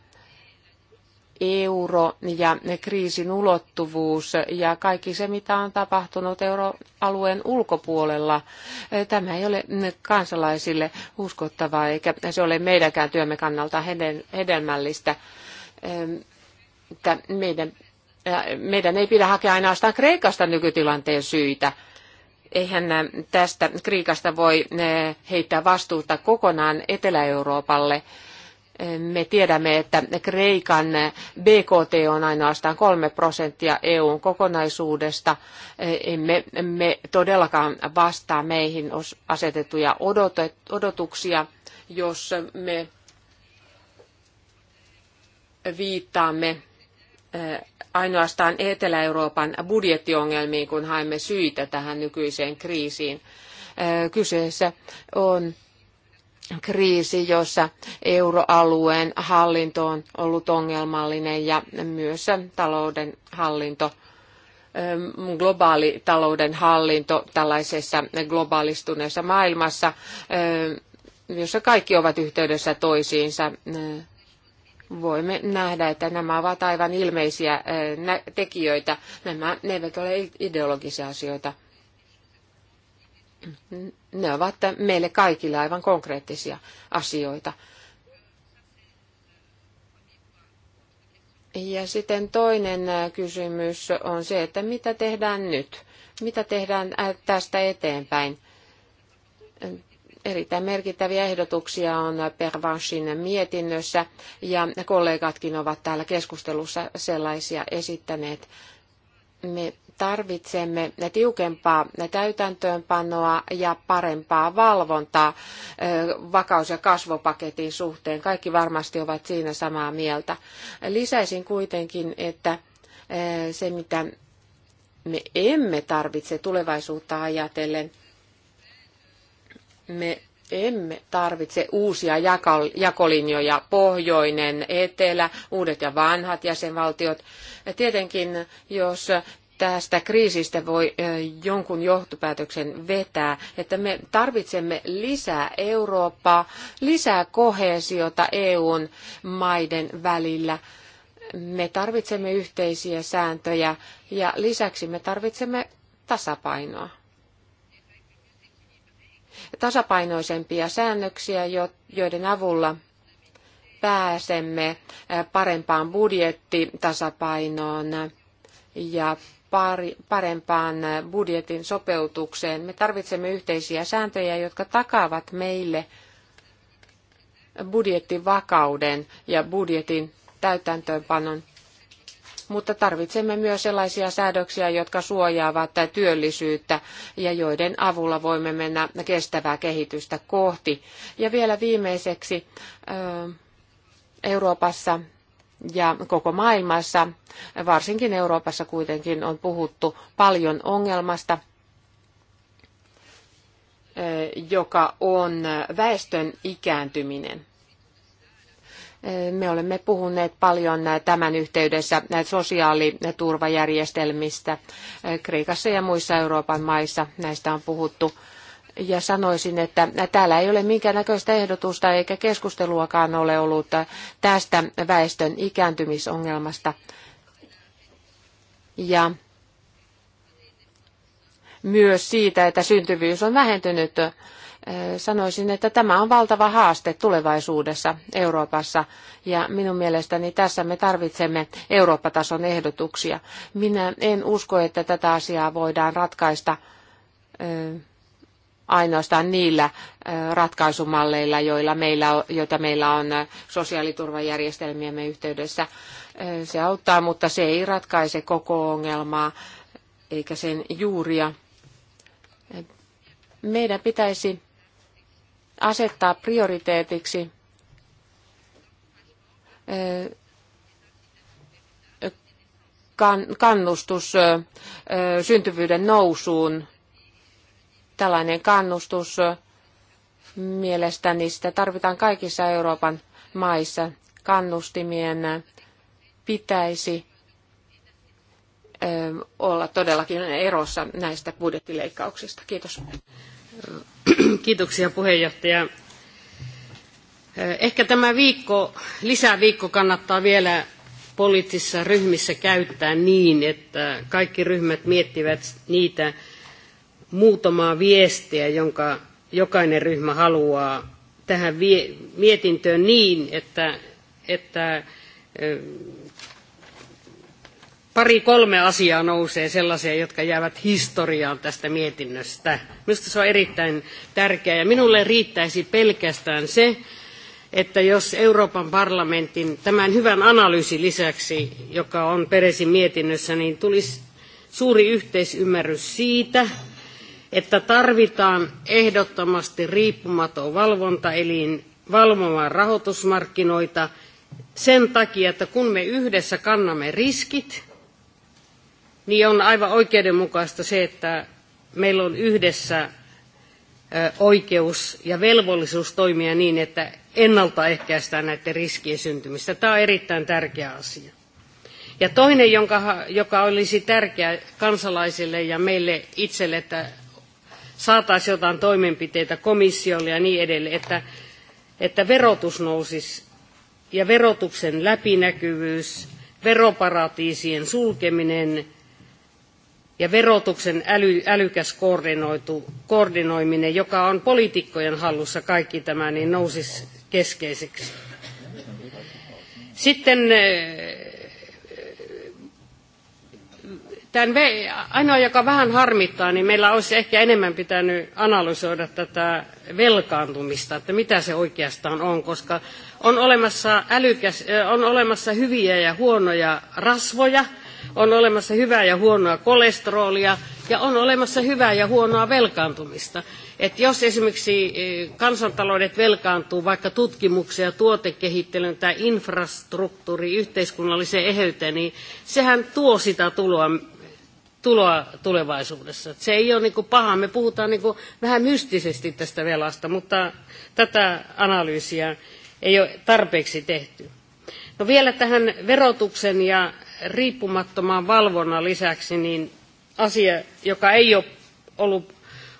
euro ja kriisin ulottuvuus ja kaikki se, mitä on tapahtunut euroalueen ulkopuolella. Äh, tämä ei ole kansalaisille uskottavaa, eikä se ole meidänkään työmme kannalta hedelmällistä että meidän, äh, meidän ei pidä hakea ainoastaan Kreikasta nykytilanteen syitä. Eihän äh, tästä Kriikasta voi äh, heittää vastuuta kokonaan Etelä-Euroopalle. Me tiedämme, että Kreikan BKT on ainoastaan kolme prosenttia EUn kokonaisuudesta. Emme me todellakaan vastaa meihin asetettuja odotuksia, jos me viittaamme ainoastaan Etelä-Euroopan budjettiongelmiin, kun haemme syitä tähän nykyiseen kriisiin. Kyseessä on kriisi, jossa euroalueen hallinto on ollut ongelmallinen ja myös talouden hallinto, globaali talouden hallinto tällaisessa globaalistuneessa maailmassa, jossa kaikki ovat yhteydessä toisiinsa voimme nähdä, että nämä ovat aivan ilmeisiä äh, tekijöitä. Nämä ne eivät ole ideologisia asioita. Ne ovat meille kaikille aivan konkreettisia asioita. Ja sitten toinen äh, kysymys on se, että mitä tehdään nyt? Mitä tehdään äh, tästä eteenpäin? Erittäin merkittäviä ehdotuksia on Pervanshin mietinnössä ja kollegatkin ovat täällä keskustelussa sellaisia esittäneet. Me tarvitsemme tiukempaa täytäntöönpanoa ja parempaa valvontaa vakaus- ja kasvopaketin suhteen. Kaikki varmasti ovat siinä samaa mieltä. Lisäisin kuitenkin, että se mitä me emme tarvitse tulevaisuutta ajatellen – me emme tarvitse uusia jakolinjoja, pohjoinen, etelä, uudet ja vanhat jäsenvaltiot. Tietenkin, jos tästä kriisistä voi jonkun johtopäätöksen vetää, että me tarvitsemme lisää Eurooppaa, lisää kohesiota EUn maiden välillä. Me tarvitsemme yhteisiä sääntöjä ja lisäksi me tarvitsemme tasapainoa tasapainoisempia säännöksiä, joiden avulla pääsemme parempaan budjettitasapainoon ja parempaan budjetin sopeutukseen. Me tarvitsemme yhteisiä sääntöjä, jotka takaavat meille budjettivakauden ja budjetin täytäntöönpanon mutta tarvitsemme myös sellaisia säädöksiä, jotka suojaavat työllisyyttä ja joiden avulla voimme mennä kestävää kehitystä kohti. Ja vielä viimeiseksi Euroopassa ja koko maailmassa, varsinkin Euroopassa kuitenkin on puhuttu paljon ongelmasta, joka on väestön ikääntyminen. Me olemme puhuneet paljon tämän yhteydessä sosiaaliturvajärjestelmistä Kreikassa ja muissa Euroopan maissa. Näistä on puhuttu. Ja sanoisin, että täällä ei ole minkäännäköistä ehdotusta eikä keskusteluakaan ole ollut tästä väestön ikääntymisongelmasta. Ja myös siitä, että syntyvyys on vähentynyt sanoisin, että tämä on valtava haaste tulevaisuudessa Euroopassa ja minun mielestäni tässä me tarvitsemme Eurooppa-tason ehdotuksia. Minä en usko, että tätä asiaa voidaan ratkaista ainoastaan niillä ratkaisumalleilla, joilla meillä, joita meillä on sosiaaliturvajärjestelmiemme yhteydessä. Se auttaa, mutta se ei ratkaise koko ongelmaa eikä sen juuria meidän pitäisi asettaa prioriteetiksi kannustus syntyvyyden nousuun. Tällainen kannustus mielestäni sitä tarvitaan kaikissa Euroopan maissa. Kannustimien pitäisi olla todellakin erossa näistä budjettileikkauksista. Kiitos. Kiitoksia puheenjohtaja. Ehkä tämä viikko, lisäviikko kannattaa vielä poliittisissa ryhmissä käyttää niin, että kaikki ryhmät miettivät niitä muutamaa viestiä, jonka jokainen ryhmä haluaa tähän mietintöön niin, että, että pari kolme asiaa nousee sellaisia, jotka jäävät historiaan tästä mietinnöstä. Minusta se on erittäin tärkeää ja minulle riittäisi pelkästään se, että jos Euroopan parlamentin tämän hyvän analyysin lisäksi, joka on Peresin mietinnössä, niin tulisi suuri yhteisymmärrys siitä, että tarvitaan ehdottomasti riippumaton valvontaelin valvomaan rahoitusmarkkinoita sen takia, että kun me yhdessä kannamme riskit, niin on aivan oikeudenmukaista se, että meillä on yhdessä oikeus ja velvollisuus toimia niin, että ennaltaehkäistään näiden riskien syntymistä. Tämä on erittäin tärkeä asia. Ja toinen, jonka, joka olisi tärkeä kansalaisille ja meille itselle, että saataisiin jotain toimenpiteitä komissiolle ja niin edelleen, että, että verotus nousisi ja verotuksen läpinäkyvyys, veroparatiisien sulkeminen ja verotuksen äly, älykäs koordinoiminen, joka on poliitikkojen hallussa kaikki tämä, niin nousisi keskeiseksi. Sitten eh, tämän, ainoa, joka vähän harmittaa, niin meillä olisi ehkä enemmän pitänyt analysoida tätä velkaantumista, että mitä se oikeastaan on, koska on olemassa, älykäs, eh, on olemassa hyviä ja huonoja rasvoja – on olemassa hyvää ja huonoa kolesterolia ja on olemassa hyvää ja huonoa velkaantumista. Et jos esimerkiksi eh, kansantaloudet velkaantuu vaikka tutkimukseen ja tuotekehittelyyn tai infrastruktuuriin, yhteiskunnalliseen eheyteen, niin sehän tuo sitä tuloa tuloa tulevaisuudessa. Se ei ole niin paha, me puhutaan niin vähän mystisesti tästä velasta, mutta tätä analyysiä ei ole tarpeeksi tehty. No vielä tähän verotuksen ja riippumattoman valvonnan lisäksi niin asia, joka ei ole ollut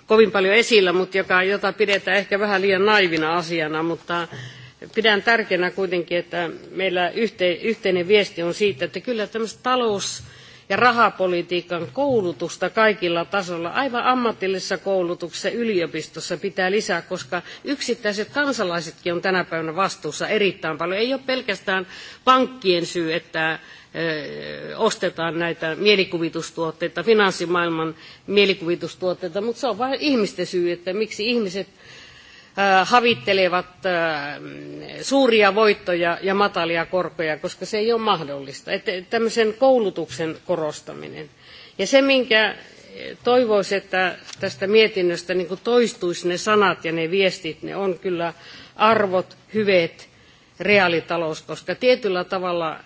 kovin paljon esillä, mutta joka, jota pidetään ehkä vähän liian naivina asiana, mutta pidän tärkeänä kuitenkin, että meillä yhteinen viesti on siitä, että kyllä tämmöistä talous- ja rahapolitiikan koulutusta kaikilla tasolla, aivan ammatillisessa koulutuksessa, yliopistossa pitää lisää, koska yksittäiset kansalaisetkin on tänä päivänä vastuussa erittäin paljon. Ei ole pelkästään pankkien syy, että ostetaan näitä mielikuvitustuotteita, finanssimaailman mielikuvitustuotteita, mutta se on vain ihmisten syy, että miksi ihmiset havittelevat suuria voittoja ja matalia korkoja, koska se ei ole mahdollista. Että tämmöisen koulutuksen korostaminen. Ja se, minkä toivoisi, että tästä mietinnöstä niin toistuisi ne sanat ja ne viestit, ne on kyllä arvot, hyveet, reaalitalous, koska tietyllä tavalla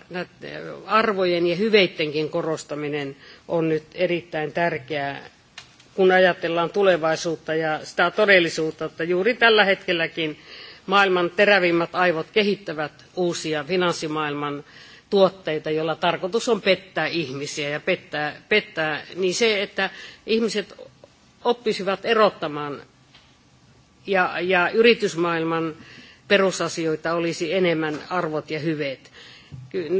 arvojen ja hyveittenkin korostaminen on nyt erittäin tärkeää, kun ajatellaan tulevaisuutta ja sitä todellisuutta, että juuri tällä hetkelläkin maailman terävimmät aivot kehittävät uusia finanssimaailman tuotteita, joilla tarkoitus on pettää ihmisiä ja pettää, pettää niin se, että ihmiset oppisivat erottamaan ja, ja yritysmaailman perusasioita olisi enemmän arvot ja hyveet.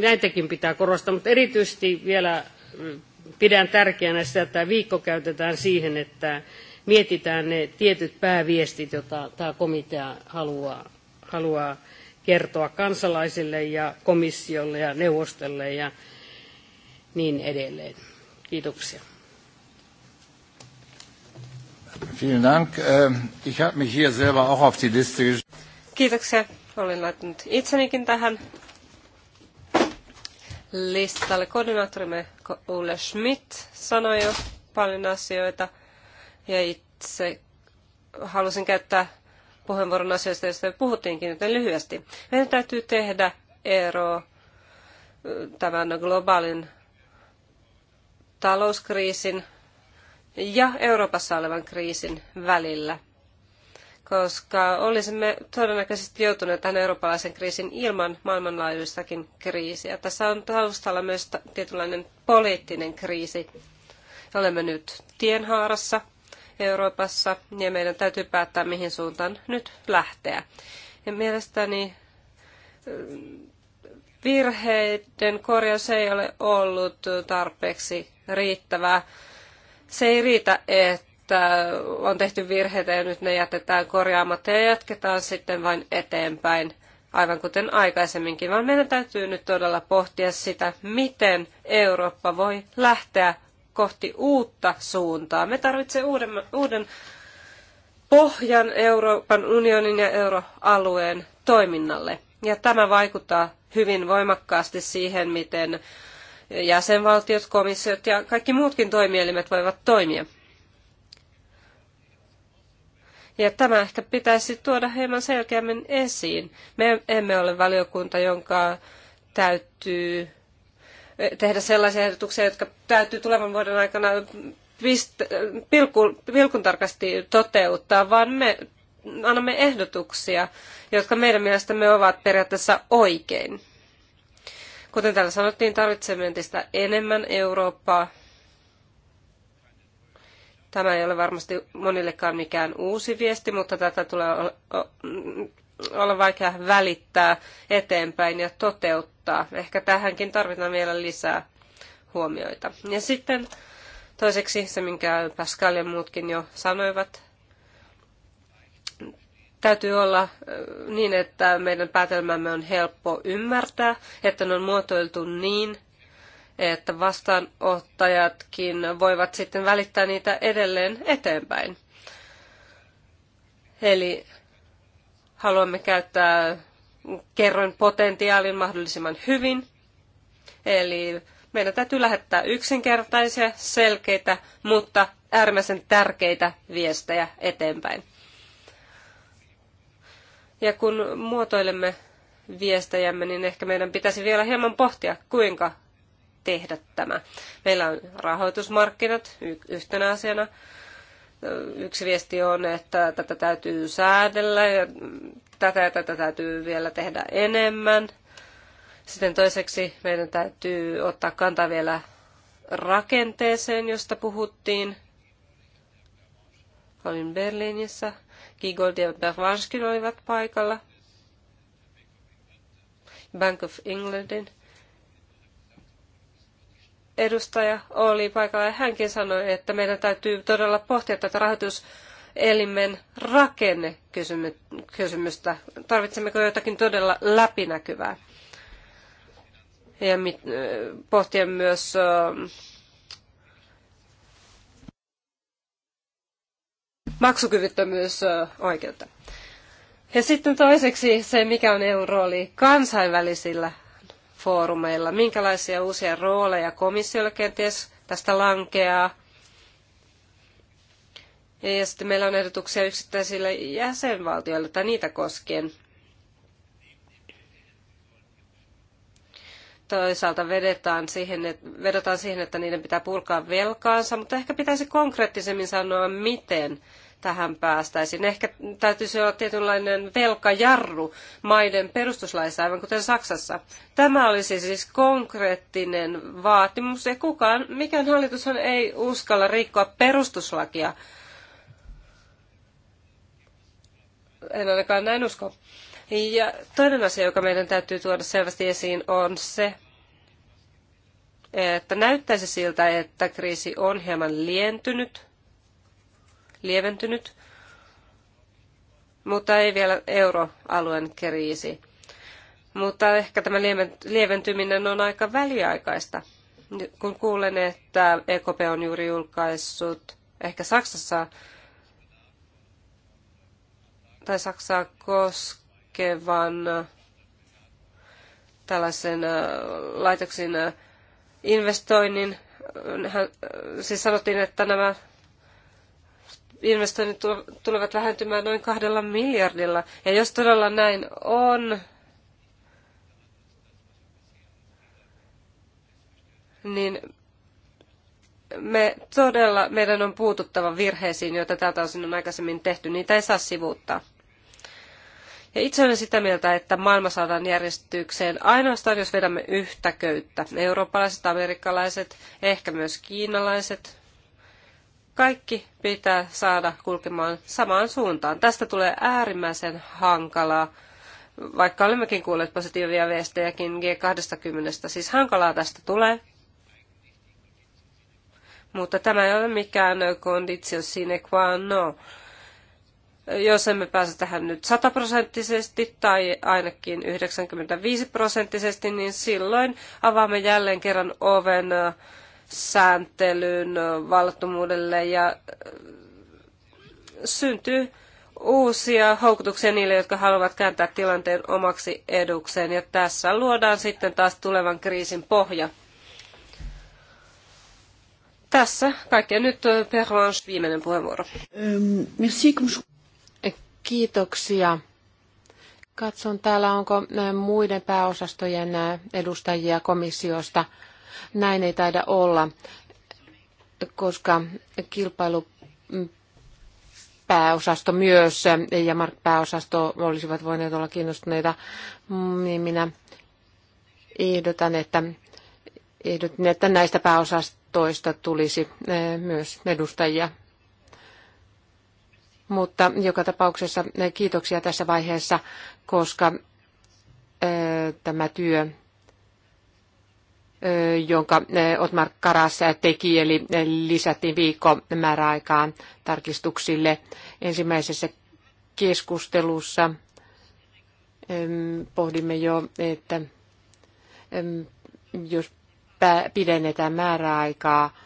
Näitäkin pitää korostaa, mutta erityisesti vielä pidän tärkeänä sitä, että tämä viikko käytetään siihen, että mietitään ne tietyt pääviestit, joita tämä komitea haluaa, haluaa kertoa kansalaisille ja komissiolle ja neuvostolle ja niin edelleen. Kiitoksia. Vielen Dank. Ähm, ich habe mich hier selber auch auf die Liste Kiitoksia. Olin laittanut itsenikin tähän listalle. Koordinaattorimme Ulle Schmidt sanoi jo paljon asioita ja itse halusin käyttää puheenvuoron asioista, joista jo puhuttiinkin, joten lyhyesti. Meidän täytyy tehdä ero tämän globaalin talouskriisin ja Euroopassa olevan kriisin välillä – koska olisimme todennäköisesti joutuneet tähän eurooppalaisen kriisin ilman maailmanlaajuistakin kriisiä. Tässä on taustalla myös tietynlainen poliittinen kriisi. Olemme nyt tienhaarassa Euroopassa ja meidän täytyy päättää, mihin suuntaan nyt lähteä. Ja mielestäni mm, virheiden korjaus ei ole ollut tarpeeksi riittävää. Se ei riitä, että että on tehty virheitä ja nyt ne jätetään korjaamatta ja jatketaan sitten vain eteenpäin, aivan kuten aikaisemminkin, vaan meidän täytyy nyt todella pohtia sitä, miten Eurooppa voi lähteä kohti uutta suuntaa. Me tarvitsemme uuden, uuden pohjan Euroopan unionin ja euroalueen toiminnalle. Ja tämä vaikuttaa hyvin voimakkaasti siihen, miten jäsenvaltiot, komissiot ja kaikki muutkin toimielimet voivat toimia. Ja tämä ehkä pitäisi tuoda hieman selkeämmin esiin. Me emme ole valiokunta, jonka täytyy eh, tehdä sellaisia ehdotuksia, jotka täytyy tulevan vuoden aikana pilkun tarkasti toteuttaa, vaan me annamme ehdotuksia, jotka meidän mielestämme ovat periaatteessa oikein. Kuten täällä sanottiin, tarvitsemme entistä enemmän Eurooppaa, Tämä ei ole varmasti monillekaan mikään uusi viesti, mutta tätä tulee olla vaikea välittää eteenpäin ja toteuttaa. Ehkä tähänkin tarvitaan vielä lisää huomioita. Ja sitten toiseksi se, minkä Pascal ja muutkin jo sanoivat, täytyy olla niin, että meidän päätelmämme on helppo ymmärtää, että ne on muotoiltu niin, että vastaanottajatkin voivat sitten välittää niitä edelleen eteenpäin. Eli haluamme käyttää kerroin potentiaalin mahdollisimman hyvin. Eli meidän täytyy lähettää yksinkertaisia, selkeitä, mutta äärimmäisen tärkeitä viestejä eteenpäin. Ja kun muotoilemme viestejämme, niin ehkä meidän pitäisi vielä hieman pohtia, kuinka tehdä tämä. Meillä on rahoitusmarkkinat yhtenä asiana. Yksi viesti on, että tätä täytyy säädellä ja tätä ja tätä täytyy vielä tehdä enemmän. Sitten toiseksi meidän täytyy ottaa kantaa vielä rakenteeseen, josta puhuttiin. Olin Berliinissä. Kigold ja Bervanskin olivat paikalla. Bank of Englandin edustaja oli paikalla ja hänkin sanoi, että meidän täytyy todella pohtia tätä rahoituselimen rakennekysymystä. Tarvitsemmeko jotakin todella läpinäkyvää? Ja mit, pohtia myös maksukyvyttömyysoikeutta. Ja sitten toiseksi se, mikä on EU-rooli kansainvälisillä foorumeilla? Minkälaisia uusia rooleja komissiolle kenties tästä lankeaa? Ja sitten meillä on ehdotuksia yksittäisille jäsenvaltioille tai niitä koskien. Toisaalta vedetään siihen, että, vedotaan siihen, että niiden pitää purkaa velkaansa, mutta ehkä pitäisi konkreettisemmin sanoa, miten tähän päästäisiin. Ehkä täytyisi olla tietynlainen velkajarru maiden perustuslaissa, aivan kuten Saksassa. Tämä olisi siis konkreettinen vaatimus, ja kukaan, mikään hallitushan ei uskalla rikkoa perustuslakia. En ainakaan näin usko. Ja toinen asia, joka meidän täytyy tuoda selvästi esiin, on se, että näyttäisi siltä, että kriisi on hieman lientynyt – lieventynyt, mutta ei vielä euroalueen kriisi. Mutta ehkä tämä lieventyminen on aika väliaikaista. Kun kuulen, että EKP on juuri julkaissut ehkä Saksassa tai Saksaa koskevan tällaisen äh, laitoksen äh, investoinnin, äh, siis sanottiin, että nämä investoinnit tulevat vähentymään noin kahdella miljardilla. Ja jos todella näin on, niin me todella, meidän on puututtava virheisiin, joita tältä osin on aikaisemmin tehty. Niitä ei saa sivuuttaa. Ja itse olen sitä mieltä, että maailma saadaan järjestykseen ainoastaan, jos vedämme yhtä köyttä. Eurooppalaiset, amerikkalaiset, ehkä myös kiinalaiset, kaikki pitää saada kulkemaan samaan suuntaan. Tästä tulee äärimmäisen hankalaa, vaikka olemmekin kuulleet positiivia viestejäkin G20. Siis hankalaa tästä tulee. Mutta tämä ei ole mikään conditio sine qua non jos emme pääse tähän nyt sataprosenttisesti tai ainakin 95 prosenttisesti, niin silloin avaamme jälleen kerran oven sääntelyn vallattomuudelle ja syntyy uusia houkutuksia niille, jotka haluavat kääntää tilanteen omaksi edukseen. Ja tässä luodaan sitten taas tulevan kriisin pohja. Tässä kaikki. nyt Pervanche, viimeinen puheenvuoro. Kiitoksia. Katson täällä, onko muiden pääosastojen edustajia komissiosta – näin ei taida olla, koska kilpailu pääosasto myös ja Mark pääosasto olisivat voineet olla kiinnostuneita, niin minä ehdotan, että, ehdotin, että näistä pääosastoista tulisi eh, myös edustajia. Mutta joka tapauksessa eh, kiitoksia tässä vaiheessa, koska eh, tämä työ jonka Otmar Karas teki, eli lisättiin viikko määräaikaan tarkistuksille ensimmäisessä keskustelussa. Pohdimme jo, että jos pidennetään määräaikaa,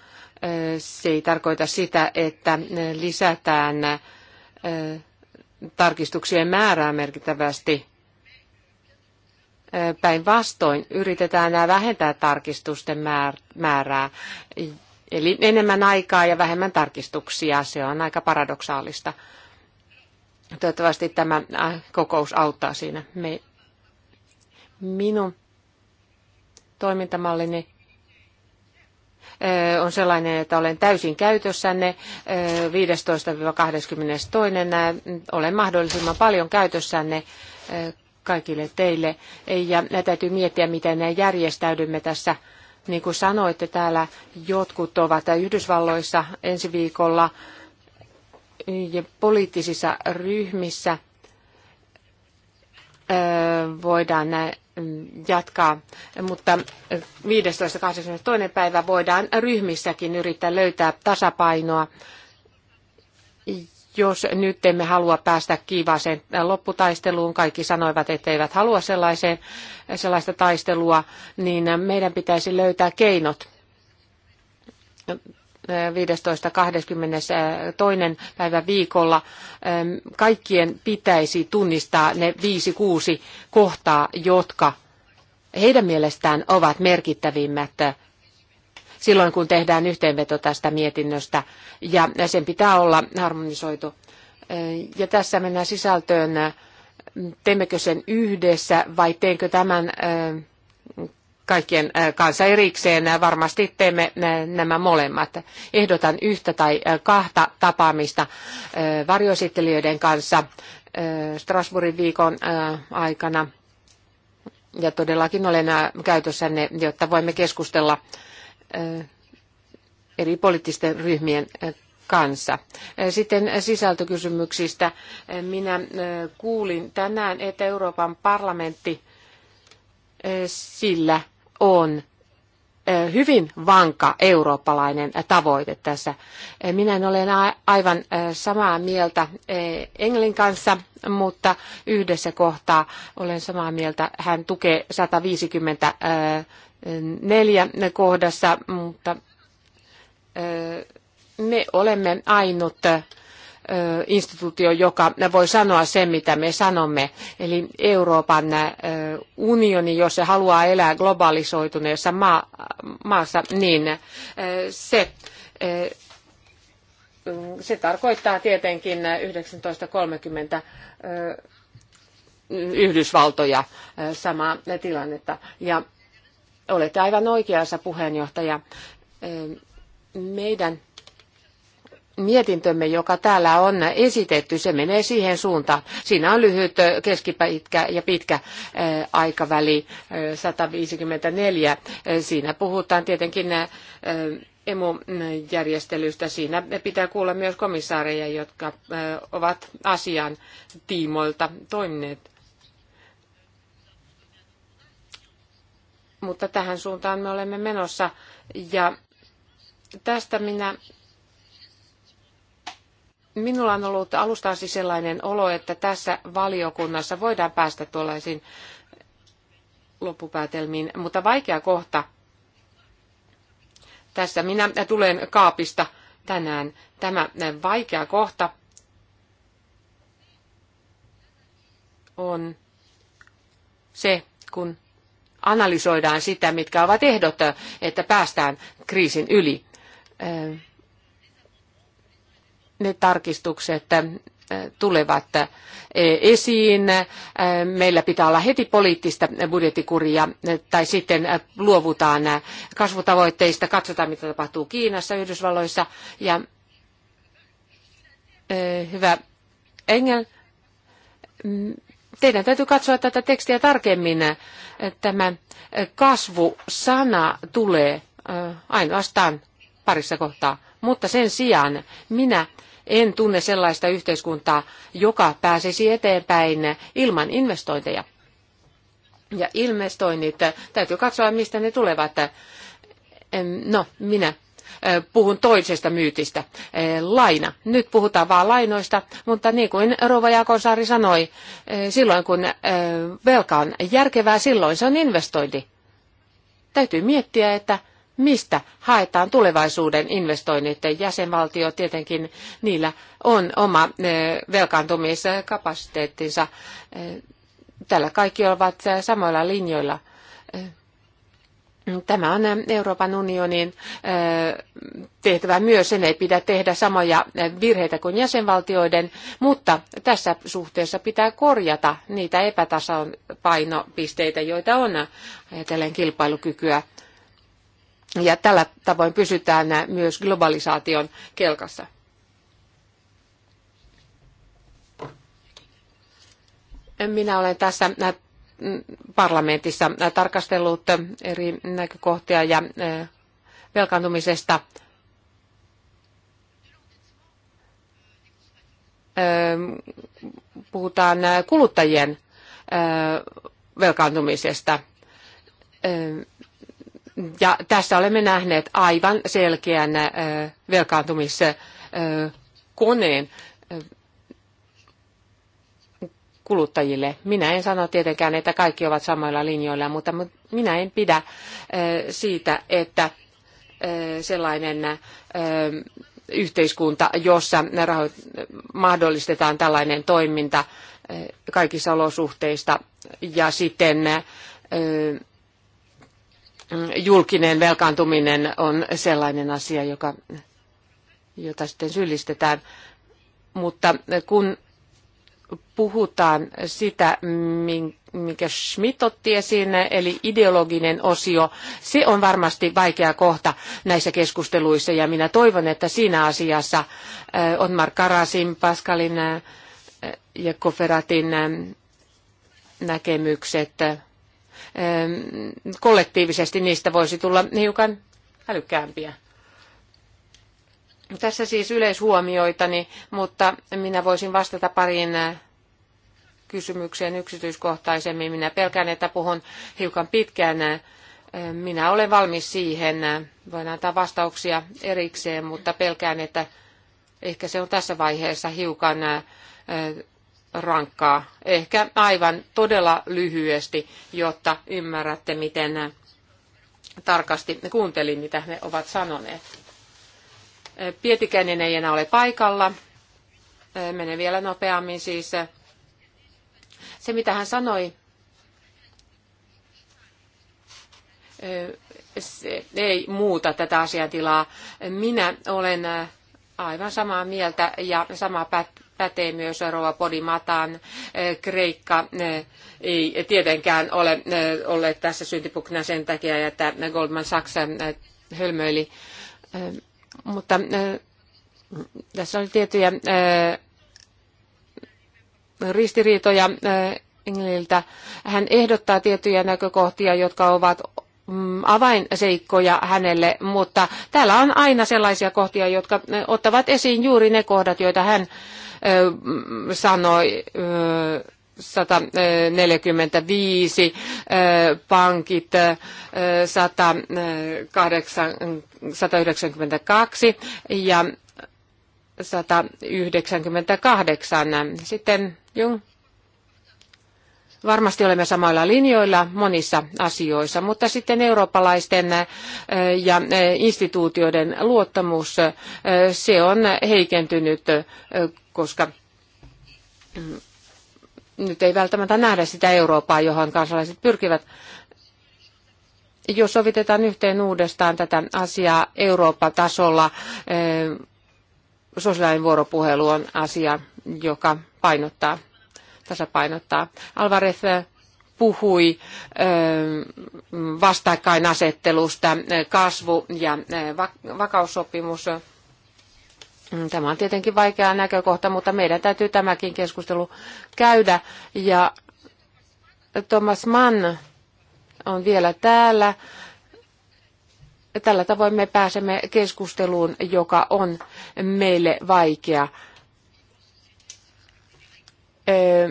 se ei tarkoita sitä, että lisätään tarkistuksien määrää merkittävästi, Päinvastoin yritetään vähentää tarkistusten määrää, eli enemmän aikaa ja vähemmän tarkistuksia. Se on aika paradoksaalista. Toivottavasti tämä äh, kokous auttaa siinä. Me, minun toimintamallini on sellainen, että olen täysin käytössänne 15-22. Olen mahdollisimman paljon käytössänne, kaikille teille. Ja täytyy miettiä, miten järjestäydymme tässä. Niin kuin sanoitte täällä, jotkut ovat Yhdysvalloissa ensi viikolla ja poliittisissa ryhmissä voidaan jatkaa, mutta 15.82. päivä voidaan ryhmissäkin yrittää löytää tasapainoa jos nyt emme halua päästä kiivaaseen lopputaisteluun, kaikki sanoivat, että eivät halua sellaiseen, sellaista taistelua, niin meidän pitäisi löytää keinot 15.22. päivä viikolla ähm, kaikkien pitäisi tunnistaa ne viisi kuusi kohtaa, jotka heidän mielestään ovat merkittävimmät silloin, kun tehdään yhteenveto tästä mietinnöstä, ja sen pitää olla harmonisoitu. Ja tässä mennään sisältöön, teemmekö sen yhdessä vai teenkö tämän kaikkien kanssa erikseen. Varmasti teemme nämä molemmat. Ehdotan yhtä tai kahta tapaamista varjoesittelijöiden kanssa Strasbourgin viikon aikana. Ja todellakin olen käytössänne, jotta voimme keskustella eri poliittisten ryhmien kanssa. Sitten sisältökysymyksistä. Minä kuulin tänään, että Euroopan parlamentti sillä on hyvin vanka eurooppalainen tavoite tässä. Minä en ole aivan samaa mieltä Englin kanssa, mutta yhdessä kohtaa olen samaa mieltä. Hän tukee 150 neljä kohdassa, mutta me olemme ainut instituutio, joka voi sanoa sen, mitä me sanomme. Eli Euroopan unioni, jos se haluaa elää globalisoituneessa maassa, niin se, se tarkoittaa tietenkin 1930 Yhdysvaltoja samaa tilannetta. Ja Olette aivan oikeassa puheenjohtaja. Meidän mietintömme, joka täällä on esitetty, se menee siihen suuntaan. Siinä on lyhyt, keskipitkä ja pitkä aikaväli 154. Siinä puhutaan tietenkin emujärjestelystä. Siinä pitää kuulla myös komissaareja, jotka ovat asian tiimoilta toimineet. mutta tähän suuntaan me olemme menossa. Ja tästä minä, minulla on ollut alusta asti sellainen olo, että tässä valiokunnassa voidaan päästä tuollaisiin loppupäätelmiin, mutta vaikea kohta. Tässä minä tulen kaapista tänään. Tämä vaikea kohta on se, kun analysoidaan sitä, mitkä ovat ehdot, että päästään kriisin yli. Ne tarkistukset tulevat esiin. Meillä pitää olla heti poliittista budjettikuria tai sitten luovutaan kasvutavoitteista, katsotaan mitä tapahtuu Kiinassa, Yhdysvalloissa ja hyvä Engel, teidän täytyy katsoa tätä tekstiä tarkemmin. Tämä kasvu-sana tulee ainoastaan parissa kohtaa, mutta sen sijaan minä en tunne sellaista yhteiskuntaa, joka pääsisi eteenpäin ilman investointeja. Ja investoinnit, täytyy katsoa, mistä ne tulevat. No, minä puhun toisesta myytistä. Laina. Nyt puhutaan vain lainoista, mutta niin kuin Rova Jakonsaari sanoi, silloin kun velka on järkevää, silloin se on investointi. Täytyy miettiä, että mistä haetaan tulevaisuuden investoinnit. Jäsenvaltio tietenkin niillä on oma velkaantumiskapasiteettinsa. Tällä kaikki ovat samoilla linjoilla Tämä on Euroopan unionin tehtävä myös. Sen ei pidä tehdä samoja virheitä kuin jäsenvaltioiden, mutta tässä suhteessa pitää korjata niitä epätasapainopisteitä, joita on ajatellen kilpailukykyä. Ja tällä tavoin pysytään myös globalisaation kelkassa. Minä olen tässä parlamentissa tarkastellut eri näkökohtia ja e, velkaantumisesta e, puhutaan kuluttajien e, velkaantumisesta. Ja tässä olemme nähneet aivan selkeän velkaantumiskoneen kuluttajille. Minä en sano tietenkään, että kaikki ovat samoilla linjoilla, mutta minä en pidä siitä, että sellainen yhteiskunta, jossa mahdollistetaan tällainen toiminta kaikissa olosuhteista ja sitten julkinen velkaantuminen on sellainen asia, joka, jota sitten syyllistetään. Mutta kun puhutaan sitä, minkä Schmidt otti esiin, eli ideologinen osio. Se on varmasti vaikea kohta näissä keskusteluissa, ja minä toivon, että siinä asiassa eh, Otmar Karasin, Paskalin eh, ja Koferatin eh, näkemykset kollektiivisesti niistä voisi tulla hiukan älykkäämpiä. Tässä siis yleishuomioitani, mutta minä voisin vastata pariin äh, kysymykseen yksityiskohtaisemmin. Minä pelkään, että puhun hiukan pitkään. Äh, minä olen valmis siihen. Äh, voin antaa vastauksia erikseen, mutta pelkään, että ehkä se on tässä vaiheessa hiukan rankkaa. Ehkä aivan todella lyhyesti, jotta ymmärrätte, miten tarkasti kuuntelin, mitä he ovat sanoneet. Pietikäinen ei enää ole paikalla. Mene vielä nopeammin siis. Se, mitä hän sanoi, se ei muuta tätä asiantilaa. Minä olen aivan samaa mieltä ja sama pätee myös Rova Podimataan. Kreikka ei tietenkään ole olleet tässä syntipukkina sen takia, että Goldman Sachs hölmöili mutta tässä oli tiettyjä ristiriitoja Engeliltä. Hän ehdottaa tiettyjä näkökohtia, jotka ovat mm, avainseikkoja hänelle, mutta täällä on aina sellaisia kohtia, jotka ottavat esiin juuri ne kohdat, joita hän sanoi 145 eh, pankit 192 eh, ja 198. Sitten Jung. Varmasti olemme samoilla linjoilla monissa asioissa, mutta sitten eurooppalaisten eh, ja instituutioiden luottamus, se on heikentynyt, koska mm, nyt ei välttämättä nähdä sitä Eurooppaa, johon kansalaiset pyrkivät. Jos sovitetaan yhteen uudestaan tätä asiaa Eurooppa-tasolla, eh, sosiaalinen vuoropuhelu on asia, joka painottaa, tasapainottaa. Alvarez puhui eh, vastakkainasettelusta, eh, kasvu- ja vakaussopimus Mm, tämä on tietenkin vaikea näkökohta, mutta meidän täytyy tämäkin keskustelu käydä. Ja Thomas Mann on vielä täällä. Tällä tavoin me pääsemme keskusteluun, joka on meille vaikea. Öö,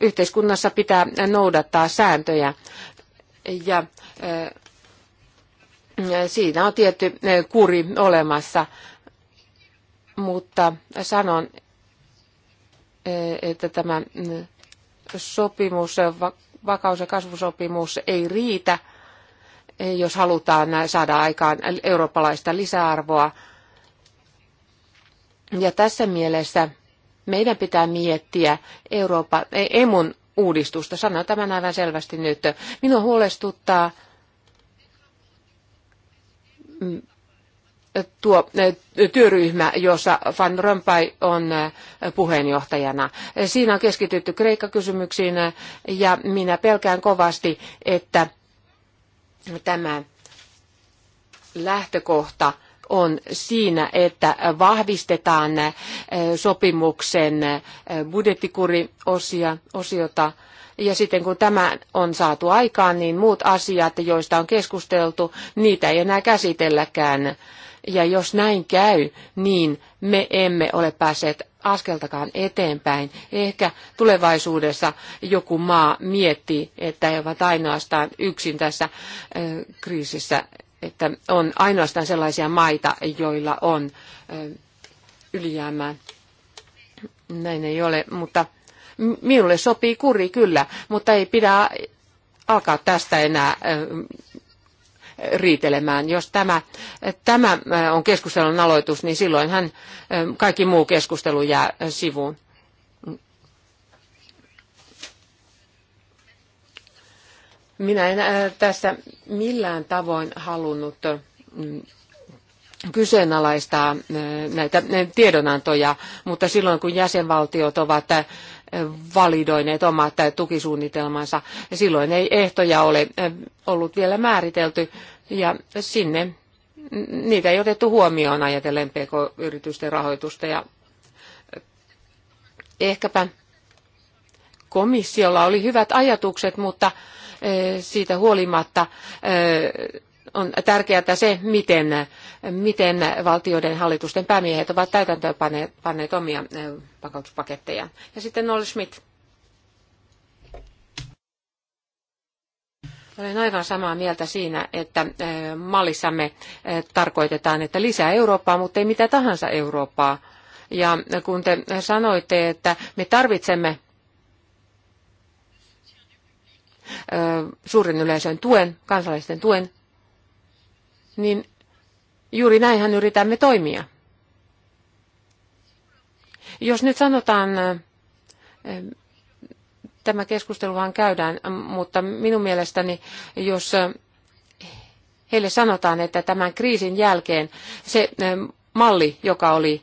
yhteiskunnassa pitää noudattaa sääntöjä ja öö, siinä on tietty öö, kuri olemassa mutta sanon, eh, että tämä mm, sopimus, eh, vakaus- ja kasvusopimus ei riitä, eh, jos halutaan saada aikaan eurooppalaista lisäarvoa. Ja tässä mielessä meidän pitää miettiä Euroopan, emun uudistusta. Sanon tämän aivan selvästi nyt. Minua huolestuttaa mm, tuo työryhmä, jossa Van Rompuy on puheenjohtajana. Siinä on keskitytty Kreikka-kysymyksiin ja minä pelkään kovasti, että tämä lähtökohta on siinä, että vahvistetaan sopimuksen budjettikuriosiota osiota, ja sitten kun tämä on saatu aikaan, niin muut asiat, joista on keskusteltu, niitä ei enää käsitelläkään ja jos näin käy, niin me emme ole päässeet askeltakaan eteenpäin. Ehkä tulevaisuudessa joku maa miettii, että he ovat ainoastaan yksin tässä kriisissä, että on ainoastaan sellaisia maita, joilla on ylijäämää. Näin ei ole, mutta minulle sopii kuri kyllä, mutta ei pidä alkaa tästä enää riitelemään. Jos tämä, tämä äh, on keskustelun aloitus, niin silloinhan ähm, kaikki muu keskustelu jää äh, sivuun. Minä en äh, tässä millään tavoin halunnut kyseenalaistaa näitä tiedonantoja, mutta silloin kun jäsenvaltiot ovat validoineet omat tukisuunnitelmansa. Silloin ei ehtoja ole eh, ollut vielä määritelty ja sinne niitä ei otettu huomioon ajatellen pk-yritysten rahoitusta ja eh, ehkäpä komissiolla oli hyvät ajatukset, mutta eh, siitä huolimatta on tärkeää se, miten, miten valtioiden hallitusten päämiehet ovat täytäntöön panneet omia vakautuspakettejaan. Ja sitten Noel Schmidt. Olen aivan samaa mieltä siinä, että mallissamme tarkoitetaan, että lisää Eurooppaa, mutta ei mitä tahansa Eurooppaa. Ja kun te sanoitte, että me tarvitsemme suuren yleisön tuen, kansalaisten tuen, niin juuri näinhän yritämme toimia. Jos nyt sanotaan, tämä keskusteluhan käydään, mutta minun mielestäni, jos heille sanotaan, että tämän kriisin jälkeen se malli, joka oli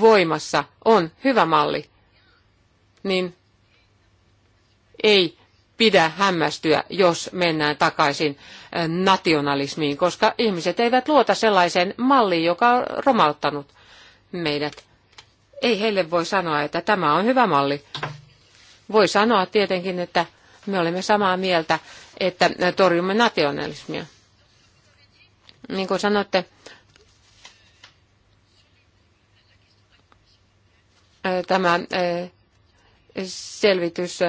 voimassa, on hyvä malli, niin ei pidä hämmästyä, jos mennään takaisin eh, nationalismiin, koska ihmiset eivät luota sellaiseen malliin, joka on romauttanut meidät. Ei heille voi sanoa, että tämä on hyvä malli. Voi sanoa tietenkin, että me olemme samaa mieltä, että torjumme nationalismia. Niin kuin sanotte, eh, tämä eh, selvitys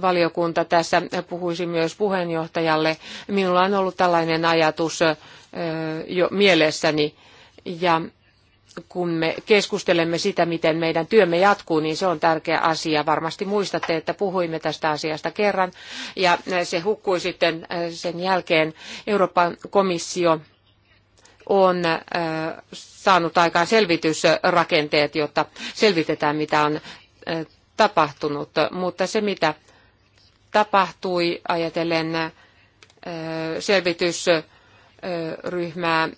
valiokunta tässä puhuisi myös puheenjohtajalle. Minulla on ollut tällainen ajatus jo mielessäni ja kun me keskustelemme sitä, miten meidän työmme jatkuu, niin se on tärkeä asia. Varmasti muistatte, että puhuimme tästä asiasta kerran ja se hukkui sitten sen jälkeen. Euroopan komissio on saanut aikaan selvitysrakenteet, jotta selvitetään, mitä on tapahtunut, mutta se mitä tapahtui ajatellen selvitysryhmää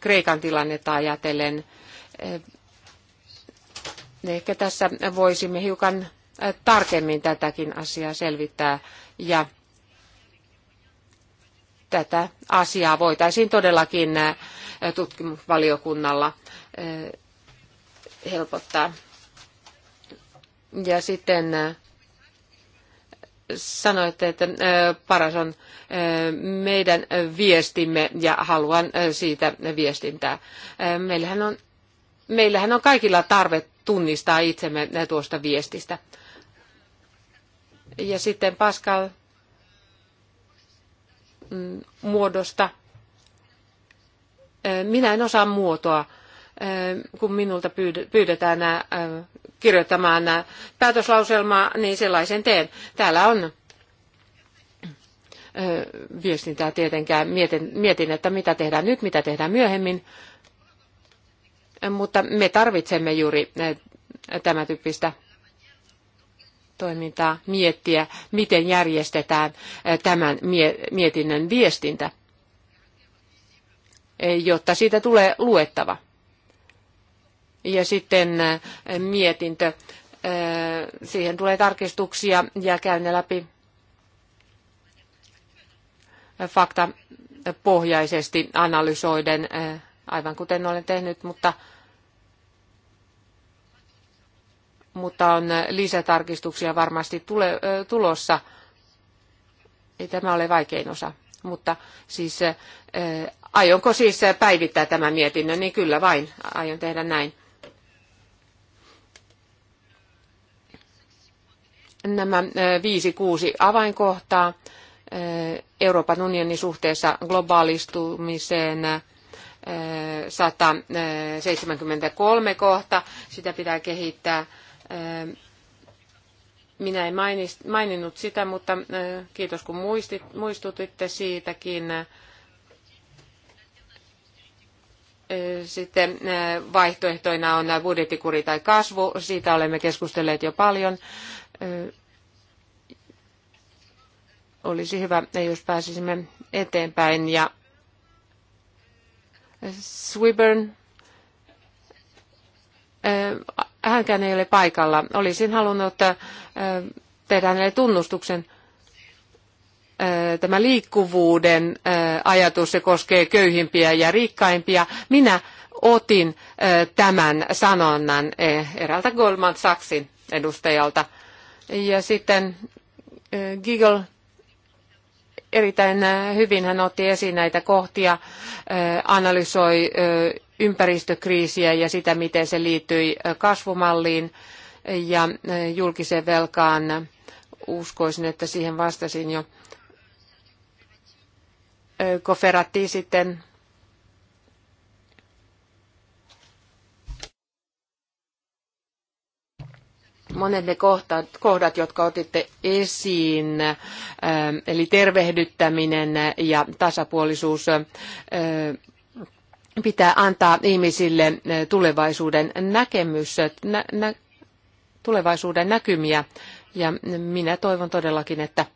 Kreikan tilannetta ajatellen. Ehkä tässä voisimme hiukan tarkemmin tätäkin asiaa selvittää ja tätä asiaa voitaisiin todellakin tutkimusvaliokunnalla helpottaa. Ja sitten sanoitte, että paras on meidän viestimme ja haluan siitä viestintää. Meillähän on, meillähän on kaikilla tarve tunnistaa itsemme tuosta viestistä. Ja sitten Pascal mm, muodosta. Minä en osaa muotoa kun minulta pyydetään kirjoittamaan päätöslauselmaa, niin sellaisen teen. Täällä on viestintää tietenkään. Mietin, mietin, että mitä tehdään nyt, mitä tehdään myöhemmin. Mutta me tarvitsemme juuri tämä tyyppistä toimintaa miettiä, miten järjestetään tämän mietinnön viestintä, jotta siitä tulee luettava ja sitten äh, mietintö. Äh, siihen tulee tarkistuksia ja käyn ne läpi faktapohjaisesti analysoiden, äh, aivan kuten olen tehnyt, mutta, mutta on lisätarkistuksia varmasti tule, tulossa. Ei tämä ole vaikein osa, mutta siis Aionko siis päivittää tämän mietinnön? Niin kyllä vain, aion tehdä näin. nämä viisi, kuusi avainkohtaa Euroopan unionin suhteessa globaalistumiseen 173 kohta, sitä pitää kehittää. Minä en maininnut sitä, mutta kiitos kun muistit, muistutitte siitäkin. Sitten vaihtoehtoina on budjettikuri tai kasvu. Siitä olemme keskustelleet jo paljon olisi hyvä, jos pääsisimme eteenpäin. Ja Swibern, hänkään ei ole paikalla. Olisin halunnut tehdä hänelle tunnustuksen. Tämä liikkuvuuden ajatus, se koskee köyhimpiä ja rikkaimpia. Minä otin tämän sanonnan eh, eräältä Goldman Sachsin edustajalta – ja sitten Giggle erittäin hyvin hän otti esiin näitä kohtia, analysoi ympäristökriisiä ja sitä, miten se liittyi kasvumalliin ja julkiseen velkaan. Uskoisin, että siihen vastasin jo. Koferatti sitten monet ne kohtat, kohdat, jotka otitte esiin, ähm, eli tervehdyttäminen ja tasapuolisuus, äh, pitää antaa ihmisille äh, tulevaisuuden näkemys, äh, nä, nä, tulevaisuuden näkymiä. Ja minä toivon todellakin, että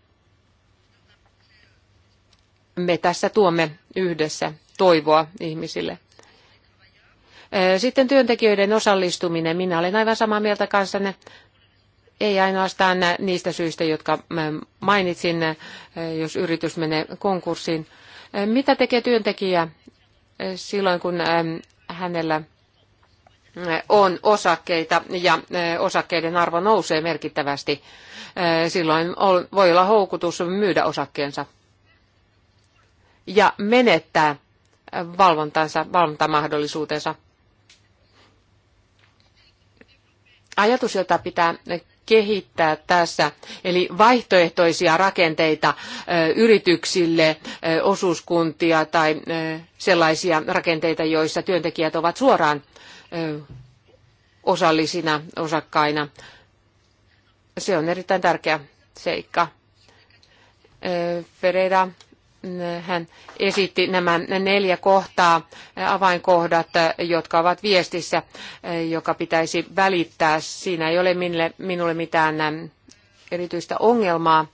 me tässä tuomme yhdessä toivoa ihmisille. Sitten työntekijöiden osallistuminen. Minä olen aivan samaa mieltä kanssanne ei ainoastaan niistä syistä, jotka mainitsin, jos yritys menee konkurssiin. Mitä tekee työntekijä silloin, kun hänellä on osakkeita ja osakkeiden arvo nousee merkittävästi? Silloin voi olla houkutus myydä osakkeensa ja menettää valvontansa, valvontamahdollisuutensa. Ajatus, jota pitää kehittää tässä, eli vaihtoehtoisia rakenteita yrityksille, osuuskuntia tai sellaisia rakenteita, joissa työntekijät ovat suoraan osallisina, osakkaina. Se on erittäin tärkeä seikka. Ferreira hän esitti nämä neljä kohtaa, avainkohdat, jotka ovat viestissä, joka pitäisi välittää. Siinä ei ole minulle, minulle mitään ähm, erityistä ongelmaa.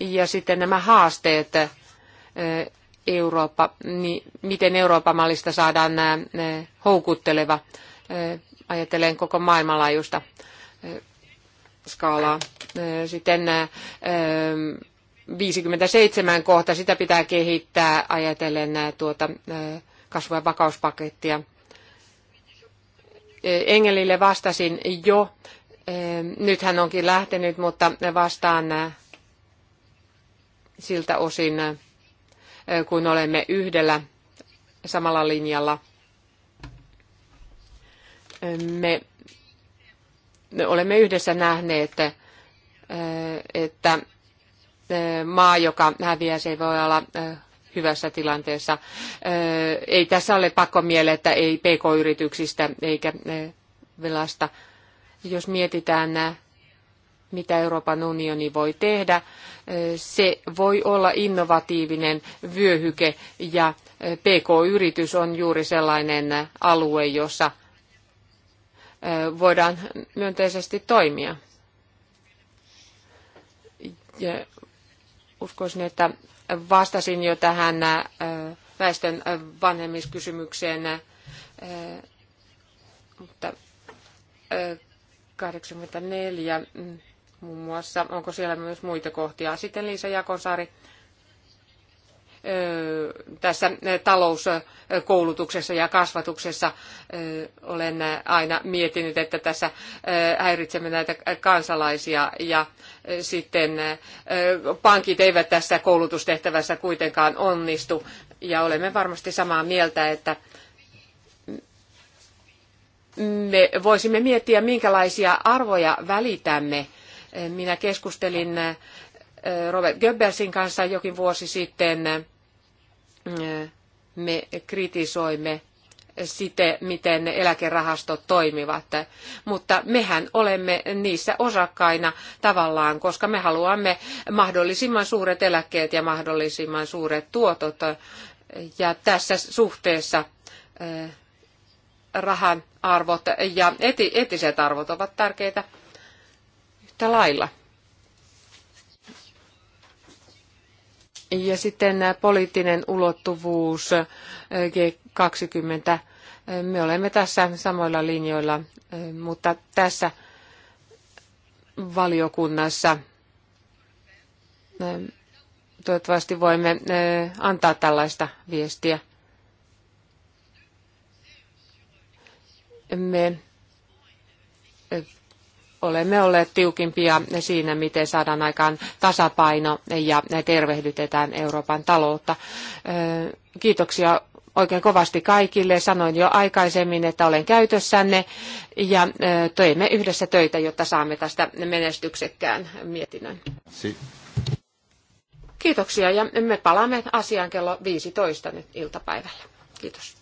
Ja sitten nämä haasteet, äh, Eurooppa, niin miten Euroopan mallista saadaan äh, houkutteleva, äh, ajatellen koko maailmanlaajuista skaalaa. Sitten 57 kohta, sitä pitää kehittää ajatellen tuota kasvu- ja vakauspakettia. Engelille vastasin jo, nyt hän onkin lähtenyt, mutta vastaan siltä osin, kun olemme yhdellä samalla linjalla. Me olemme yhdessä nähneet, äh, että äh, maa, joka häviää, se ei voi olla äh, hyvässä tilanteessa. Ei tässä ole että ei pk-yrityksistä eikä velasta. Jos mietitään, mitä Euroopan unioni voi tehdä, se voi olla innovatiivinen vyöhyke ja pk-yritys on juuri sellainen alue, jossa voidaan myönteisesti toimia. Ja uskoisin, että vastasin jo tähän väestön vanhemmiskysymykseen, mutta 84 mm, muun muassa, onko siellä myös muita kohtia. Sitten Liisa Jakosaari tässä talouskoulutuksessa ja kasvatuksessa olen aina miettinyt, että tässä häiritsemme näitä kansalaisia ja sitten pankit eivät tässä koulutustehtävässä kuitenkaan onnistu ja olemme varmasti samaa mieltä, että me voisimme miettiä, minkälaisia arvoja välitämme minä keskustelin Robert Goebbelsin kanssa jokin vuosi sitten. Me kritisoimme sitä, miten eläkerahastot toimivat, mutta mehän olemme niissä osakkaina tavallaan, koska me haluamme mahdollisimman suuret eläkkeet ja mahdollisimman suuret tuotot. Ja tässä suhteessa rahan arvot ja etiset arvot ovat tärkeitä yhtä lailla. Ja sitten poliittinen ulottuvuus äh, G20. Äh, me olemme tässä samoilla linjoilla, äh, mutta tässä valiokunnassa toivottavasti voimme antaa tällaista viestiä. Me olemme olleet tiukimpia siinä, miten saadaan aikaan tasapaino ja tervehdytetään Euroopan taloutta. Kiitoksia oikein kovasti kaikille. Sanoin jo aikaisemmin, että olen käytössänne ja teemme yhdessä töitä, jotta saamme tästä menestyksekkään mietinnön. Si. Kiitoksia ja me palaamme asiaan kello 15 nyt iltapäivällä. Kiitos.